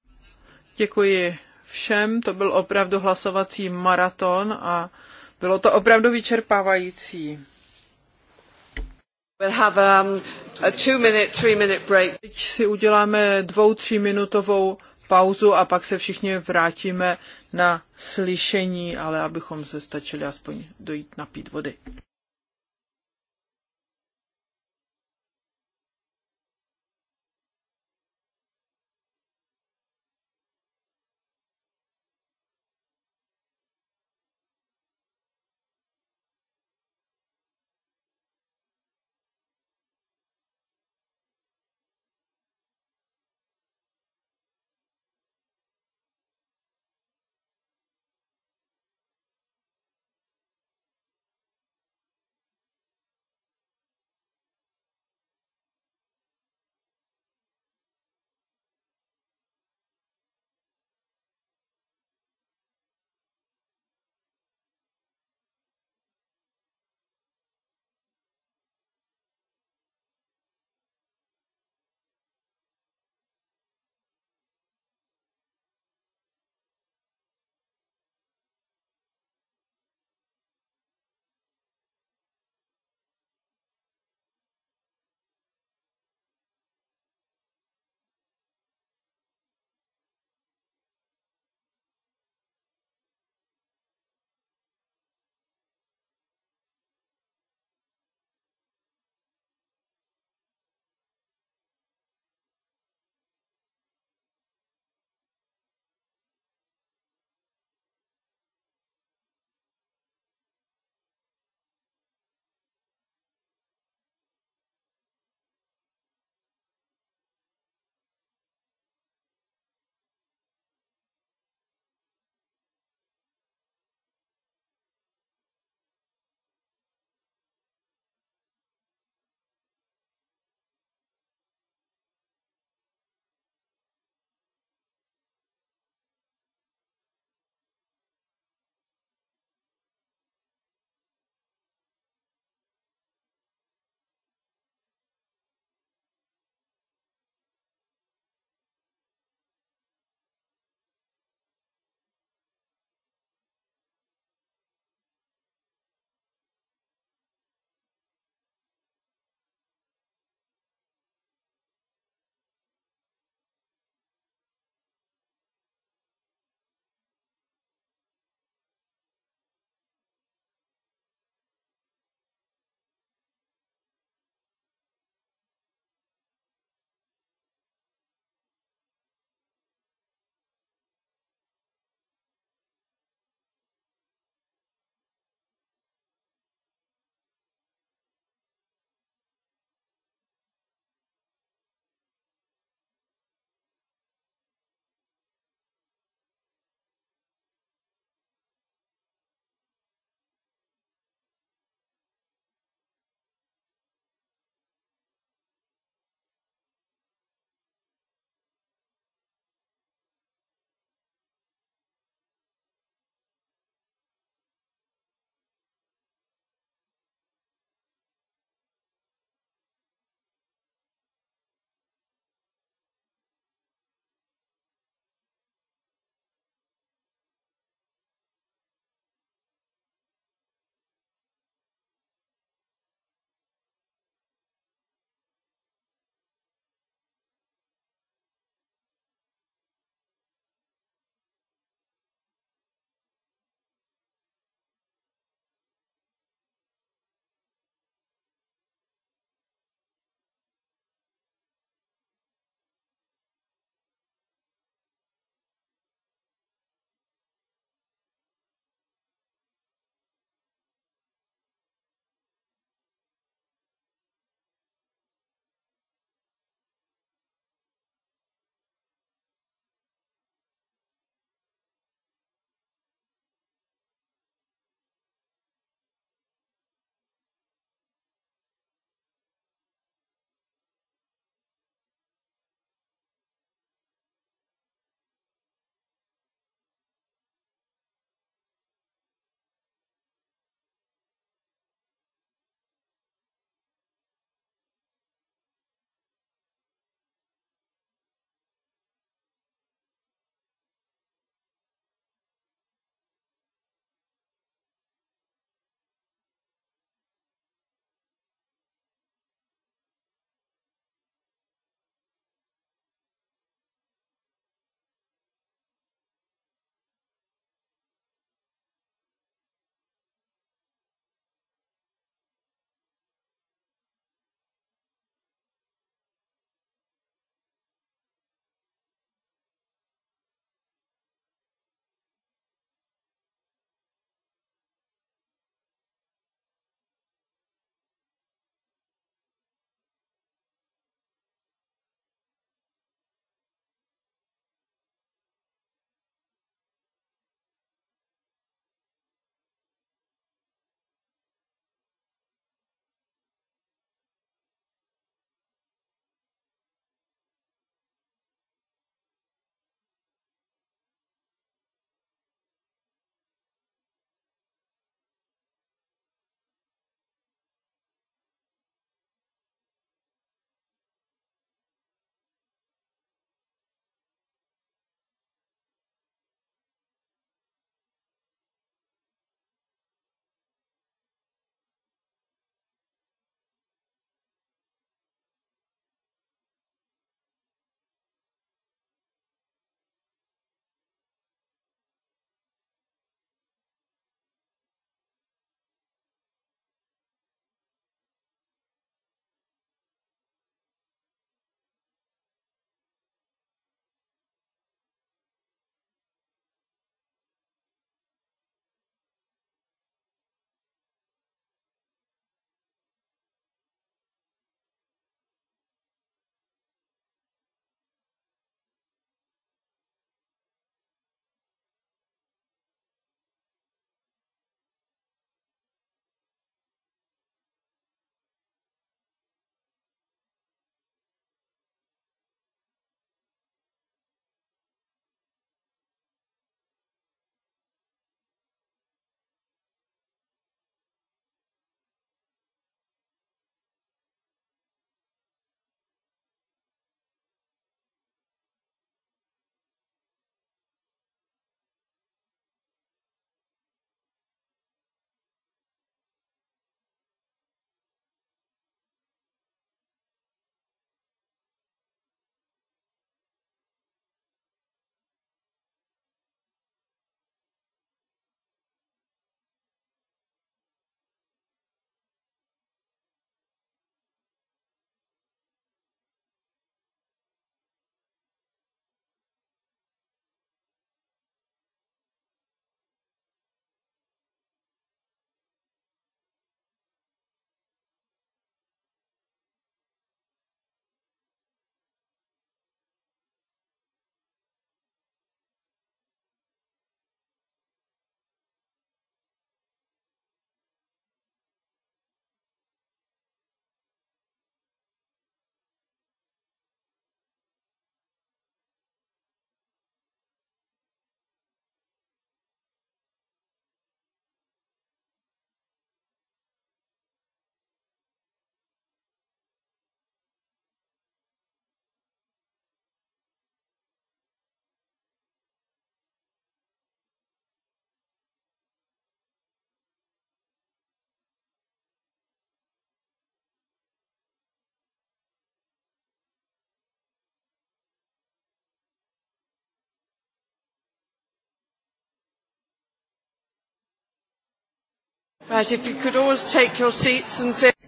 Děkuji všem. To byl opravdu hlasovací maraton a bylo to opravdu vyčerpávající. We'll have um, a two minute, three minute break. Teď si uděláme dvou, tříminutovou pauzu a pak se všichni vrátíme na slyšení, ale abychom se stačili aspoň dojít napít vody.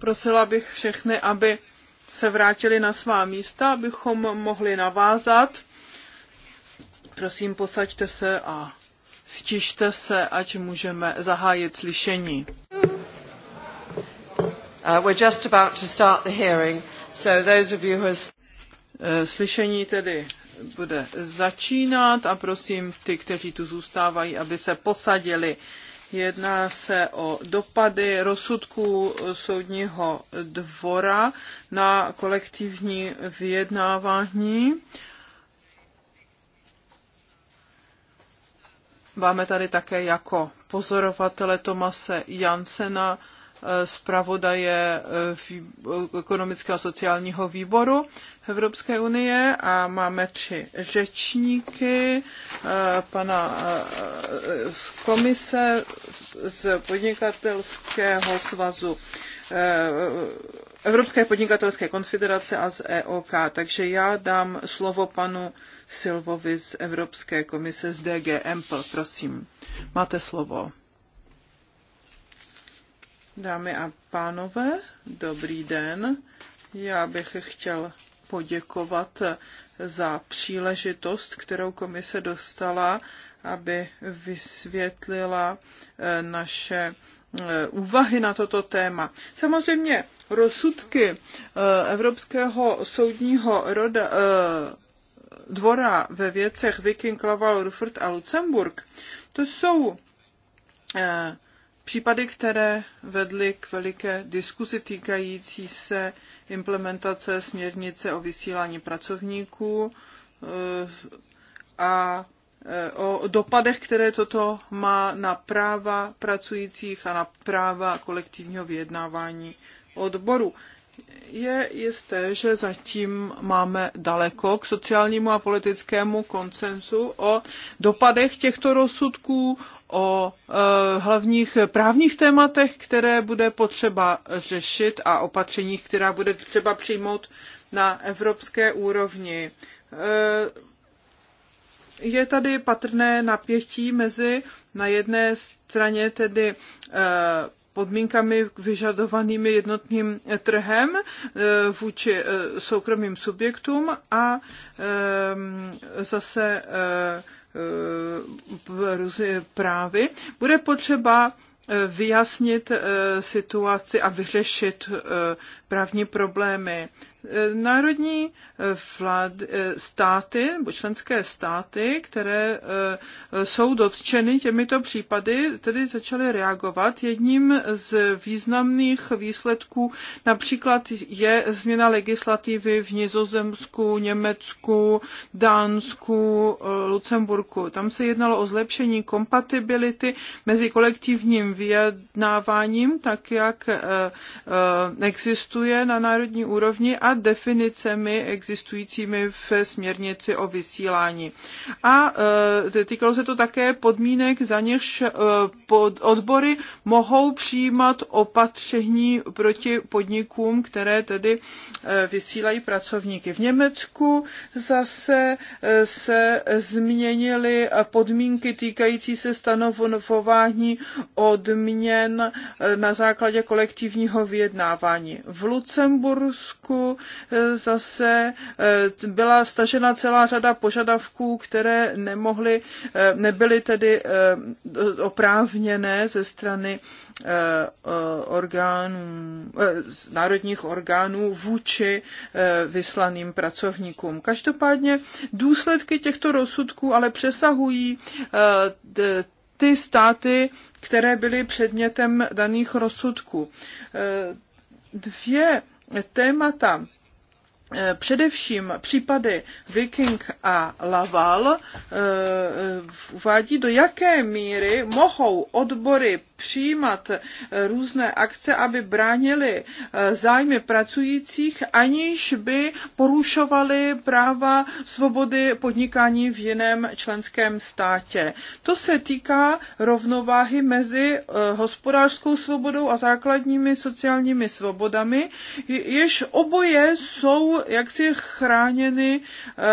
Prosila bych všechny, aby se vrátili na svá místa, abychom mohli navázat. Prosím, posaďte se a stište se, ať můžeme zahájit slyšení. Slyšení tedy bude začínat a prosím ty, kteří tu zůstávají, aby se posadili. Jedná se o dopady rozsudků soudního dvora na kolektivní vyjednávání. Máme tady také jako pozorovatele Tomase Jansena Eh, zpravodaje eh, ekonomického a sociálního výboru Evropské unie a máme tři řečníky, eh, pana z komise z podnikatelského svazu Evropské podnikatelské konfederace a z EOK. Takže já dám slovo panu Silvovi z Evropské komise z DG Empl. Prosím, máte slovo. Dámy a pánové, dobrý den. Já bych chtěl poděkovat za příležitost, kterou komise dostala, aby vysvětlila eh, naše eh, úvahy na toto téma. Samozřejmě rozsudky eh, Evropského soudního roda, dvora ve věcech Viking, Laval, Rufford a Lucemburg, to jsou případy, které vedly k veliké diskuzi týkající se implementace směrnice o vysílání pracovníků eh, a eh, o dopadech, které toto má na práva pracujících a na práva kolektivního vyjednávání odboru. Je jisté, že zatím máme daleko k sociálnímu a politickému konsenzu o dopadech těchto rozsudků, o e, hlavních právních tématech, které bude potřeba řešit a opatřeních, která bude třeba přijmout na evropské úrovni. E, je tady patrné napětí mezi na jedné straně tedy e, podmínkami vyžadovanými jednotným trhem vůči soukromým subjektům a zase Eh, právy, bude potřeba eh, vyjasnit eh, situaci a vyřešit právní problémy národní eh, vlád, eh, státy nebo členské státy, které eh, jsou dotčeny těmito případy, tedy začaly reagovat. Jedním z významných výsledků například je změna legislativy v Nizozemsku, Německu, Dánsku, Lucemburku. Tam se jednalo o zlepšení kompatibility mezi kolektivním vyjednáváním, tak jak existuje na národní úrovni a definicemi existujícími v směrnici o vysílání. A e, týkalo se to také podmínek, za něž e, odbory mohou přijímat opatření proti podnikům, které tedy e, vysílají pracovníky. V Německu zase se změnily podmínky týkající se stanovování odměn na základě kolektivního vyjednávání. V Lucembursku Eh, zase eh, byla stažena celá řada požadavků, které nemohly, eh, nebyly tedy oprávněné ze strany orgánů, národních orgánů vůči vyslaným pracovníkům. Každopádně důsledky těchto rozsudků ale přesahují ty státy, které byly předmětem daných rozsudků. Dvě témata Eh, především případy Viking a Laval eh, eh, uvádí, do jaké míry mohou odbory přijímat různé akce, aby bránili zájmy pracujících, aniž by porušovali práva svobody podnikání v jiném členském státě. To se týká rovnováhy mezi hospodářskou svobodou a základními sociálními svobodami, jež oboje jsou jaksi chráněny eh, eh,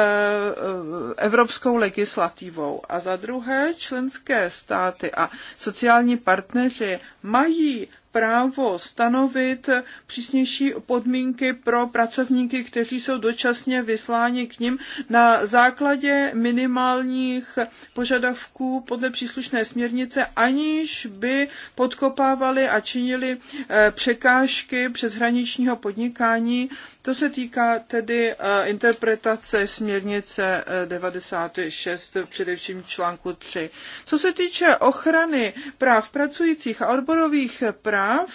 evropskou legislativou. A za druhé, členské státy a sociální partneři mají právo stanovit přísnější podmínky pro pracovníky, kteří jsou dočasně vysláni k ním na základě minimálních požadavků podle příslušné směrnice, aniž by podkopávali a činili eh, překážky přeshraničního podnikání to se týká tedy eh, interpretace směrnice 96, eh, především článku 3. Co se týče ochrany práv pracujících a odborových práv,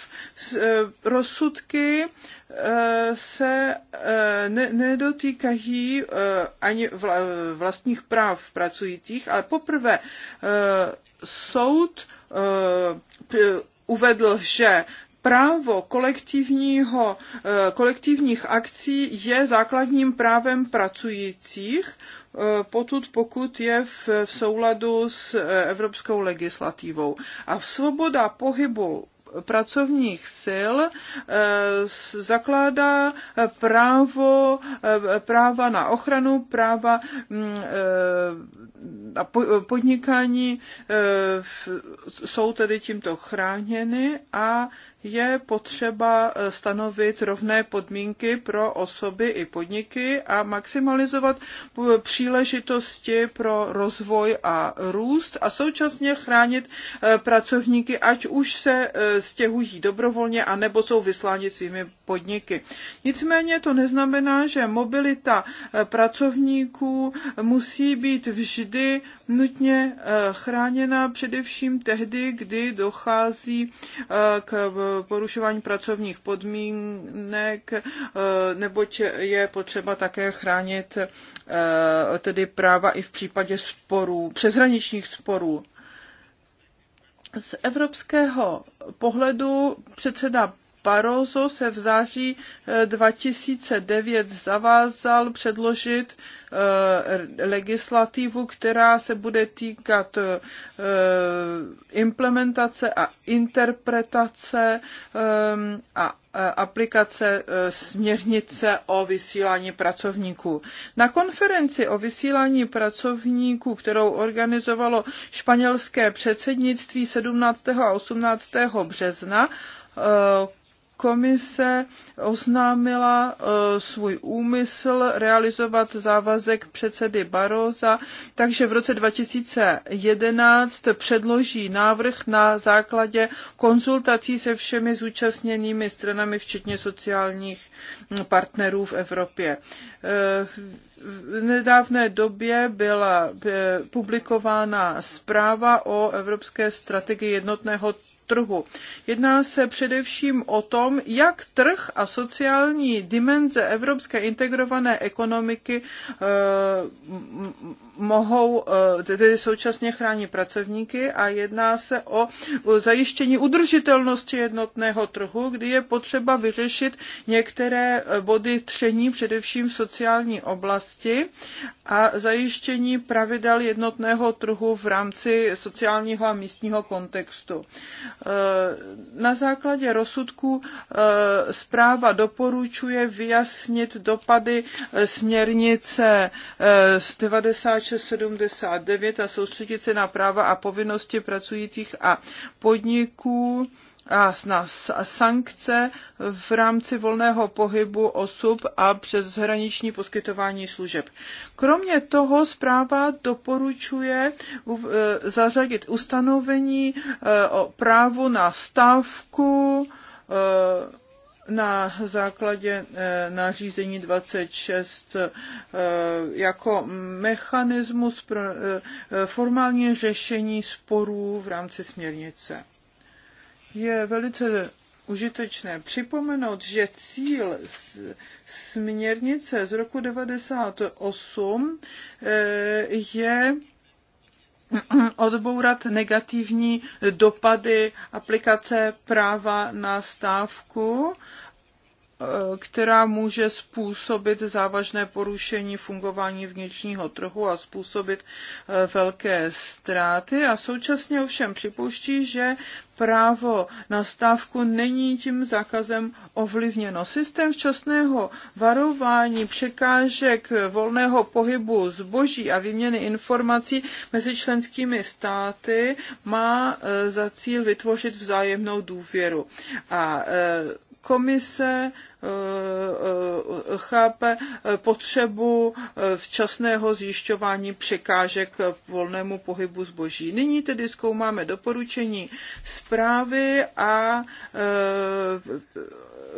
eh, rozsudky se ne, nedotýkají ani vlastních práv pracujících, ale poprvé soud uvedl, že právo kolektivního, eh, kolektivních akcí je základním právem pracujících, eh, potud pokud je v, v souladu s eh, evropskou legislativou. A v svoboda pohybu pracovních sil zakládá právo, práva na ochranu, práva na mm, podnikání jsou tedy tímto chráněny a je potřeba eh, stanovit rovné podmínky pro osoby i podniky a maximalizovat eh, příležitosti pro rozvoj a růst a současně chránit eh, pracovníky, ať už se stěhují dobrovolně a nebo jsou vysláni svými podniky. Nicméně to neznamená, že mobilita pracovníků musí být vždy nutně eh, chráněna především tehdy, kdy dochází eh, k eh, porušování pracovních podmínek, neboť je potřeba také chránit tedy práva i v případě sporů, přeshraničních sporů. Z evropského pohledu předseda Barroso se v září 2009 eh, zavázal předložit eh, legislativu, která se bude týkat eh, implementace a interpretace a aplikace směrnice o vysílání pracovníků. Na konferenci o vysílání pracovníků, kterou organizovalo španělské předsednictví 17. a 18. března, komise oznámila eh, svůj úmysl realizovat závazek předsedy Baroza, takže v roce 2011 předloží návrh na základě konzultací se všemi zúčastněnými stranami, včetně sociálních mm, partnerů v Evropě. Eh, v nedávné době byla eh, publikována zpráva o Evropské strategii jednotného trhu. Jedná se především o tom, jak trh a sociální dimenze evropské integrované ekonomiky eh, mohou, eh, tedy současně chránit pracovníky a jedná se o zajištění udržitelnosti jednotného trhu, kdy je potřeba vyřešit některé eh, body tření, především v sociální oblasti a zajištění pravidel jednotného trhu v rámci sociálního a místního kontextu. Na základě rozsudku eh, zpráva doporučuje vyjasnit dopady eh, směrnice eh, z 79 a soustředit se na práva a povinnosti pracujících a podniků a na sankce v rámci volného pohybu osob a přes hraniční poskytování služeb. Kromě toho zpráva doporučuje e, zařadit ustanovení e, o právu na stávku e, na základě nařízení 26 jako mechanismus pro formální řešení sporů v rámci směrnice je velice užitečné připomenout, že cíl směrnice z roku 98 eh, je odbourat negativní dopady aplikace práva na stávku Eh, která může způsobit závažné porušení fungování vnitřního trhu a způsobit eh, velké ztráty a současně ovšem připouští, že právo na stávku není tím zákazem ovlivněno. Systém včasného varování překážek volného pohybu zboží a výměny informací mezi členskými státy má eh, za cíl vytvořit vzájemnou důvěru. A komise eh, eh, chápe eh, potřebu včasného zjišťování překážek volnému pohybu zboží. Nyní tedy zkoumáme doporučení zprávy a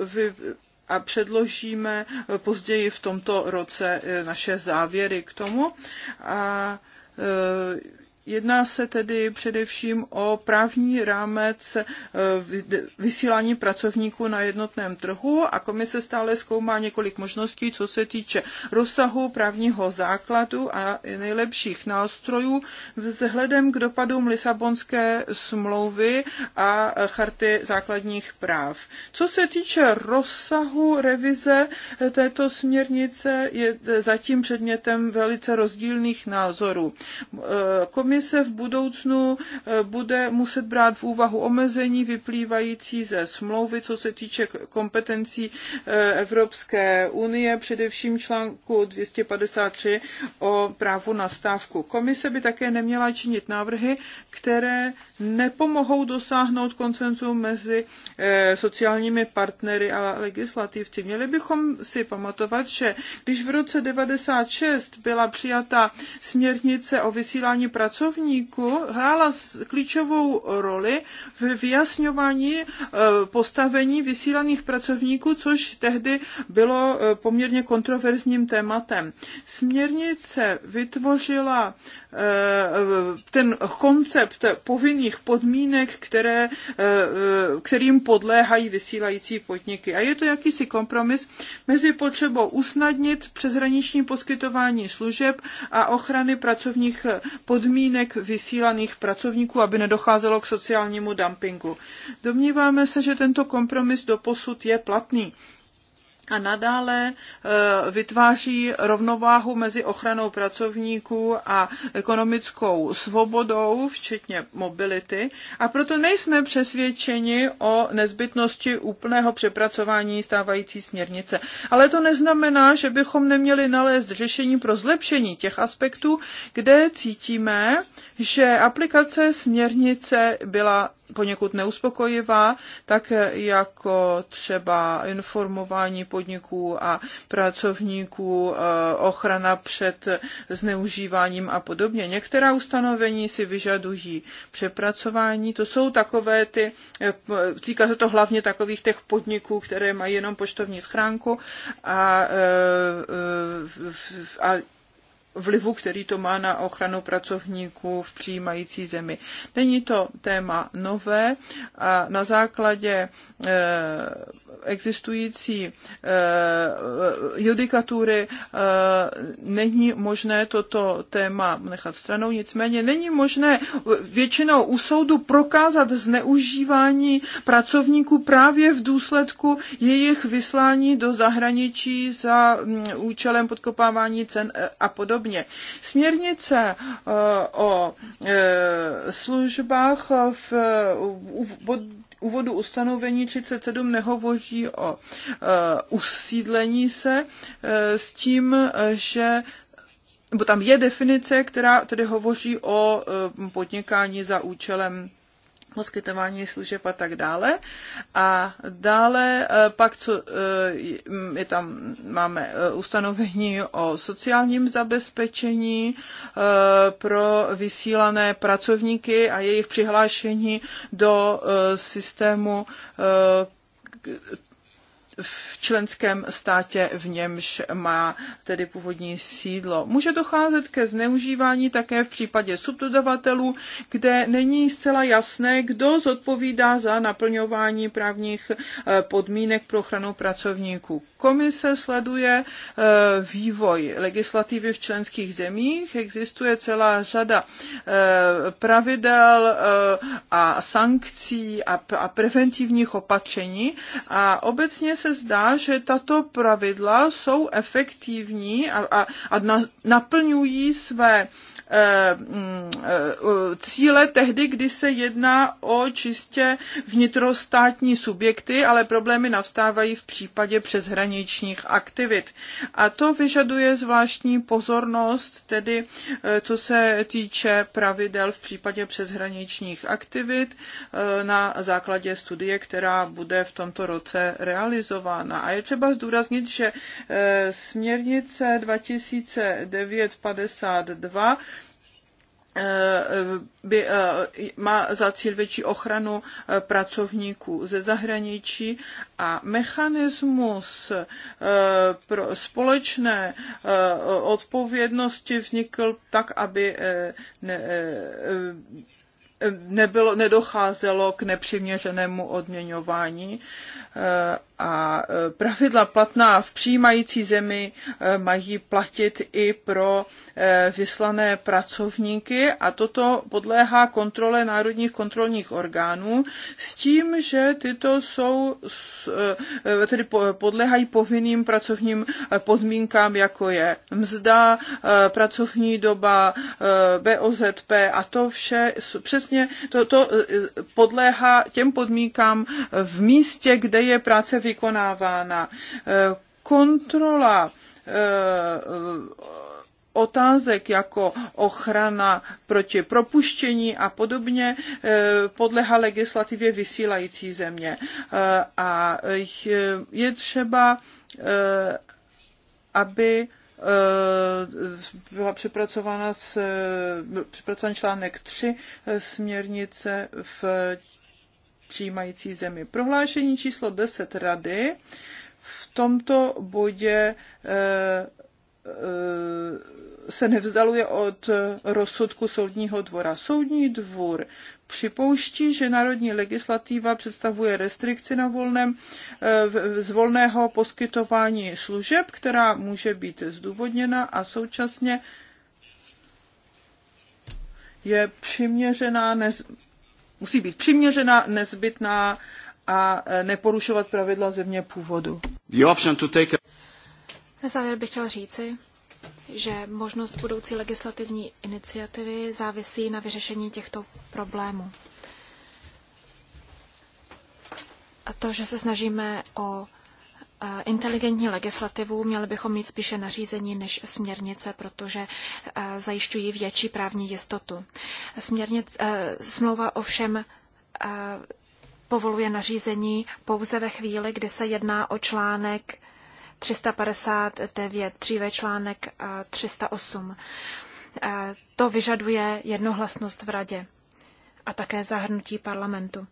vy, a předložíme později v tomto roce naše závěry k tomu. A Jedná se tedy především o právní rámec eh, vysílání pracovníků na jednotném trhu a komise stále zkoumá několik možností, co se týče rozsahu právního základu a nejlepších nástrojů vzhledem k dopadům Lisabonské smlouvy a charty základních práv. Co se týče rozsahu revize eh, této směrnice, je eh, zatím předmětem velice rozdílných názorů. Komise komise v budoucnu eh, bude muset brát v úvahu omezení vyplývající ze smlouvy, co se týče kompetencí eh, Evropské unie, především článku 253 o právu na stávku. Komise by také neměla činit návrhy, které nepomohou dosáhnout koncenzu mezi eh, sociálními partnery a legislativci. Měli bychom si pamatovat, že když v roce 96 byla přijata směrnice o vysílání pracovníků, pracovníků hrála klíčovou roli v vyjasňování e, postavení vysílaných pracovníků, což tehdy bylo e, poměrně kontroverzním tématem. Směrnice vytvořila Eh, ten koncept povinných podmínek, které, eh, kterým podléhají vysílající podniky. A je to jakýsi kompromis mezi potřebou usnadnit přeshraniční poskytování služeb a ochrany pracovních podmínek vysílaných pracovníků, aby nedocházelo k sociálnímu dumpingu. Domníváme se, že tento kompromis do posud je platný a nadále eh, vytváří rovnováhu mezi ochranou pracovníků a ekonomickou svobodou, včetně mobility. A proto nejsme přesvědčeni o nezbytnosti úplného přepracování stávající směrnice. Ale to neznamená, že bychom neměli nalézt řešení pro zlepšení těch aspektů, kde cítíme, že aplikace směrnice byla poněkud neuspokojivá, tak jako třeba informování podniků a pracovníků, eh, ochrana před zneužíváním a podobně. Některá ustanovení si vyžadují přepracování. To jsou takové ty, říká eh, se to hlavně takových těch podniků, které mají jenom poštovní schránku a, eh, a vlivu, který to má na ochranu pracovníků v přijímající zemi. Není to téma nové a na základě eh, existující eh, judikatury eh, není možné toto téma nechat stranou, nicméně není možné většinou u soudu prokázat zneužívání pracovníků právě v důsledku jejich vyslání do zahraničí za mm, účelem podkopávání cen a podobně podobně. Směrnice eh, o eh, službách v úvodu ustanovení 37 nehovoří o eh, usídlení se s tím, že bo tam je definice, která tedy hovoří o podnikání za účelem poskytování služeb a tak dále. A dále eh, pak co, eh, je tam, máme eh, ustanovení o sociálním zabezpečení pro vysílané pracovníky a jejich přihlášení do systému v členském státě, v němž má tedy původní sídlo. Může docházet ke zneužívání také v případě subdodavatelů, kde není zcela jasné, kdo zodpovídá za naplňování právních eh, podmínek pro ochranu pracovníků. Komise sleduje eh, vývoj legislativy v členských zemích. Existuje celá řada eh, pravidel eh, a sankcí a preventivních opatření a obecně se zdá, že tato pravidla jsou efektivní a naplňují své mm, cíle tehdy, kdy se jedná o čistě vnitrostátní subjekty, ale problémy navstávají v případě přeshraničí zahraničních aktivit. A to vyžaduje zvláštní pozornost, tedy eh, co se týče pravidel v případě přeshraničních aktivit eh, na základě studie, která bude v tomto roce realizována. A je třeba zdůraznit, že eh, směrnice 2009 52 Eh, eh, by, eh, má za cíl větší ochranu pracovníků ze zahraničí a mechanismus pro společné odpovědnosti vznikl tak, aby ne, nebylo, nedocházelo k nepřiměřenému odměňování a e, pravidla platná v přijímající zemi e, mají platit i pro e, vyslané pracovníky a toto podléhá kontrole národních kontrolních orgánů s tím, že tyto jsou, tedy podléhají povinným pracovním podmínkám, jako je mzda, pracovní doba, BOZP a to vše přesně to, to podléhá těm podmínkám v místě, kde je práce vykonávána. Eh, kontrola eh, otázek jako ochrana proti propuštění a podobně eh, podlehá legislativě vysílající země. A je třeba, aby byla přepracována s, přepracován článek 3 směrnice v přijímající zemi. Prohlášení číslo 10 rady v tomto bodě eh, eh, se nevzdaluje od rozsudku soudního dvora. Soudní dvůr připouští, že národní legislativa představuje restrikci na volném, eh, z volného poskytování služeb, která může být zdůvodněna a současně je přiměřená nez, musí být přiměřená, nezbytná a e, neporušovat pravidla země původu. Na závěr bych chtěl říci, že možnost budoucí legislativní iniciativy závisí na vyřešení těchto problémů. A to, že se snažíme o inteligentní legislativu, měli bychom mít spíše nařízení než směrnice, protože e, zajišťují větší právní jistotu. Směrnic, e, smlouva ovšem e, povoluje nařízení pouze ve chvíli, kdy se jedná o článek 359, dříve článek 308. To vyžaduje jednohlasnost v radě a také zahrnutí parlamentu.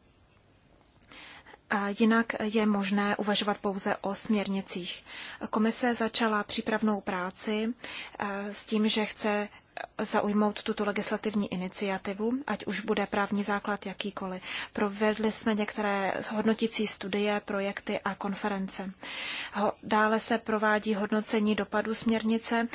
Jinak je možné uvažovat pouze o směrnicích. Komise začala přípravnou práci eh, s tím, že chce zaujmout tuto legislativní iniciativu, ať už bude právní základ jakýkoliv. Provedli jsme některé hodnotící studie, projekty a konference. Dále se provádí hodnocení dopadu směrnice,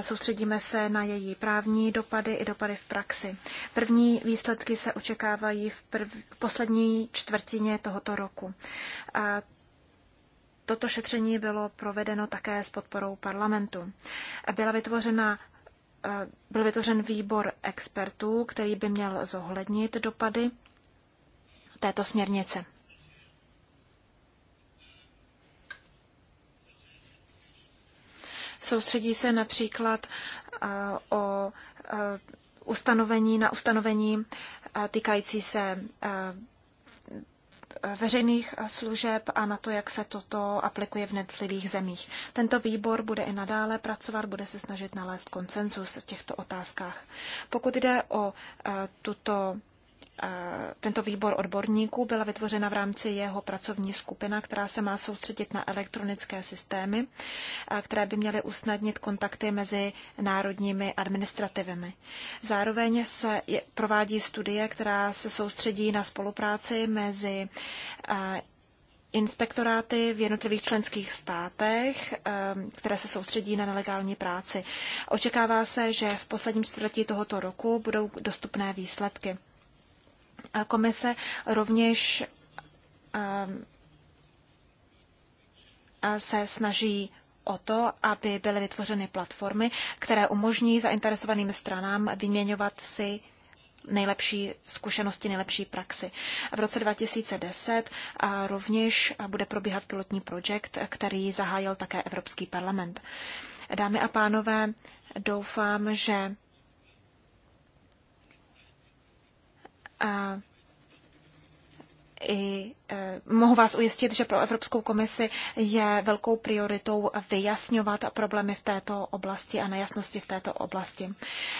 soustředíme se na její právní dopady i dopady v praxi. První výsledky se očekávají v prv... poslední čtvrtině tohoto roku. A Toto šetření bylo provedeno také s podporou parlamentu. Byla vytvořena Eh, byl vytvořen výbor expertů, který by měl zohlednit dopady této směrnice. Soustředí se například eh, o eh, ustanovení na ustanovení týkající se veřejných služeb a na to, jak se toto aplikuje v netlivých zemích. Tento výbor bude i nadále pracovat, bude se snažit nalézt koncenzus v těchto otázkách. Pokud jde o eh, tuto tento výbor odborníků byla vytvořena v rámci jeho pracovní skupina, která se má soustředit na elektronické systémy, které by měly usnadnit kontakty mezi národními administrativami. Zároveň se provádí studie, která se soustředí na spolupráci mezi inspektoráty v jednotlivých členských státech, které se soustředí na nelegální práci. Očekává se, že v posledním čtvrtletí tohoto roku budou dostupné výsledky. Komise rovněž ehm, se snaží o to, aby byly vytvořeny platformy, které umožní zainteresovaným stranám vyměňovat si nejlepší zkušenosti, nejlepší praxi. V roce 2010 rovněž bude probíhat pilotní projekt, který zahájil také Evropský parlament. Dámy a pánové, doufám, že A i eh, mohu vás ujistit, že pro Evropskou komisi je velkou prioritou vyjasňovat problémy v této oblasti a nejasnosti v této oblasti.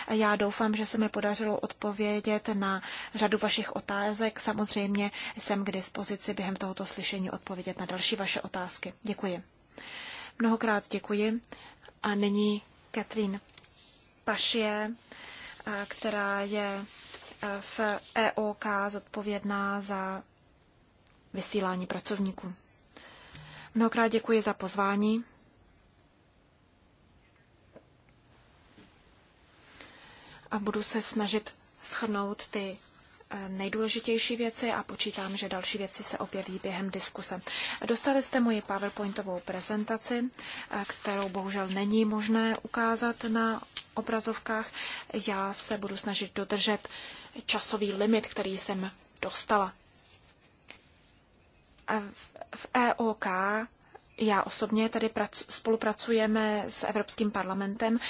Já doufám, že se mi podařilo odpovědět na řadu vašich otázek. Samozřejmě jsem k dispozici během tohoto slyšení odpovědět na další vaše otázky. Děkuji. Mnohokrát děkuji. A nyní Katrin Pašie, e, která je v EOK zodpovědná za vysílání pracovníků. Mnohokrát děkuji za pozvání. A budu se snažit schrnout ty eh, nejdůležitější věci a počítám, že další věci se objeví během diskuse. Dostali jste moji PowerPointovou prezentaci, eh, kterou bohužel není možné ukázat na obrazovkách. Já se budu snažit dodržet časový limit, který jsem dostala. V EOK já osobně tady spolupracujeme s Evropským parlamentem,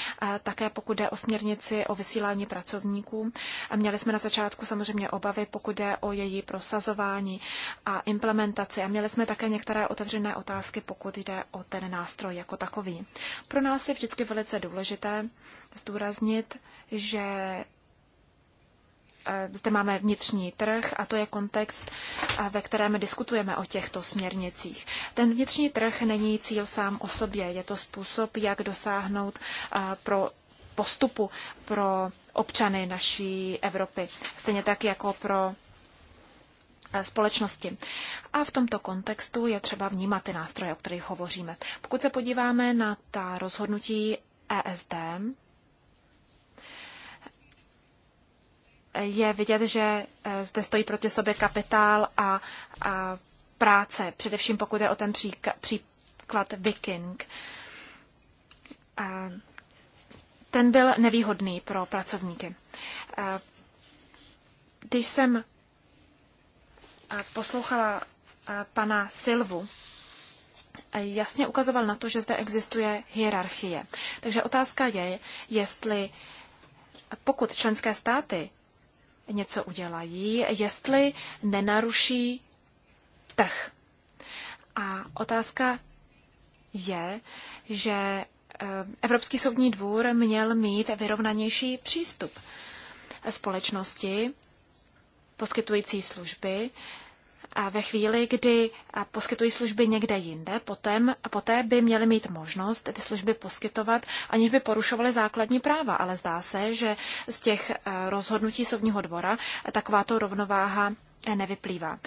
také pokud jde o směrnici o vysílání pracovníků. Měli jsme na začátku samozřejmě obavy, pokud jde o její prosazování a implementaci. A měli jsme také některé otevřené otázky, pokud jde o ten nástroj jako takový. Pro nás je vždycky velice důležité zdůraznit, že Eh, zde máme vnitřní trh a to je kontext, eh, ve kterém diskutujeme o těchto směrnicích. Ten vnitřní trh není cíl sám o sobě, je to způsob, jak dosáhnout eh, pro postupu pro občany naší Evropy, stejně tak jako pro společnosti. A v tomto kontextu je třeba vnímat ty nástroje, o kterých hovoříme. Pokud se podíváme na ta rozhodnutí ESD, je vidět, že eh, zde stojí proti sobě kapitál a, a práce, především pokud je o ten příklad Viking. Eh, ten byl nevýhodný pro pracovníky. Eh, když jsem poslouchala pana Silvu, jasně ukazoval na to, že zde existuje hierarchie. Takže otázka je, jestli pokud členské státy něco udělají, jestli nenaruší trh. A otázka je, že eh, Evropský soudní dvůr měl mít vyrovnanější přístup. Společnosti poskytující služby a ve chvíli, kdy poskytují služby někde jinde, potom, poté by měli mít možnost ty služby poskytovat, aniž by porušovaly základní práva. Ale zdá se, že z těch e, rozhodnutí soudního dvora takováto rovnováha nevyplývá.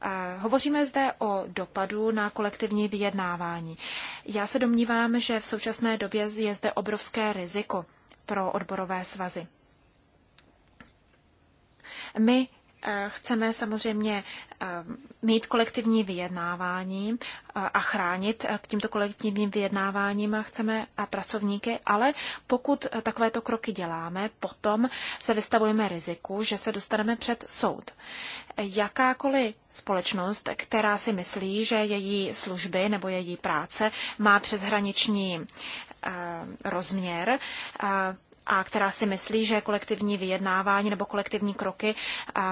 E, hovoříme zde o dopadu na kolektivní vyjednávání. Já se domnívám, že v současné době je zde obrovské riziko pro odborové svazy. My Chceme samozřejmě eh, mít kolektivní vyjednávání eh, a chránit eh, k tímto kolektivním vyjednáváním chceme a pracovníky, ale pokud takovéto kroky děláme, potom se vystavujeme riziku, že se dostaneme před soud. Jakákoliv společnost, která si myslí, že její služby nebo její práce má přeshraniční rozměr, a která si myslí, že kolektivní vyjednávání nebo kolektivní kroky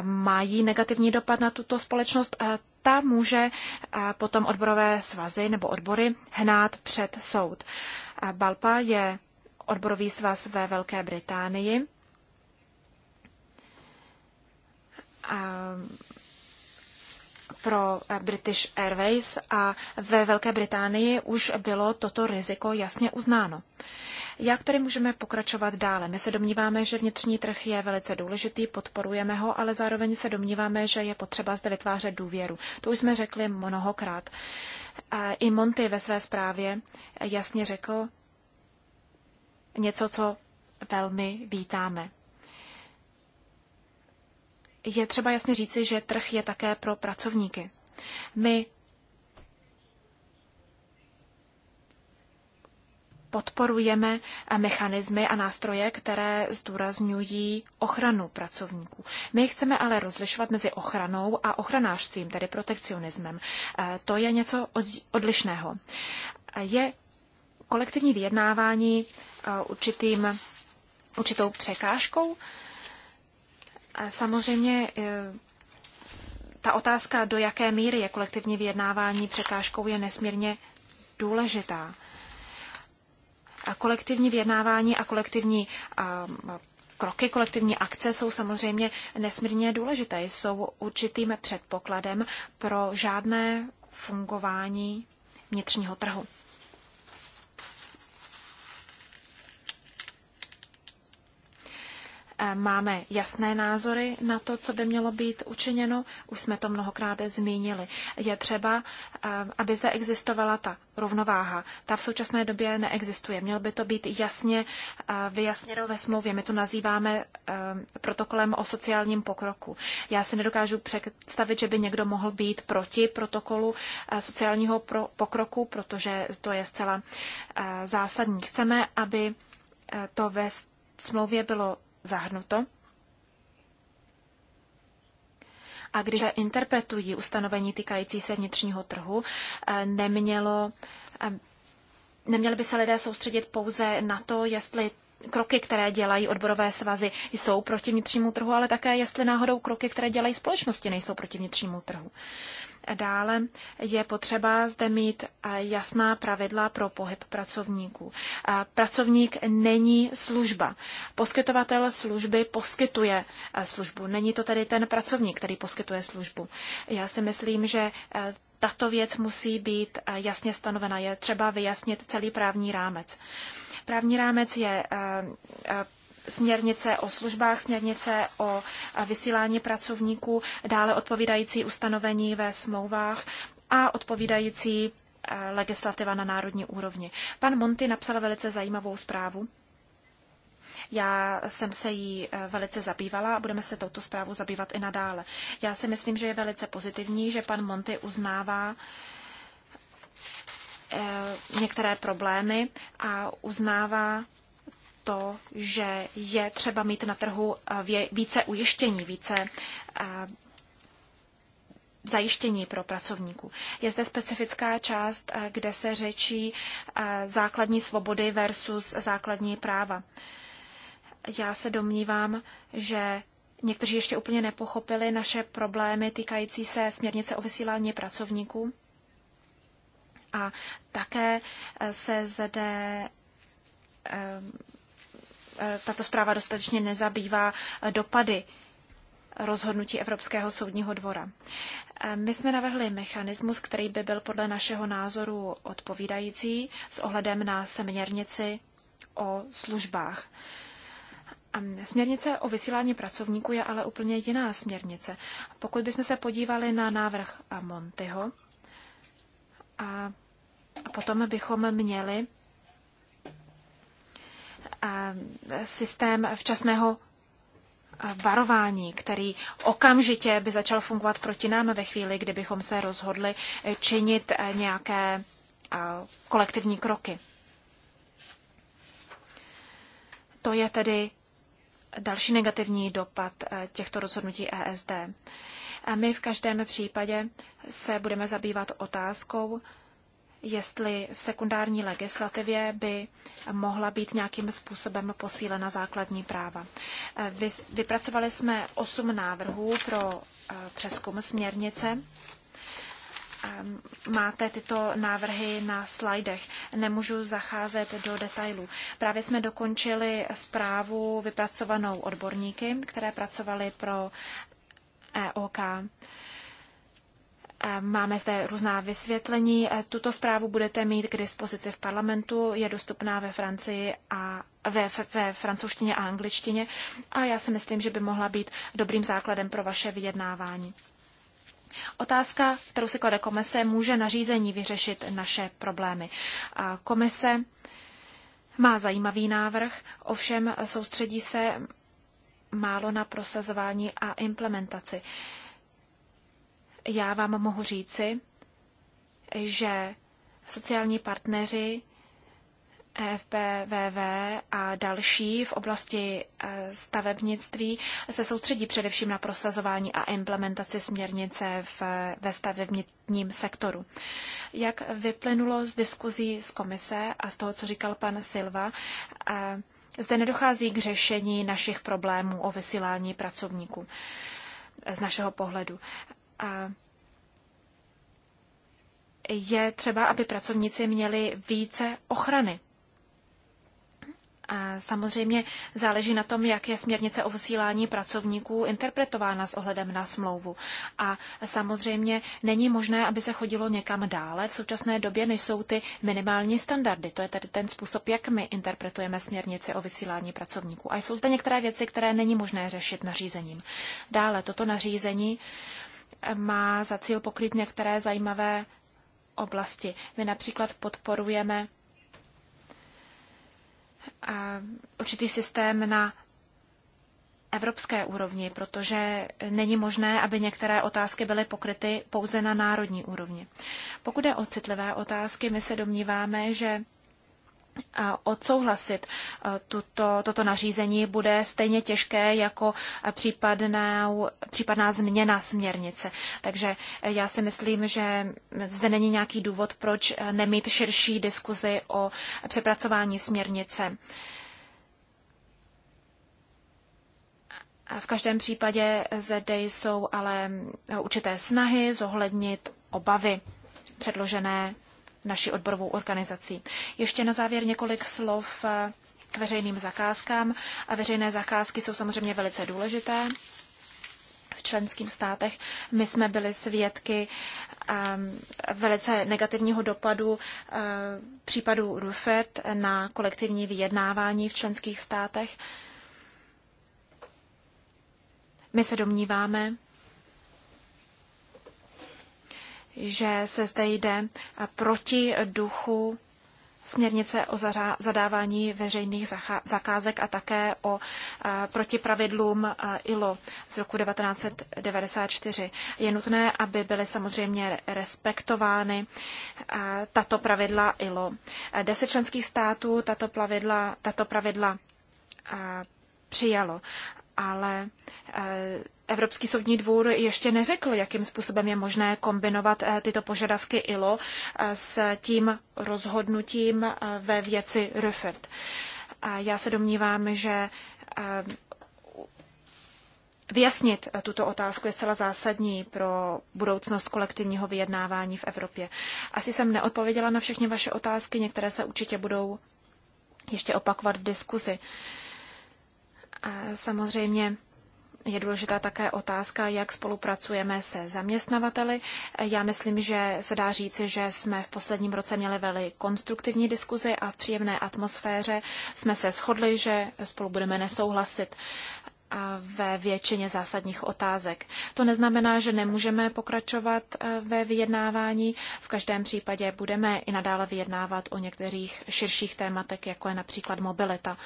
mají negativní dopad na tuto společnost, ta může potom odborové svazy nebo odbory hnát před soud. Balpa je odborový svaz ve Velké Británii pro eh, British Airways a ve Velké Británii už bylo toto riziko jasně uznáno. Jak tedy můžeme pokračovat dále? My se domníváme, že vnitřní trh je velice důležitý, podporujeme ho, ale zároveň se domníváme, že je potřeba zde vytvářet důvěru. To už jsme řekli mnohokrát. Eh, I Monty ve své zprávě jasně řekl něco, co velmi vítáme je třeba jasně říci, že trh je také pro pracovníky. My podporujeme mechanismy a nástroje, které zdůrazňují ochranu pracovníků. My chceme ale rozlišovat mezi ochranou a ochranářstvím, tedy protekcionismem. E, to je něco odlišného. E, je kolektivní vyjednávání e, určitým, určitou překážkou? Samozřejmě eh, ta otázka, do jaké míry je kolektivní vyjednávání překážkou, je nesmírně důležitá. A kolektivní vyjednávání a kolektivní a, kroky, kolektivní akce jsou samozřejmě nesmírně důležité. Jsou určitým předpokladem pro žádné fungování vnitřního trhu. E, máme jasné názory na to, co by mělo být učiněno, už jsme to mnohokrát zmínili. Je třeba, e, aby zde existovala ta rovnováha. Ta v současné době neexistuje. Mělo by to být jasně e, vyjasněno ve smlouvě. My to nazýváme protokolem o sociálním pokroku. Já si nedokážu představit, že by někdo mohl být proti protokolu sociálního pokroku, protože to je zcela zásadní. Chceme, aby to ve smlouvě bylo zahrnuto. A když interpretují ustanovení týkající se vnitřního trhu, eh, nemělo, eh, neměli by se lidé soustředit pouze na to, jestli kroky, které dělají odborové svazy, jsou proti vnitřnímu trhu, ale také jestli náhodou kroky, které dělají společnosti, nejsou proti vnitřnímu trhu. Dále je potřeba zde mít eh, jasná pravidla pro pohyb pracovníků. Eh, pracovník není služba. Poskytovatel služby poskytuje eh, službu. Není to tedy ten pracovník, který poskytuje službu. Já si myslím, že tato věc musí být jasně stanovena. Je třeba vyjasnit celý právní rámec. Právní rámec je směrnice o službách, směrnice o vysílání pracovníků, dále odpovídající ustanovení ve smlouvách a odpovídající eh, legislativa na národní úrovni. Pan Monty napsal velice zajímavou zprávu. Já jsem se jí eh, velice zabývala a budeme se touto zprávu zabývat i nadále. Já si myslím, že je velice pozitivní, že pan Monty uznává eh, některé problémy a uznává to, že je třeba mít na trhu eh, více ujištění, více eh, zajištění pro pracovníků. Je zde specifická část, eh, kde se řečí základní svobody versus základní práva. Já se domnívám, že někteří ještě úplně nepochopili naše problémy týkající se směrnice o vysílání pracovníků. A také se zde Eh, tato zpráva dostatečně nezabývá eh, dopady rozhodnutí Evropského soudního dvora. Eh, my jsme navrhli mechanismus, který by byl podle našeho názoru odpovídající s ohledem na směrnici o službách. Ehm, směrnice o vysílání pracovníků je ale úplně jiná směrnice. Pokud bychom se podívali na návrh Montyho, a potom bychom měli systém včasného varování, který okamžitě by začal fungovat proti nám ve chvíli, kdybychom se rozhodli e, činit e, nějaké kolektivní kroky. To je tedy další negativní dopad e, těchto rozhodnutí ESD. A my v každém případě se budeme zabývat otázkou, jestli v sekundární legislativě by mohla být nějakým způsobem posílena základní práva. Eh, vypracovali jsme osm návrhů pro eh, přeskum směrnice. Ehm, máte tyto návrhy na slajdech. Nemůžu zacházet do detailů. Právě jsme dokončili zprávu vypracovanou odborníky, které pracovali pro EOK. Máme zde různá vysvětlení. Tuto zprávu budete mít k dispozici v parlamentu, je dostupná ve Francii a ve, ve francouzštině a angličtině a já si myslím, že by mohla být dobrým základem pro vaše vyjednávání. Otázka, kterou si klade komise, může nařízení vyřešit naše problémy. Komise má zajímavý návrh, ovšem soustředí se málo na prosazování a implementaci já vám mohu říci, že sociální partneři FPVV a další v oblasti eh, stavebnictví se soustředí především na prosazování a implementaci směrnice v, ve stavebním sektoru. Jak vyplynulo z diskuzí z komise a z toho, co říkal pan Silva, eh, zde nedochází k řešení našich problémů o vysílání pracovníků z našeho pohledu je třeba, aby pracovníci měli více ochrany. A samozřejmě záleží na tom, jak je směrnice o vysílání pracovníků interpretována s ohledem na smlouvu. A samozřejmě není možné, aby se chodilo někam dále v současné době, než jsou ty minimální standardy. To je tedy ten způsob, jak my interpretujeme směrnici o vysílání pracovníků. A jsou zde některé věci, které není možné řešit nařízením. Dále toto nařízení má za cíl pokryt některé zajímavé oblasti. My například podporujeme určitý systém na evropské úrovni, protože není možné, aby některé otázky byly pokryty pouze na národní úrovni. Pokud je o citlivé otázky, my se domníváme, že odsouhlasit e, tuto, toto nařízení bude stejně těžké jako případná, případná změna směrnice. Takže já si myslím, že zde není nějaký důvod, proč nemít širší diskuzi o přepracování směrnice. V každém případě zde jsou ale určité snahy zohlednit obavy předložené naší odborovou organizací. Ještě na závěr několik slov eh, k veřejným zakázkám. A veřejné zakázky jsou samozřejmě velice důležité v členských státech. My jsme byli svědky ehm, velice negativního dopadu eh, případu Rufet na kolektivní vyjednávání v členských státech. My se domníváme, že se zde jde proti duchu směrnice o zadávání veřejných zakázek a také o protipravidlům ILO z roku 1994. Je nutné, aby byly samozřejmě respektovány tato pravidla ILO. Deset členských států tato pravidla, tato pravidla přijalo, ale Evropský soudní dvůr ještě neřekl, jakým způsobem je možné kombinovat eh, tyto požadavky ILO eh, s tím rozhodnutím eh, ve věci Rüffert. Já se domnívám, že vyjasnit tuto otázku je zcela zásadní pro budoucnost kolektivního vyjednávání v Evropě. Asi jsem neodpověděla na všechny vaše otázky, některé se určitě budou ještě opakovat v diskuzi. Samozřejmě je důležitá také otázka, jak spolupracujeme se zaměstnavateli. Já myslím, že se dá říci, že jsme v posledním roce měli velmi konstruktivní diskuzi a v příjemné atmosféře jsme se shodli, že spolu budeme nesouhlasit ve většině zásadních otázek. To neznamená, že nemůžeme pokračovat eh, ve vyjednávání. V každém případě budeme i nadále vyjednávat o některých širších tématech, jako je například mobilita.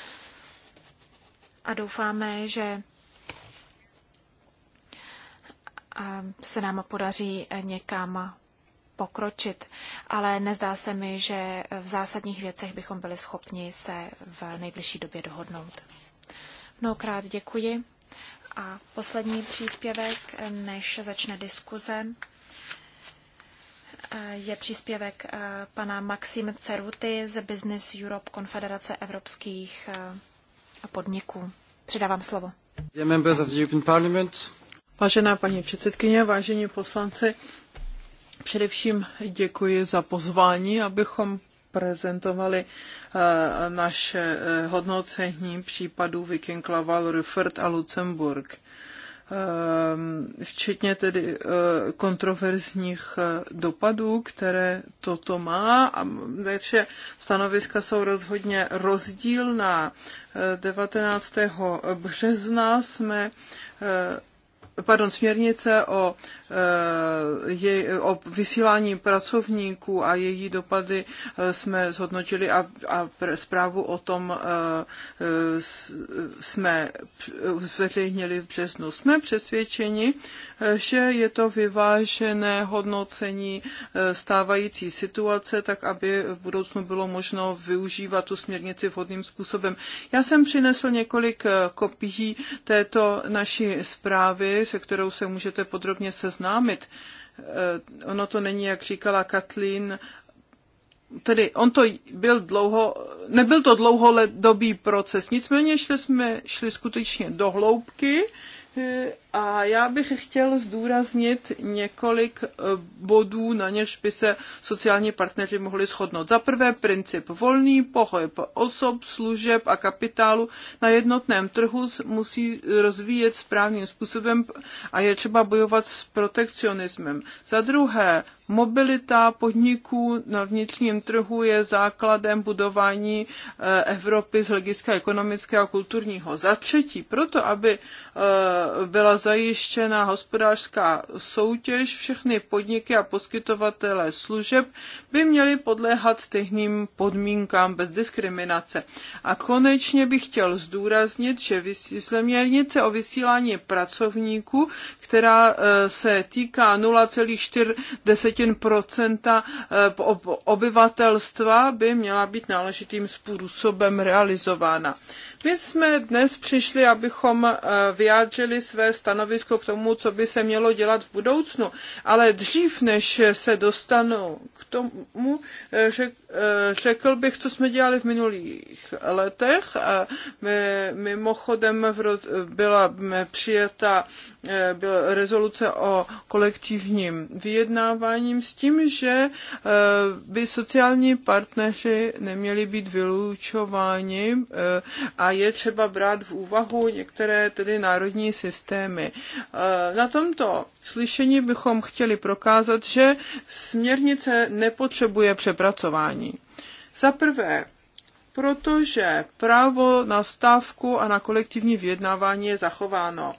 A doufáme, že se nám podaří eh, někam pokročit, ale nezdá se mi, že v zásadních věcech bychom byli schopni se v nejbližší době dohodnout. Mnohokrát děkuji. A poslední příspěvek, eh, než začne diskuze, eh, je příspěvek pana Maxim Ceruty z Business Europe Konfederace evropských podniků. Předávám slovo. Dear members of the European Parliament, Vážená paní předsedkyně, vážení poslanci, především děkuji za pozvání, abychom prezentovali eh, naše eh, hodnocení případů Viking Laval, Ruffert a Lucemburg eh, včetně tedy kontroverzních dopadů, které toto má. A takže stanoviska jsou rozhodně rozdílná. 19. března jsme pardon, směrnice o, eh, je, o vysílání pracovníků a její dopady eh, jsme zhodnotili a, a zprávu o tom eh, jsme zveřejnili v březnu. Jsme přesvědčeni, že je to vyvážené hodnocení stávající situace, tak aby v budoucnu bylo možno využívat tu směrnici vhodným způsobem. Já jsem přinesl několik kopií této naší zprávy, se kterou se můžete podrobně seznámit. Eh, ono to není, jak říkala Kathleen. tedy on to byl dlouho, nebyl to dlouholedobý proces, nicméně šli jsme, šli skutečně do hloubky eh, a já bych chtěl zdůraznit několik eh, bodů, na něž by se sociální partneři mohli shodnout. Za prvé princip volný pohyb osob, služeb a kapitálu na jednotném trhu musí rozvíjet správným způsobem a je třeba bojovat s protekcionismem. Za druhé Mobilita podniků na vnitřním trhu je základem budování eh, Evropy z hlediska ekonomického a kulturního. Za třetí, proto aby eh, byla zajištěna hospodářská soutěž, všechny podniky a poskytovatele služeb by měli podléhat stejným podmínkám bez diskriminace. A konečně bych chtěl zdůraznit, že směrnice o vysílání pracovníků, která eh, se týká 0,4 eh, obyvatelstva, by měla být náležitým způsobem realizována. My jsme dnes přišli, abychom eh, vyjádřili své stanovisko k tomu, co by se mělo dělat v budoucnu, ale dřív, než se dostanu k tomu, eh, eh, řekl bych, co jsme dělali v minulých letech. A mimochodem byla přijata byla rezoluce o kolektivním vyjednáváním s tím, že by sociální partneři neměli být vylučováni a je třeba brát v úvahu některé tedy národní systémy. E, na tomto slyšení bychom chtěli prokázat, že směrnice nepotřebuje přepracování. Za prvé, protože právo na stávku a na kolektivní vyjednávání je zachováno.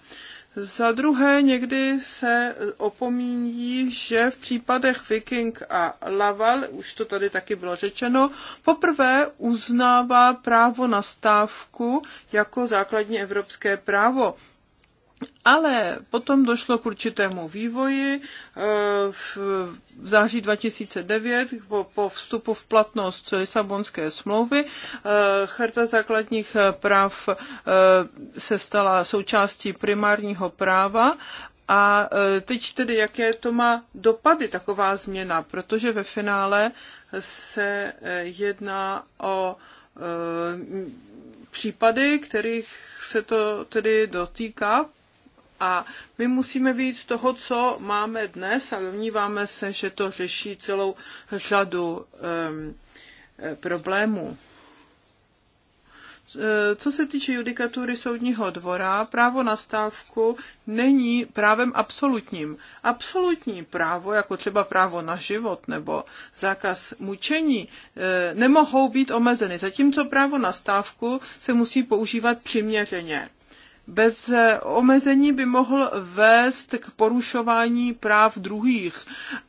Za druhé, někdy se opomíní, že v případech Viking a Laval, už to tady taky bylo řečeno, poprvé uznává právo na stávku jako základní evropské právo. Ale potom došlo k určitému vývoji. Eh, v září 2009 po vstupu v platnost Lisabonské smlouvy eh, Charta základních práv eh, se stala součástí primárního práva a teď tedy, jaké to má dopady, taková změna, protože ve finále se jedná o případy, kterých se to tedy dotýká a my musíme vyjít z toho, co máme dnes a domníváme se, že to řeší celou řadu um, problémů. E, co se týče judikatury soudního dvora, právo na stávku není právem absolutním. Absolutní právo, jako třeba právo na život nebo zákaz mučení, e, nemohou být omezeny, zatímco právo na stávku se musí používat přiměřeně bez omezení by mohl vést k porušování práv druhých.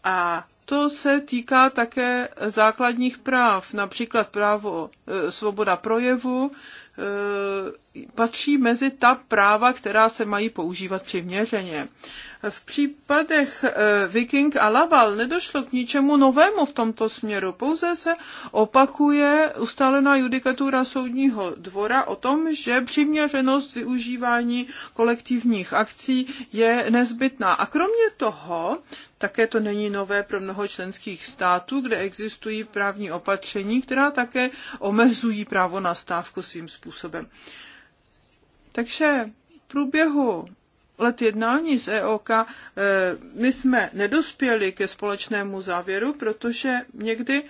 A to se týká také základních práv, například právo e, svoboda projevu, Eh, patří mezi ta práva, která se mají používat přiměřeně. V případech eh, Viking a Laval nedošlo k ničemu novému v tomto směru, pouze se opakuje ustálená judikatura soudního dvora o tom, že přiměřenost využívání kolektivních akcí je nezbytná. A kromě toho, také to není nové pro mnoho členských států, kde existují právní opatření, která také omezují právo na stávku svým způsobem způsobem. Takže v průběhu let jednání s EOK eh, my jsme nedospěli ke společnému závěru, protože někdy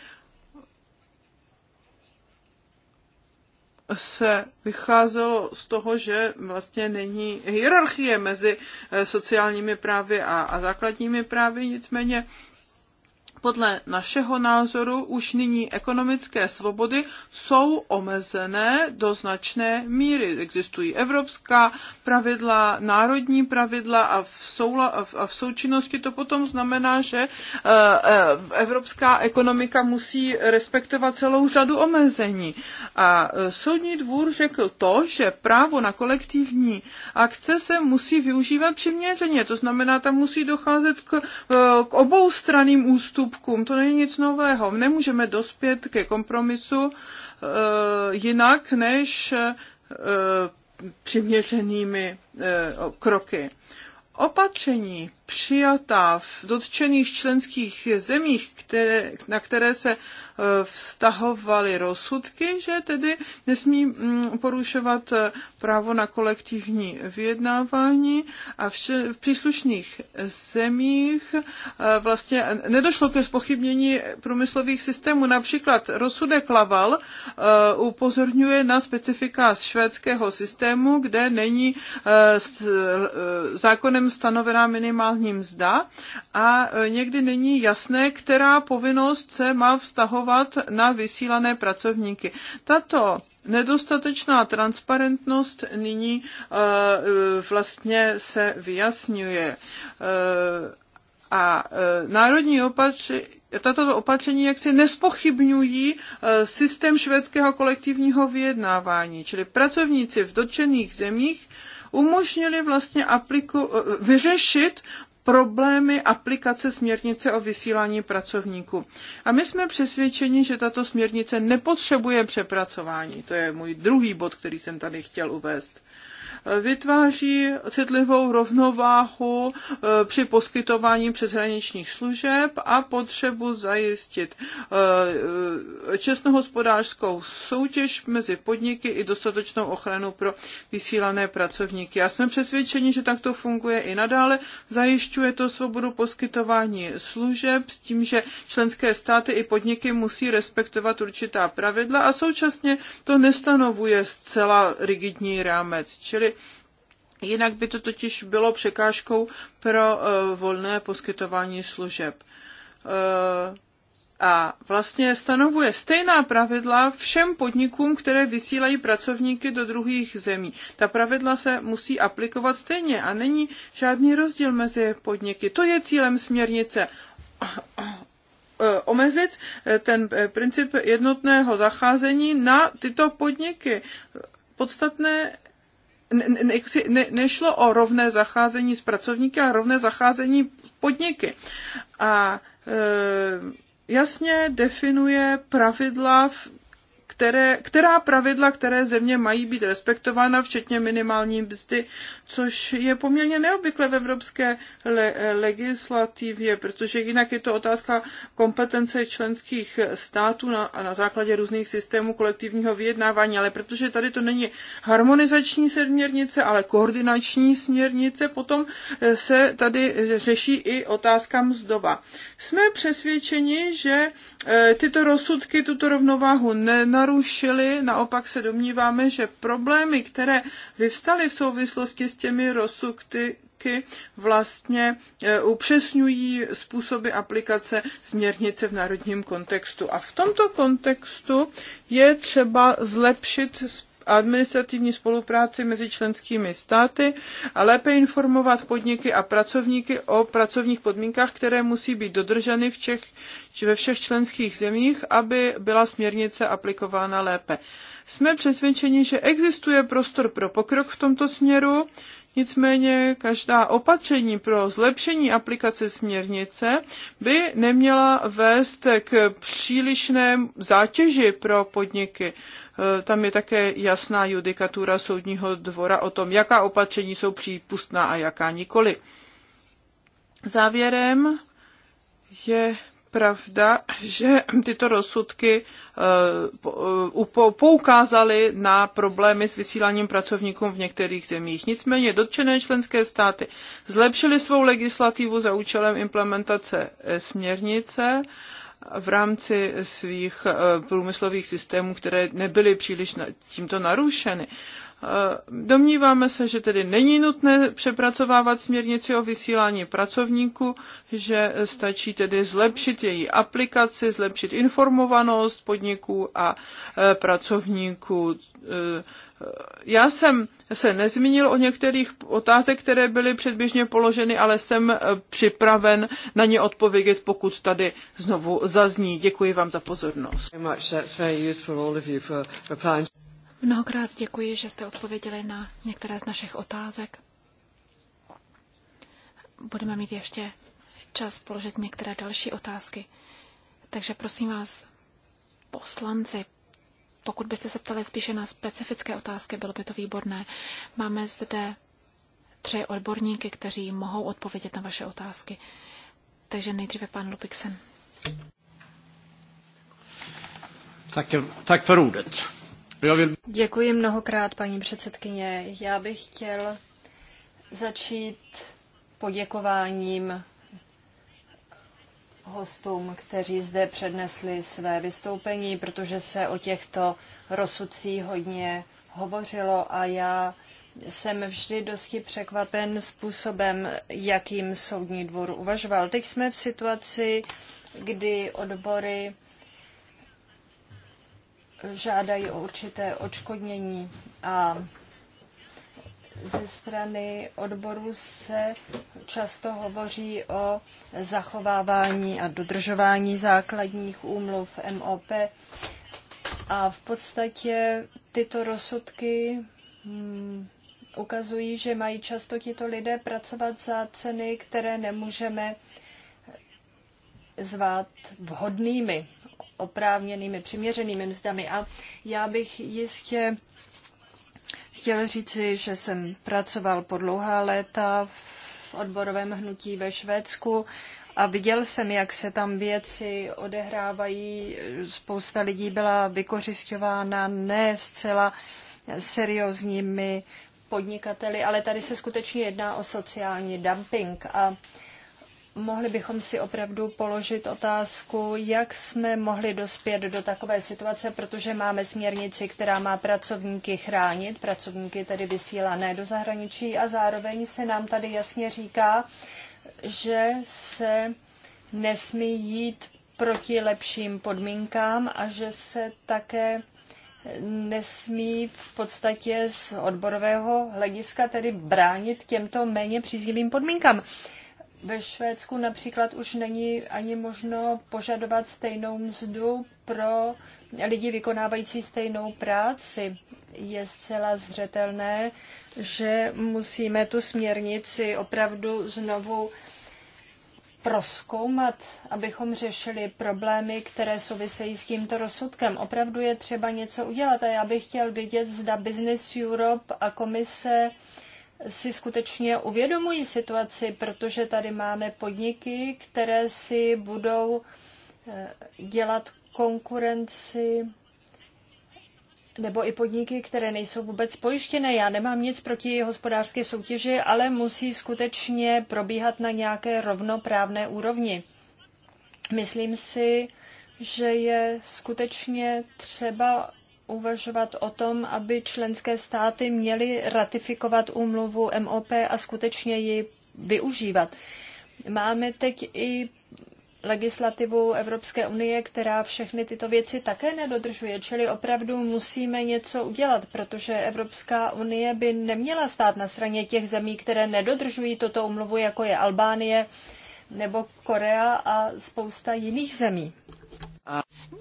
se vycházelo z toho, že vlastně není hierarchie mezi eh, sociálními právy a, a základními právy, nicméně podle našeho názoru už nyní ekonomické svobody jsou omezené do značné míry. Existují evropská pravidla, národní pravidla a v, soula, a v součinnosti to potom znamená, že eh, eh, evropská ekonomika musí respektovat celou řadu omezení. A eh, soudní dvůr řekl to, že právo na kolektivní akce se musí využívat přiměřeně. To znamená, tam musí docházet k, k obou straným ústupům nálepkům. To není nic nového. Nemůžeme dospět ke kompromisu eh, jinak než eh, přiměřenými eh, kroky. Opatření přijatá v dotčených členských zemích, které, na které se e, vztahovaly rozsudky, že tedy nesmí mm, porušovat e, právo na kolektivní vyjednávání a v, v příslušných zemích e, vlastně nedošlo ke spochybnění průmyslových systémů. Například rozsudek Laval upozorňuje na specifika z švédského systému, kde není zákonem stanovená minimální minimální mzda a e, někdy není jasné, která povinnost se má vztahovat na vysílané pracovníky. Tato nedostatečná transparentnost nyní e, e, vlastně se vyjasňuje. A národní opatření tato opatření jaksi nespochybňují systém švédského kolektivního vyjednávání, čili pracovníci v dotčených zemích umožnili vlastně apliku- vyřešit problémy aplikace směrnice o vysílání pracovníků. A my jsme přesvědčeni, že tato směrnice nepotřebuje přepracování. To je můj druhý bod, který jsem tady chtěl uvést vytváří citlivou rovnováhu e, při poskytování přeshraničních služeb a potřebu zajistit e, e, česnohospodářskou soutěž mezi podniky i dostatečnou ochranu pro vysílané pracovníky. Já jsme přesvědčeni, že takto funguje i nadále. Zajišťuje to svobodu poskytování služeb s tím, že členské státy i podniky musí respektovat určitá pravidla a současně to nestanovuje zcela rigidní rámec. Čili Jinak by to totiž bylo překážkou pro eh, volné poskytování služeb. Eh, a vlastně stanovuje stejná pravidla všem podnikům, které vysílají pracovníky do druhých zemí. Ta pravidla se musí aplikovat stejně a není žádný rozdíl mezi podniky. To je cílem směrnice eh, omezit ten princip jednotného zacházení na tyto podniky. Podstatné ne, ne, ne, nešlo o rovné zacházení s pracovníky, a rovné zacházení podniky. A e, jasně definuje pravidla v které, která pravidla, které země mají být respektována, včetně minimální mzdy, což je poměrně neobvykle v evropské le, legislativě, protože jinak je to otázka kompetence členských států na, na základě různých systémů kolektivního vyjednávání, ale protože tady to není harmonizační směrnice, ale koordinační směrnice, potom eh, se tady řeší i otázka mzdova. Jsme přesvědčeni, že eh, tyto rozsudky tuto rovnováhu ne narušili, naopak se domníváme, že problémy, které vyvstaly v souvislosti s těmi rozsudky, vlastně e, upřesňují způsoby aplikace směrnice v národním kontextu. A v tomto kontextu je třeba zlepšit administrativní spolupráci mezi členskými státy a lépe informovat podniky a pracovníky o pracovních podmínkách, které musí být dodrženy v Čech, ve všech členských zemích, aby byla směrnice aplikována lépe. Jsme přesvědčeni, že existuje prostor pro pokrok v tomto směru, Nicméně každá opatření pro zlepšení aplikace směrnice by neměla vést k přílišné zátěži pro podniky. Eh, tam je také jasná judikatura soudního dvora o tom, jaká opatření jsou přípustná a jaká nikoli. Závěrem je pravda, že tyto rozsudky eh, eh, poukázaly na problémy s vysíláním pracovníkům v některých zemích. Nicméně dotčené členské státy zlepšily svou legislativu za účelem implementace směrnice v rámci svých eh, průmyslových systémů, které nebyly příliš tímto narušeny. Eh, domníváme se, že tedy není nutné přepracovávat směrnici o vysílání pracovníků, že stačí tedy zlepšit její aplikaci, zlepšit informovanost podniků a eh, pracovníků. Já jsem se nezmínil o některých otázek, které byly předběžně položeny, ale jsem eh, připraven na ně odpovědět, pokud tady znovu zazní. Děkuji vám za pozornost. Mnohokrát děkuji, že jste odpověděli na některé z našich otázek. Budeme mít ještě čas položit některé další otázky. Takže prosím vás, poslanci, pokud byste se ptali spíše na specifické otázky, bylo by to výborné. Máme zde tři odborníky, kteří mohou odpovědět na vaše otázky. Takže nejdříve pan Lupiksen. Tak, tak för Děkuji mnohokrát, paní předsedkyně. Já bych chtěl začít poděkováním hostům, kteří zde přednesli své vystoupení, protože se o těchto rozsudcích hodně hovořilo a já jsem vždy dosti překvapen způsobem, jakým soudní dvůr uvažoval. Teď jsme v situaci, kdy odbory žádají o určité odškodnění a ze strany odboru se často hovoří o zachovávání a dodržování základních úmluv MOP. A v podstatě tyto rozsudky hmm, ukazují, že mají často tito lidé pracovat za ceny, které nemůžeme zvát vhodnými, oprávněnými, přiměřenými mzdami. A já bych jistě chtěl říci, že jsem pracoval po dlouhá léta v odborovém hnutí ve Švédsku a viděl jsem, jak se tam věci odehrávají. Spousta lidí byla vykořišťována ne zcela seriózními podnikateli, ale tady se skutečně jedná o sociální dumping a mohli bychom si opravdu položit otázku, jak jsme mohli dospět do takové situace, protože máme směrnici, která má pracovníky chránit, pracovníky tedy vysílané do zahraničí a zároveň se nám tady jasně říká, že se nesmí jít proti lepším podmínkám a že se také nesmí v podstatě z odborového hlediska tedy bránit těmto méně příznivým podmínkám. Ve Švédsku například už není ani možno požadovat stejnou mzdu pro lidi vykonávající stejnou práci. Je zcela zřetelné, že musíme tu směrnici opravdu znovu proskoumat, abychom řešili problémy, které souvisejí s tímto rozsudkem. Opravdu je třeba něco udělat a já bych chtěl vidět, zda Business Europe a komise si skutečně uvědomují situaci, protože tady máme podniky, které si budou eh, dělat konkurenci nebo i podniky, které nejsou vůbec pojištěné. Já nemám nic proti hospodářské soutěži, ale musí skutečně probíhat na nějaké rovnoprávné úrovni. Myslím si, že je skutečně třeba uvažovat o tom, aby členské státy měly ratifikovat úmluvu MOP a skutečně ji využívat. Máme teď i legislativu Evropské unie, která všechny tyto věci také nedodržuje, čili opravdu musíme něco udělat, protože Evropská unie by neměla stát na straně těch zemí, které nedodržují toto umluvu, jako je Albánie nebo Korea a spousta jiných zemí.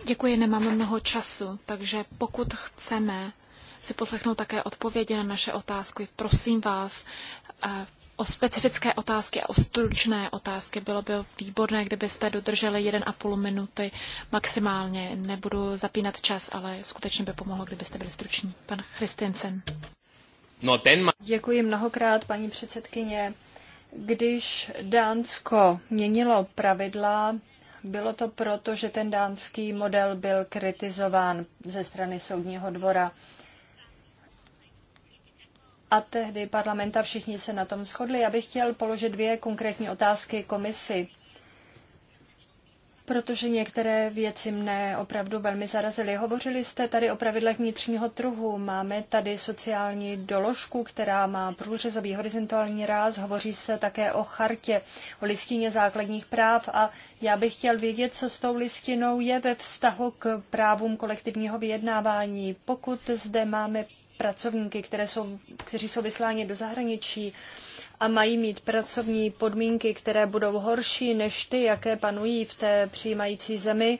Děkuji, nemáme mnoho času, takže pokud chceme si poslechnout také odpovědi na naše otázky, prosím vás, eh, o specifické otázky a o stručné otázky. Bylo by výborné, kdybyste dodrželi 1,5 minuty maximálně. Nebudu zapínat čas, ale skutečně by pomohlo, kdybyste byli struční. Pan Christensen. No, ten má... Děkuji mnohokrát, paní předsedkyně. Když Dánsko měnilo pravidla bylo to proto, že ten dánský model byl kritizován ze strany soudního dvora. A tehdy parlamenta všichni se na tom shodli. Já bych chtěl položit dvě konkrétní otázky komisi protože některé věci mne opravdu velmi zarazily. Hovořili jste tady o pravidlech vnitřního trhu. Máme tady sociální doložku, která má průřezový horizontální ráz. Hovoří se také o chartě, o listině základních práv a já bych chtěl vědět, co s tou listinou je ve vztahu k právům kolektivního vyjednávání. Pokud zde máme pracovníky, které jsou, kteří jsou vysláni do zahraničí, a mají mít pracovní podmínky, které budou horší než ty, jaké panují v té přijímající zemi,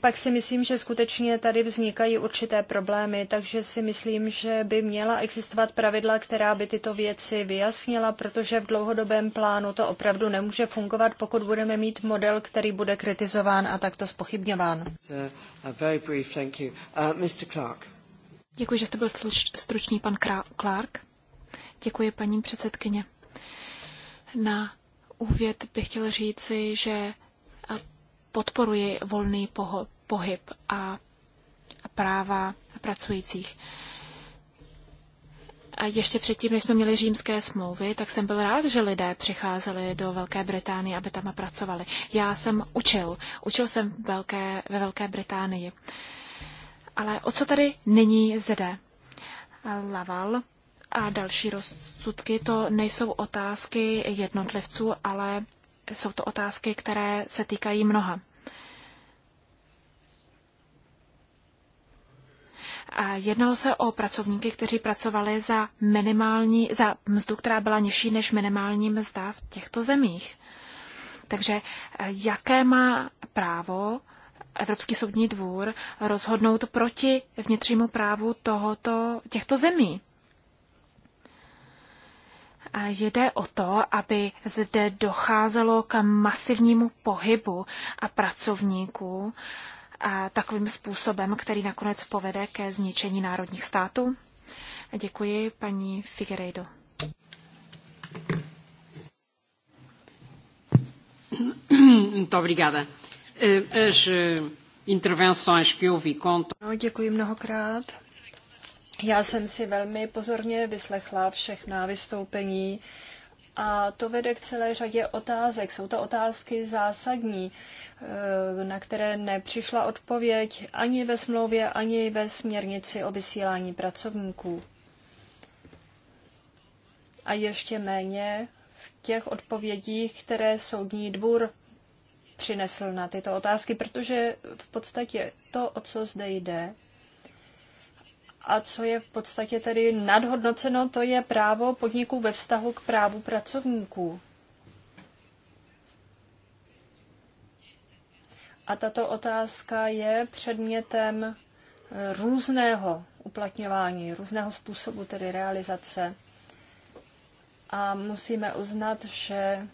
pak si myslím, že skutečně tady vznikají určité problémy, takže si myslím, že by měla existovat pravidla, která by tyto věci vyjasnila, protože v dlouhodobém plánu to opravdu nemůže fungovat, pokud budeme mít model, který bude kritizován a takto spochybňován. Uh, Děkuji, že jste byl stručný, pan Clark. Děkuji, paní předsedkyně. Na úvěd bych chtěl říci, že podporuji volný pohyb a práva pracujících. A ještě předtím, než jsme měli římské smlouvy, tak jsem byl rád, že lidé přicházeli do Velké Británie, aby tam pracovali. Já jsem učil. Učil jsem velké, ve Velké Británii. Ale o co tady nyní zde? Laval a další rozsudky to nejsou otázky jednotlivců, ale jsou to otázky, které se týkají mnoha. A jednalo se o pracovníky, kteří pracovali za, minimální, za mzdu, která byla nižší než minimální mzda v těchto zemích. Takže eh, jaké má právo Evropský soudní dvůr rozhodnout proti vnitřnímu právu tohoto, těchto zemí? Jde o to, aby zde docházelo k masivnímu pohybu a pracovníků a takovým způsobem, který nakonec povede ke zničení národních států. Děkuji, paní Figueiredo. Muito obrigada. Eh, as eh, intervenções que ouvi contam. No, děkuji mnohokrát. Já jsem si velmi pozorně vyslechla všechna vystoupení a to vede k celé řadě otázek. Jsou to otázky zásadní, eh, na které nepřišla odpověď ani ve smlouvě, ani ve směrnici o vysílání pracovníků. A ještě méně v těch odpovědích, které soudní dvůr přinesl na tyto otázky, protože v podstatě to, o co zde jde, a co je v podstatě tedy nadhodnoceno, to je právo podniků ve vztahu k právu pracovníků. A tato otázka je předmětem eh, různého uplatňování, různého způsobu tedy realizace. A musíme uznat, že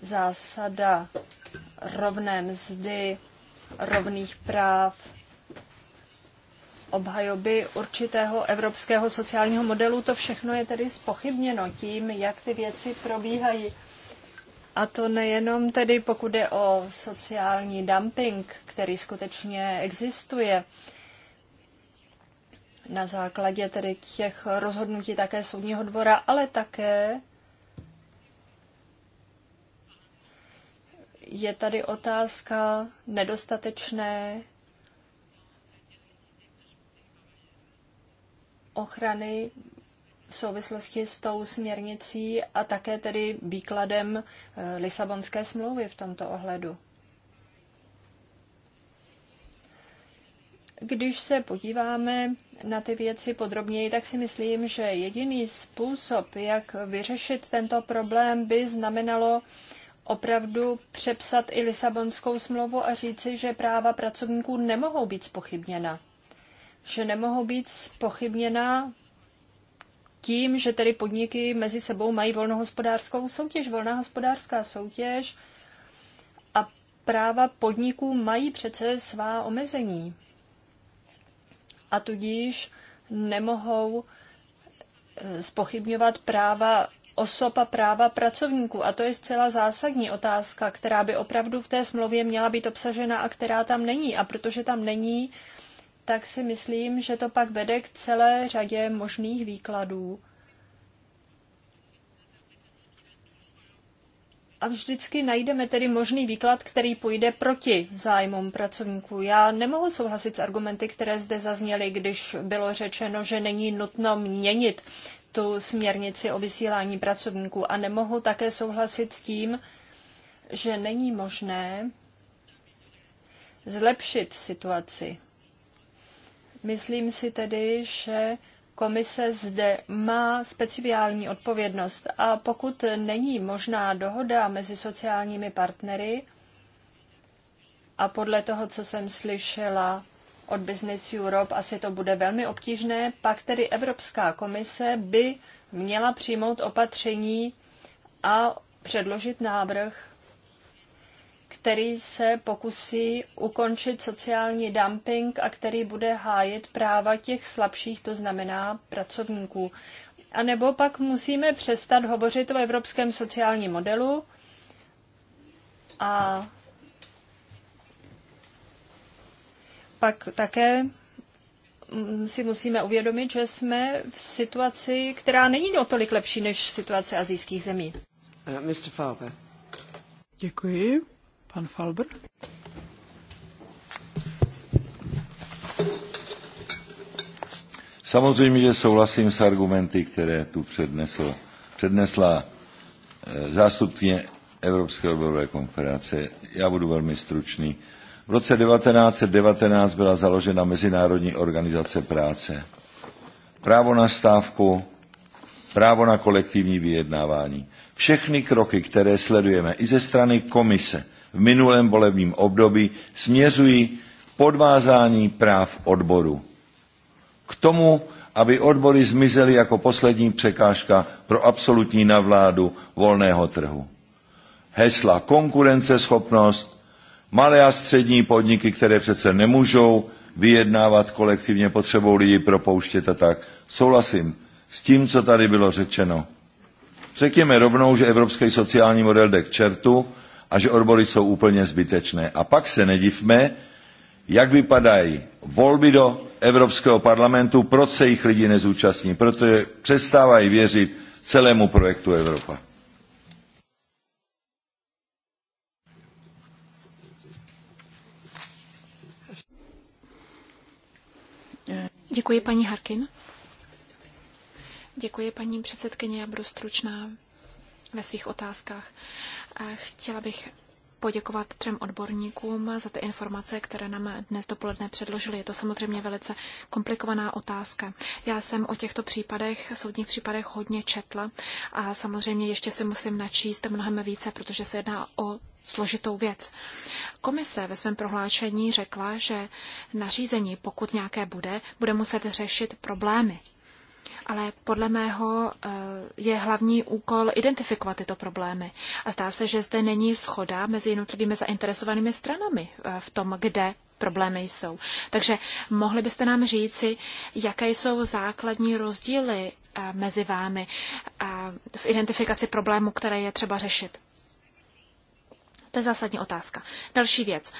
zásada rovné mzdy, rovných práv, obhajoby určitého evropského sociálního modelu. To všechno je tedy spochybněno tím, jak ty věci probíhají. A to nejenom tedy, pokud je o sociální dumping, který skutečně existuje. Na základě tedy těch rozhodnutí také soudního dvora, ale také je tady otázka nedostatečné ochrany v souvislosti s tou směrnicí a také tedy výkladem eh, Lisabonské smlouvy v tomto ohledu. Když se podíváme na ty věci podrobněji, tak si myslím, že jediný způsob, jak vyřešit tento problém, by znamenalo opravdu přepsat i Lisabonskou smlouvu a říci, že práva pracovníků nemohou být spochybněna že nemohou být pochybněna tím, že tedy podniky mezi sebou mají volnohospodářskou soutěž. Volná hospodářská soutěž a práva podniků mají přece svá omezení. A tudíž nemohou eh, spochybňovat práva osob a práva pracovníků. A to je zcela zásadní otázka, která by opravdu v té smlouvě měla být obsažena a která tam není. A protože tam není, tak si myslím, že to pak vede k celé řadě možných výkladů. a vždycky najdeme tedy možný výklad, který půjde proti zájmům pracovníků. Já nemohu souhlasit s argumenty, které zde zazněly, když bylo řečeno, že není nutno měnit tu směrnici o vysílání pracovníků a nemohu také souhlasit s tím, že není možné zlepšit situaci. Myslím si tedy, že komise zde má speciální odpovědnost a pokud není možná dohoda mezi sociálními partnery a podle toho, co jsem slyšela od Business Europe, asi to bude velmi obtížné, pak tedy Evropská komise by měla přijmout opatření a předložit návrh který se pokusí ukončit sociální dumping a který bude hájit práva těch slabších, to znamená pracovníků. A nebo pak musíme přestat hovořit o evropském sociálním modelu a pak také si musíme uvědomit, že jsme v situaci, která není o tolik lepší než situace azijských zemí. Uh, eh, Mr. Děkuji. Pan Falber? Samozřejmě, že souhlasím s argumenty, které tu přednesl, přednesla eh, zástupkyně Evropské odborové konference. Já budu velmi stručný. V roce 1919 byla založena Mezinárodní organizace práce. Právo na stávku, právo na kolektivní vyjednávání. Všechny kroky, které sledujeme i ze strany komise, v minulém volebním období směřují podvázání práv odboru. K tomu, aby odbory zmizely jako poslední překážka pro absolutní navládu volného trhu. Hesla konkurenceschopnost, malé a střední podniky, které přece nemůžou vyjednávat kolektivně, potřebou lidi propouštět a tak. Souhlasím s tím, co tady bylo řečeno. Řekněme rovnou, že evropský sociální model jde k čertu a že odbory jsou úplně zbytečné. A pak se nedivme, jak vypadají volby do Evropského parlamentu, proč se jich lidi nezúčastní, protože přestávají věřit celému projektu Evropa. Děkuji, paní Harkin. Děkuji, paní předsedkyně, já budu stručná ve svých otázkách. Chtěla bych poděkovat třem odborníkům za ty informace, které nám dnes dopoledne předložili. Je to samozřejmě velice komplikovaná otázka. Já jsem o těchto případech, soudních případech hodně četla a samozřejmě ještě si musím načíst mnohem více, protože se jedná o složitou věc. Komise ve svém prohlášení řekla, že nařízení, pokud nějaké bude, bude muset řešit problémy ale podle mého eh, je hlavní úkol identifikovat tyto problémy. A zdá se, že zde není schoda mezi jednotlivými zainteresovanými stranami eh, v tom, kde problémy jsou. Takže mohli byste nám říci, jaké jsou základní rozdíly eh, mezi vámi v identifikaci problému, které je třeba řešit? To je zásadní otázka. Další věc.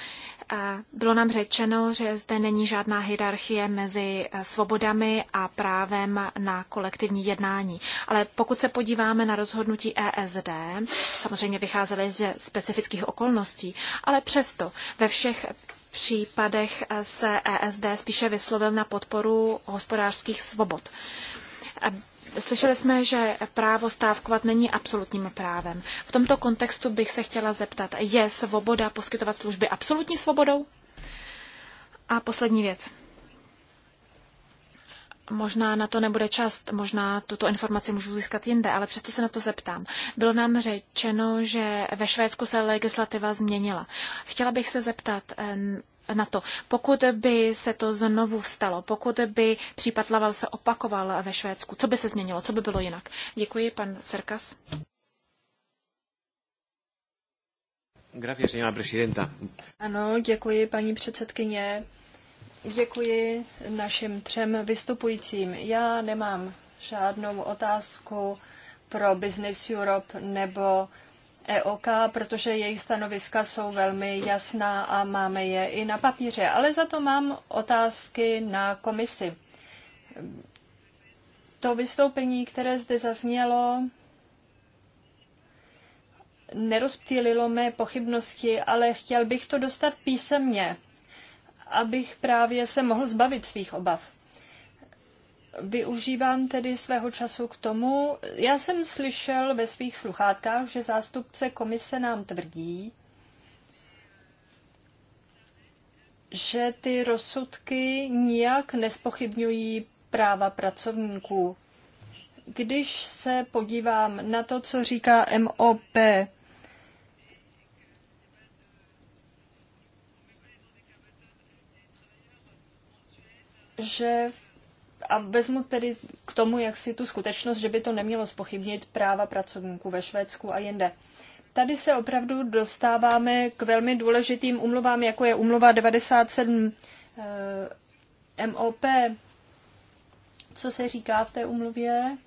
Bylo nám řečeno, že zde není žádná hierarchie mezi eh, svobodami a právem na kolektivní jednání. Ale pokud se podíváme na rozhodnutí ESD, samozřejmě vycházely ze specifických okolností, ale přesto ve všech případech eh, se ESD spíše vyslovil na podporu hospodářských svobod. Slyšeli jsme, že právo stávkovat není absolutním právem. V tomto kontextu bych se chtěla zeptat, je svoboda poskytovat služby absolutní svobodou? A poslední věc. Možná na to nebude čas, možná tuto informaci můžu získat jinde, ale přesto se na to zeptám. Bylo nám řečeno, že ve Švédsku se legislativa změnila. Chtěla bych se zeptat, na to. Pokud by se to znovu stalo, pokud by případ Laval se opakoval ve Švédsku, co by se změnilo, co by bylo jinak? Děkuji, pan Serkas. Ano, děkuji, paní předsedkyně. Děkuji našim třem vystupujícím. Já nemám žádnou otázku pro Business Europe nebo EOK, protože jejich stanoviska jsou velmi jasná a máme je i na papíře. Ale za to mám otázky na komisi. To vystoupení, které zde zaznělo, nerozptýlilo mé pochybnosti, ale chtěl bych to dostat písemně, abych právě se mohl zbavit svých obav. Využívám tedy svého času k tomu. Já jsem slyšel ve svých sluchátkách, že zástupce komise nám tvrdí, že ty rozsudky nijak nespochybňují práva pracovníků. Když se podívám na to, co říká MOP, že a vezmu tedy k tomu, jak si tu skutečnost, že by to nemělo spochybnit práva pracovníků ve Švédsku a jinde. Tady se opravdu dostáváme k velmi důležitým umluvám, jako je umluva 97 eh, MOP. Co se říká v té umluvě?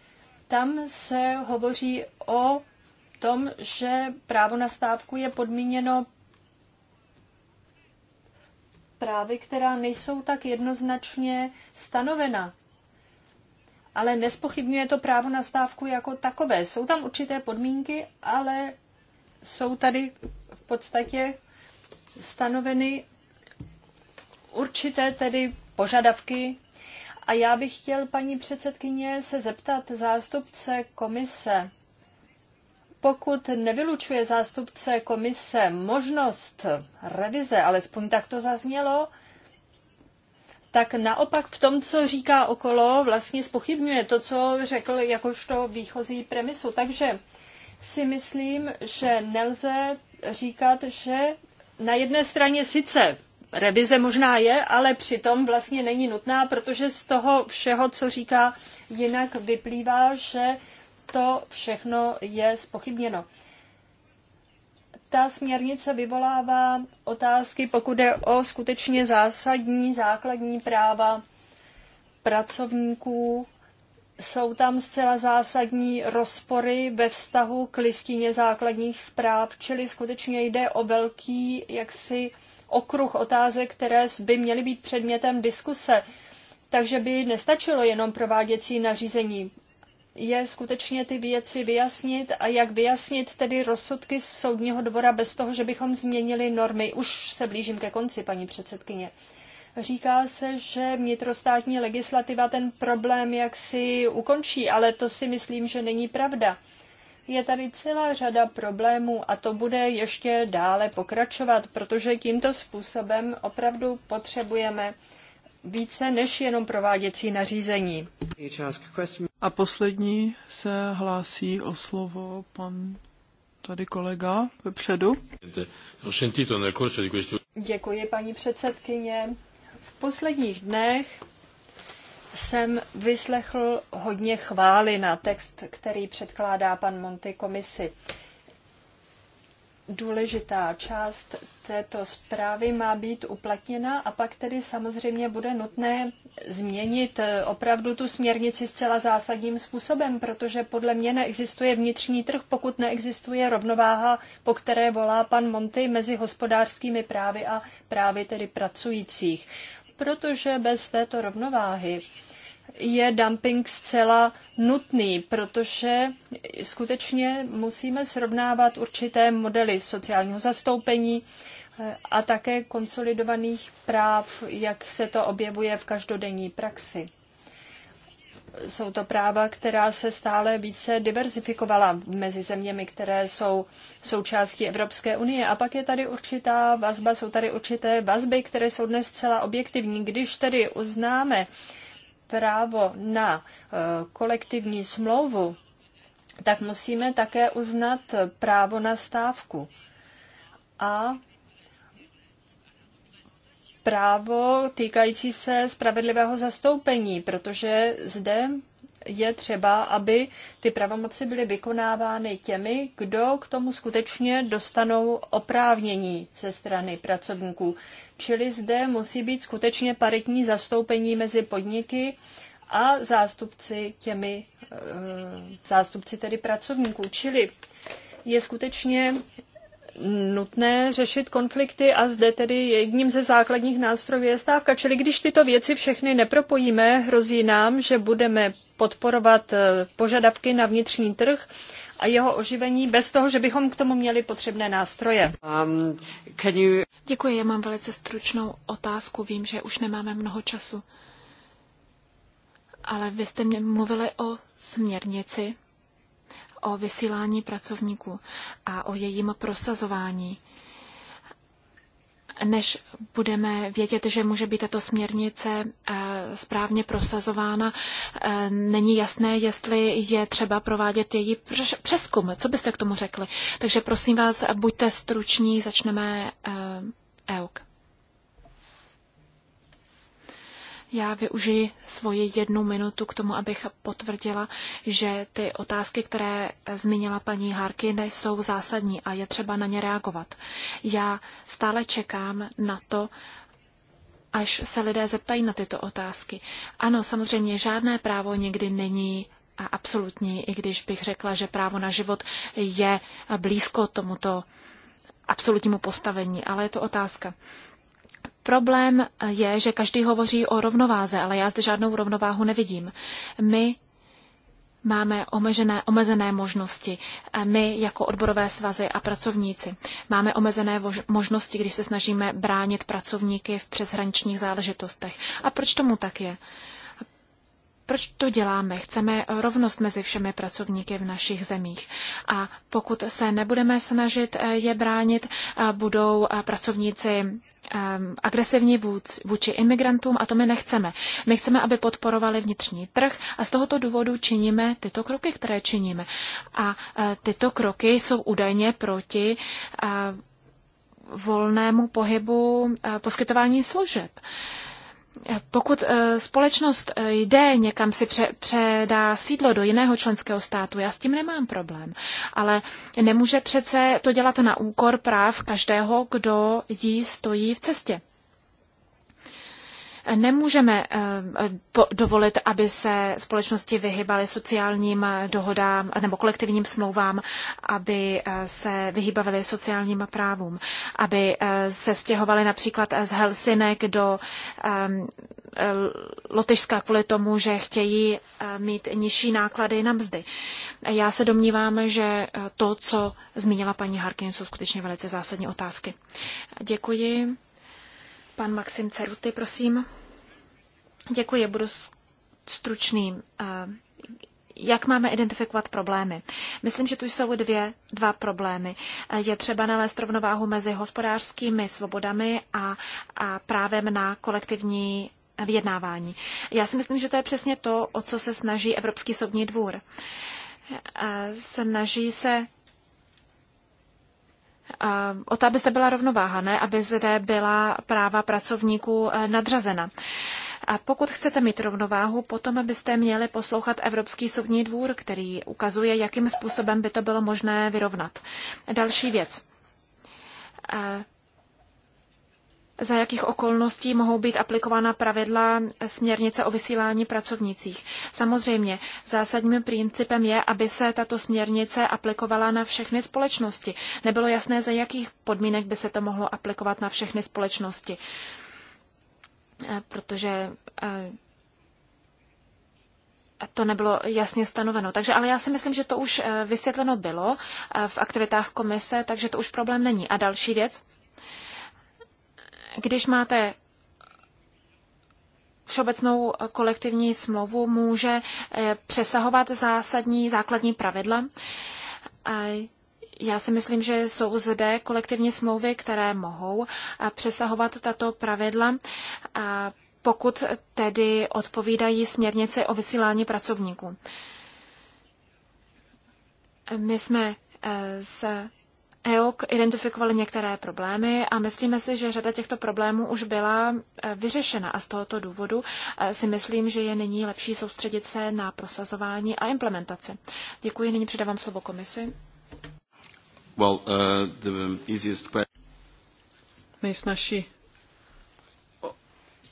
Tam se hovoří o tom, že právo na stávku je podmíněno právy, která nejsou tak jednoznačně stanovena ale nespochybňuje to právo na stávku jako takové. Jsou tam určité podmínky, ale jsou tady v podstatě stanoveny určité tedy požadavky. A já bych chtěl, paní předsedkyně, se zeptat zástupce komise, pokud nevylučuje zástupce komise možnost revize, alespoň tak to zaznělo, tak naopak v tom, co říká okolo, vlastně spochybňuje to, co řekl jakožto výchozí premisu. Takže si myslím, že nelze říkat, že na jedné straně sice revize možná je, ale přitom vlastně není nutná, protože z toho všeho, co říká, jinak vyplývá, že to všechno je spochybněno ta směrnice vyvolává otázky, pokud je o skutečně zásadní, základní práva pracovníků. Jsou tam zcela zásadní rozpory ve vztahu k listině základních zpráv, čili skutečně jde o velký jaksi okruh otázek, které by měly být předmětem diskuse. Takže by nestačilo jenom prováděcí nařízení je skutečně ty věci vyjasnit a jak vyjasnit tedy rozsudky soudního dvora bez toho, že bychom změnili normy. Už se blížím ke konci, paní předsedkyně. Říká se, že vnitrostátní legislativa ten problém jaksi ukončí, ale to si myslím, že není pravda. Je tady celá řada problémů a to bude ještě dále pokračovat, protože tímto způsobem opravdu potřebujeme více než jenom prováděcí nařízení. A poslední se hlásí o slovo pan tady kolega vepředu. Děkuji, paní předsedkyně. V posledních dnech jsem vyslechl hodně chvály na text, který předkládá pan Monty komisi důležitá část této zprávy má být uplatněna a pak tedy samozřejmě bude nutné změnit eh, opravdu tu směrnici zcela zásadním způsobem, protože podle mě neexistuje vnitřní trh, pokud neexistuje rovnováha, po které volá pan Monty mezi hospodářskými právy a právy tedy pracujících. Protože bez této rovnováhy je dumping zcela nutný, protože skutečně musíme srovnávat určité modely sociálního zastoupení eh, a také konsolidovaných práv, jak se to objevuje v každodenní praxi. Jsou to práva, která se stále více diverzifikovala mezi zeměmi, které jsou součástí Evropské unie. A pak je tady určitá vazba, jsou tady určité vazby, které jsou dnes zcela objektivní. Když tedy uznáme, právo na eh, kolektivní smlouvu, tak musíme také uznat právo na stávku a právo týkající se spravedlivého zastoupení, protože zde je třeba, aby ty pravomoci byly vykonávány těmi, kdo k tomu skutečně dostanou oprávnění ze strany pracovníků. Čili zde musí být skutečně paritní zastoupení mezi podniky a zástupci těmi eh, zástupci tedy pracovníků. Čili je skutečně nutné řešit konflikty a zde tedy jedním ze základních nástrojů je stávka. Čili když tyto věci všechny nepropojíme, hrozí nám, že budeme podporovat eh, požadavky na vnitřní trh a jeho oživení bez toho, že bychom k tomu měli potřebné nástroje. Um, you... Děkuji, já mám velice stručnou otázku. Vím, že už nemáme mnoho času. Ale vy jste mě mluvili o směrnici o vysílání pracovníků a o jejím prosazování. Než budeme vědět, že může být tato směrnice eh, správně prosazována, eh, není jasné, jestli je třeba provádět její přeskum. Co byste k tomu řekli? Takže prosím vás, buďte struční, začneme eh, EUK. Já využiji svoji jednu minutu k tomu, abych potvrdila, že ty otázky, které zmínila paní Harky, jsou zásadní a je třeba na ně reagovat. Já stále čekám na to, až se lidé zeptají na tyto otázky. Ano, samozřejmě žádné právo nikdy není a absolutní, i když bych řekla, že právo na život je blízko tomuto absolutnímu postavení, ale je to otázka. Problém je, že každý hovoří o rovnováze, ale já zde žádnou rovnováhu nevidím. My máme omezené, omezené možnosti. My jako odborové svazy a pracovníci máme omezené možnosti, když se snažíme bránit pracovníky v přeshraničních záležitostech. A proč tomu tak je? Proč to děláme? Chceme rovnost mezi všemi pracovníky v našich zemích. A pokud se nebudeme snažit eh, je bránit, eh, budou eh, pracovníci Ehm, agresivní vůči imigrantům a to my nechceme. My chceme, aby podporovali vnitřní trh a z tohoto důvodu činíme tyto kroky, které činíme. A e, tyto kroky jsou údajně proti e, volnému pohybu e, poskytování služeb. Pokud eh, společnost eh, jde někam si předá sídlo do jiného členského státu, já s tím nemám problém, ale nemůže přece to dělat na úkor práv každého, kdo jí stojí v cestě. Nemůžeme eh, dovolit, aby se společnosti vyhybaly sociálním eh, dohodám nebo kolektivním smlouvám, aby eh, se vyhýbaly sociálním právům, aby se stěhovaly například z Helsinek do ehm, Lotyšska kvůli tomu, že chtějí mít nižší náklady na mzdy. Já se domnívám, že to, co zmínila paní Harkin, jsou skutečně velice zásadní otázky. Děkuji. Pan Maxim Ceruty, prosím. Děkuji, budu stručný. Eh, jak máme identifikovat problémy? Myslím, že tu jsou dvě, dva problémy. Eh, je třeba nalézt rovnováhu mezi hospodářskými svobodami a, a právem na kolektivní vyjednávání. Já si myslím, že to je přesně to, o co se snaží Evropský soudní dvůr. Eh, snaží se o to, aby zde byla rovnováha, ne aby zde byla práva pracovníků e, nadřazena. A pokud chcete mít rovnováhu, potom byste měli poslouchat Evropský soudní dvůr, který ukazuje, jakým způsobem by to bylo možné vyrovnat. Další věc e, za jakých okolností mohou být aplikována pravidla směrnice o vysílání pracovnicích. Samozřejmě, zásadním principem je, aby se tato směrnice aplikovala na všechny společnosti. Nebylo jasné, za jakých podmínek by se to mohlo aplikovat na všechny společnosti. Eh, protože eh, to nebylo jasně stanoveno. Takže, ale já si myslím, že to už eh, vysvětleno bylo v aktivitách komise, takže to už problém není. A další věc, když máte všeobecnou kolektivní smlouvu, může eh, přesahovat zásadní základní pravidla. A já si myslím, že jsou zde kolektivní smlouvy, které mohou eh, přesahovat tato pravidla, a pokud tedy odpovídají směrnici o vysílání pracovníků. My jsme eh, s EOK identifikovali některé problémy a myslíme si, že řada těchto problémů už byla eh, vyřešena a z tohoto důvodu eh, si myslím, že je nyní lepší soustředit se na prosazování a implementaci. Děkuji, nyní předávám slovo komisi. Well, uh, the easiest question. Nejsnažší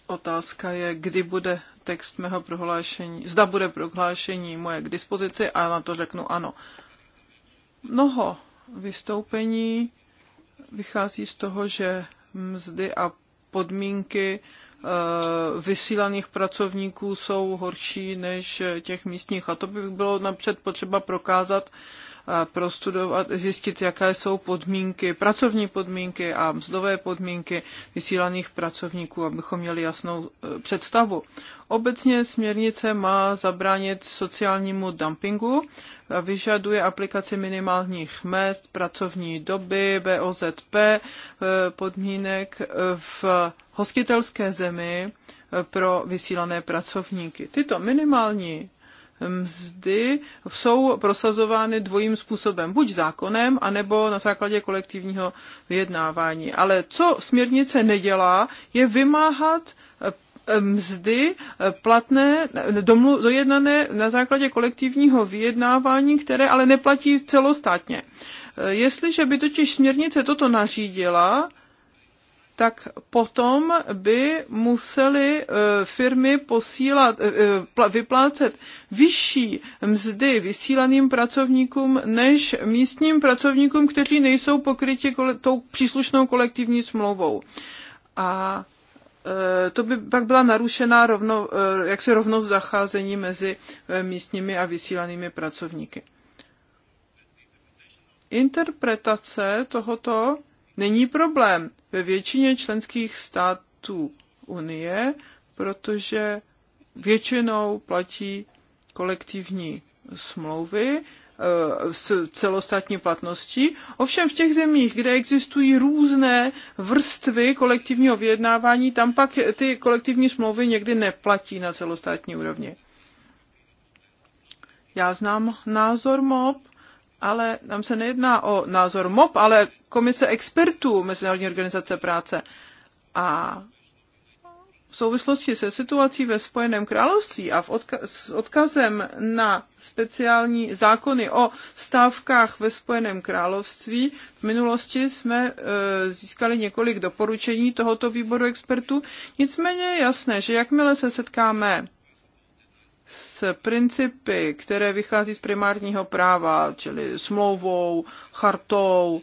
otázka je, kdy bude text mého prohlášení, zda bude prohlášení moje k dispozici a já na to řeknu ano. Mnoho vystoupení vychází z toho, že mzdy a podmínky eh, vysílaných pracovníků jsou horší než těch místních. A to by bylo napřed potřeba prokázat prostudovat, zjistit, jaké jsou podmínky, pracovní podmínky a mzdové podmínky vysílaných pracovníků, abychom měli jasnou e, představu. Obecně směrnice má zabránit sociálnímu dumpingu, vyžaduje aplikaci minimálních mest, pracovní doby, BOZP, e, podmínek e, v hostitelské zemi pro vysílané pracovníky. Tyto minimální mzdy jsou prosazovány dvojím způsobem, buď zákonem, anebo na základě kolektivního vyjednávání. Ale co směrnice nedělá, je vymáhat eh, mzdy eh, platné, domlu, dojednané na základě kolektivního vyjednávání, které ale neplatí celostátně. Eh, jestliže by totiž směrnice toto nařídila, tak potom by musely e, firmy posílat, e, e, vyplácet vyšší mzdy vysílaným pracovníkům než místním pracovníkům, kteří nejsou pokryti tou příslušnou kolektivní smlouvou. A to by pak byla narušená rovno, jaksi rovnost zacházení mezi místními a vysílanými pracovníky. Interpretace tohoto není problém ve většině členských států Unie, protože většinou platí kolektivní smlouvy eh, s celostátní platností. Ovšem v těch zemích, kde existují různé vrstvy kolektivního vyjednávání, tam pak ty kolektivní smlouvy někdy neplatí na celostátní úrovni. Já znám názor MOB, ale nám se nejedná o názor MOP, ale komise expertů Mezinárodní organizace práce. A v souvislosti se situací ve Spojeném království a v odka- s odkazem na speciální zákony o stávkách ve Spojeném království v minulosti jsme e, získali několik doporučení tohoto výboru expertů. Nicméně je jasné, že jakmile se setkáme s principy, které vychází z primárního práva, čili smlouvou, chartou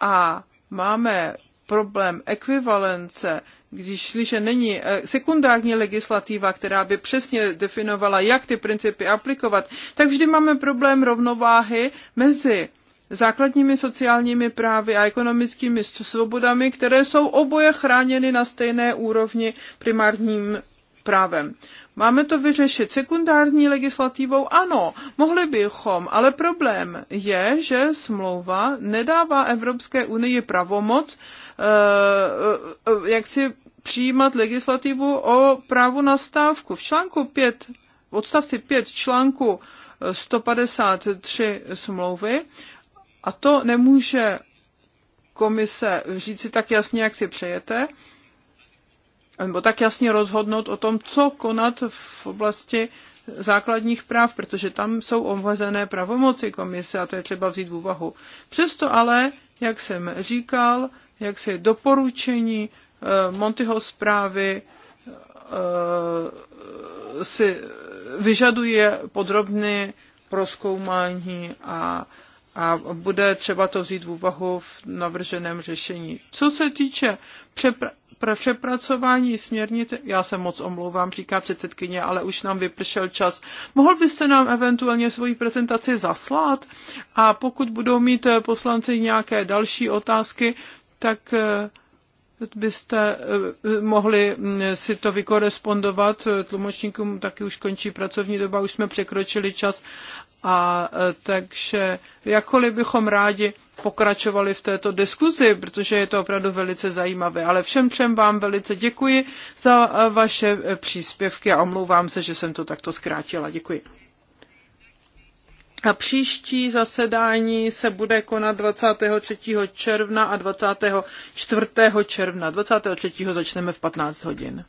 a máme problém ekvivalence, když že není eh, sekundární legislativa, která by přesně definovala, jak ty principy aplikovat, tak vždy máme problém rovnováhy mezi základními sociálními právy a ekonomickými svobodami, které jsou oboje chráněny na stejné úrovni primárním právem. Máme to vyřešit sekundární legislativou? Ano, mohli bychom, ale problém je, že smlouva nedává Evropské unii pravomoc, eh, eh, jak si přijímat legislativu o právu na stávku. V článku 5, odstavci 5 článku 153 eh, smlouvy a to nemůže komise si tak jasně, jak si přejete, nebo tak jasně rozhodnout o tom, co konat v oblasti základních práv, protože tam jsou omezené pravomoci komise a to je třeba vzít v úvahu. Přesto ale, jak jsem říkal, jak se doporučení eh, Montyho zprávy eh, si vyžaduje podrobné proskoumání a, a bude třeba to vzít v úvahu v navrženém řešení. Co se týče přepra- pro přepracování směrnice, já se moc omlouvám, říká předsedkyně, ale už nám vypršel čas. Mohl byste nám eventuálně svoji prezentaci zaslat a pokud budou mít eh, poslanci nějaké další otázky, tak eh, byste eh, mohli mm, si to vykorespondovat. Tlumočníkům taky už končí pracovní doba, už jsme překročili čas. A takže jakkoliv bychom rádi pokračovali v této diskuzi, protože je to opravdu velice zajímavé. Ale všem třem vám velice děkuji za eh, vaše eh, příspěvky a omlouvám se, že jsem to takto zkrátila. Děkuji. A příští zasedání se bude konat 23. června a 24. června. 23. začneme v 15 hodin.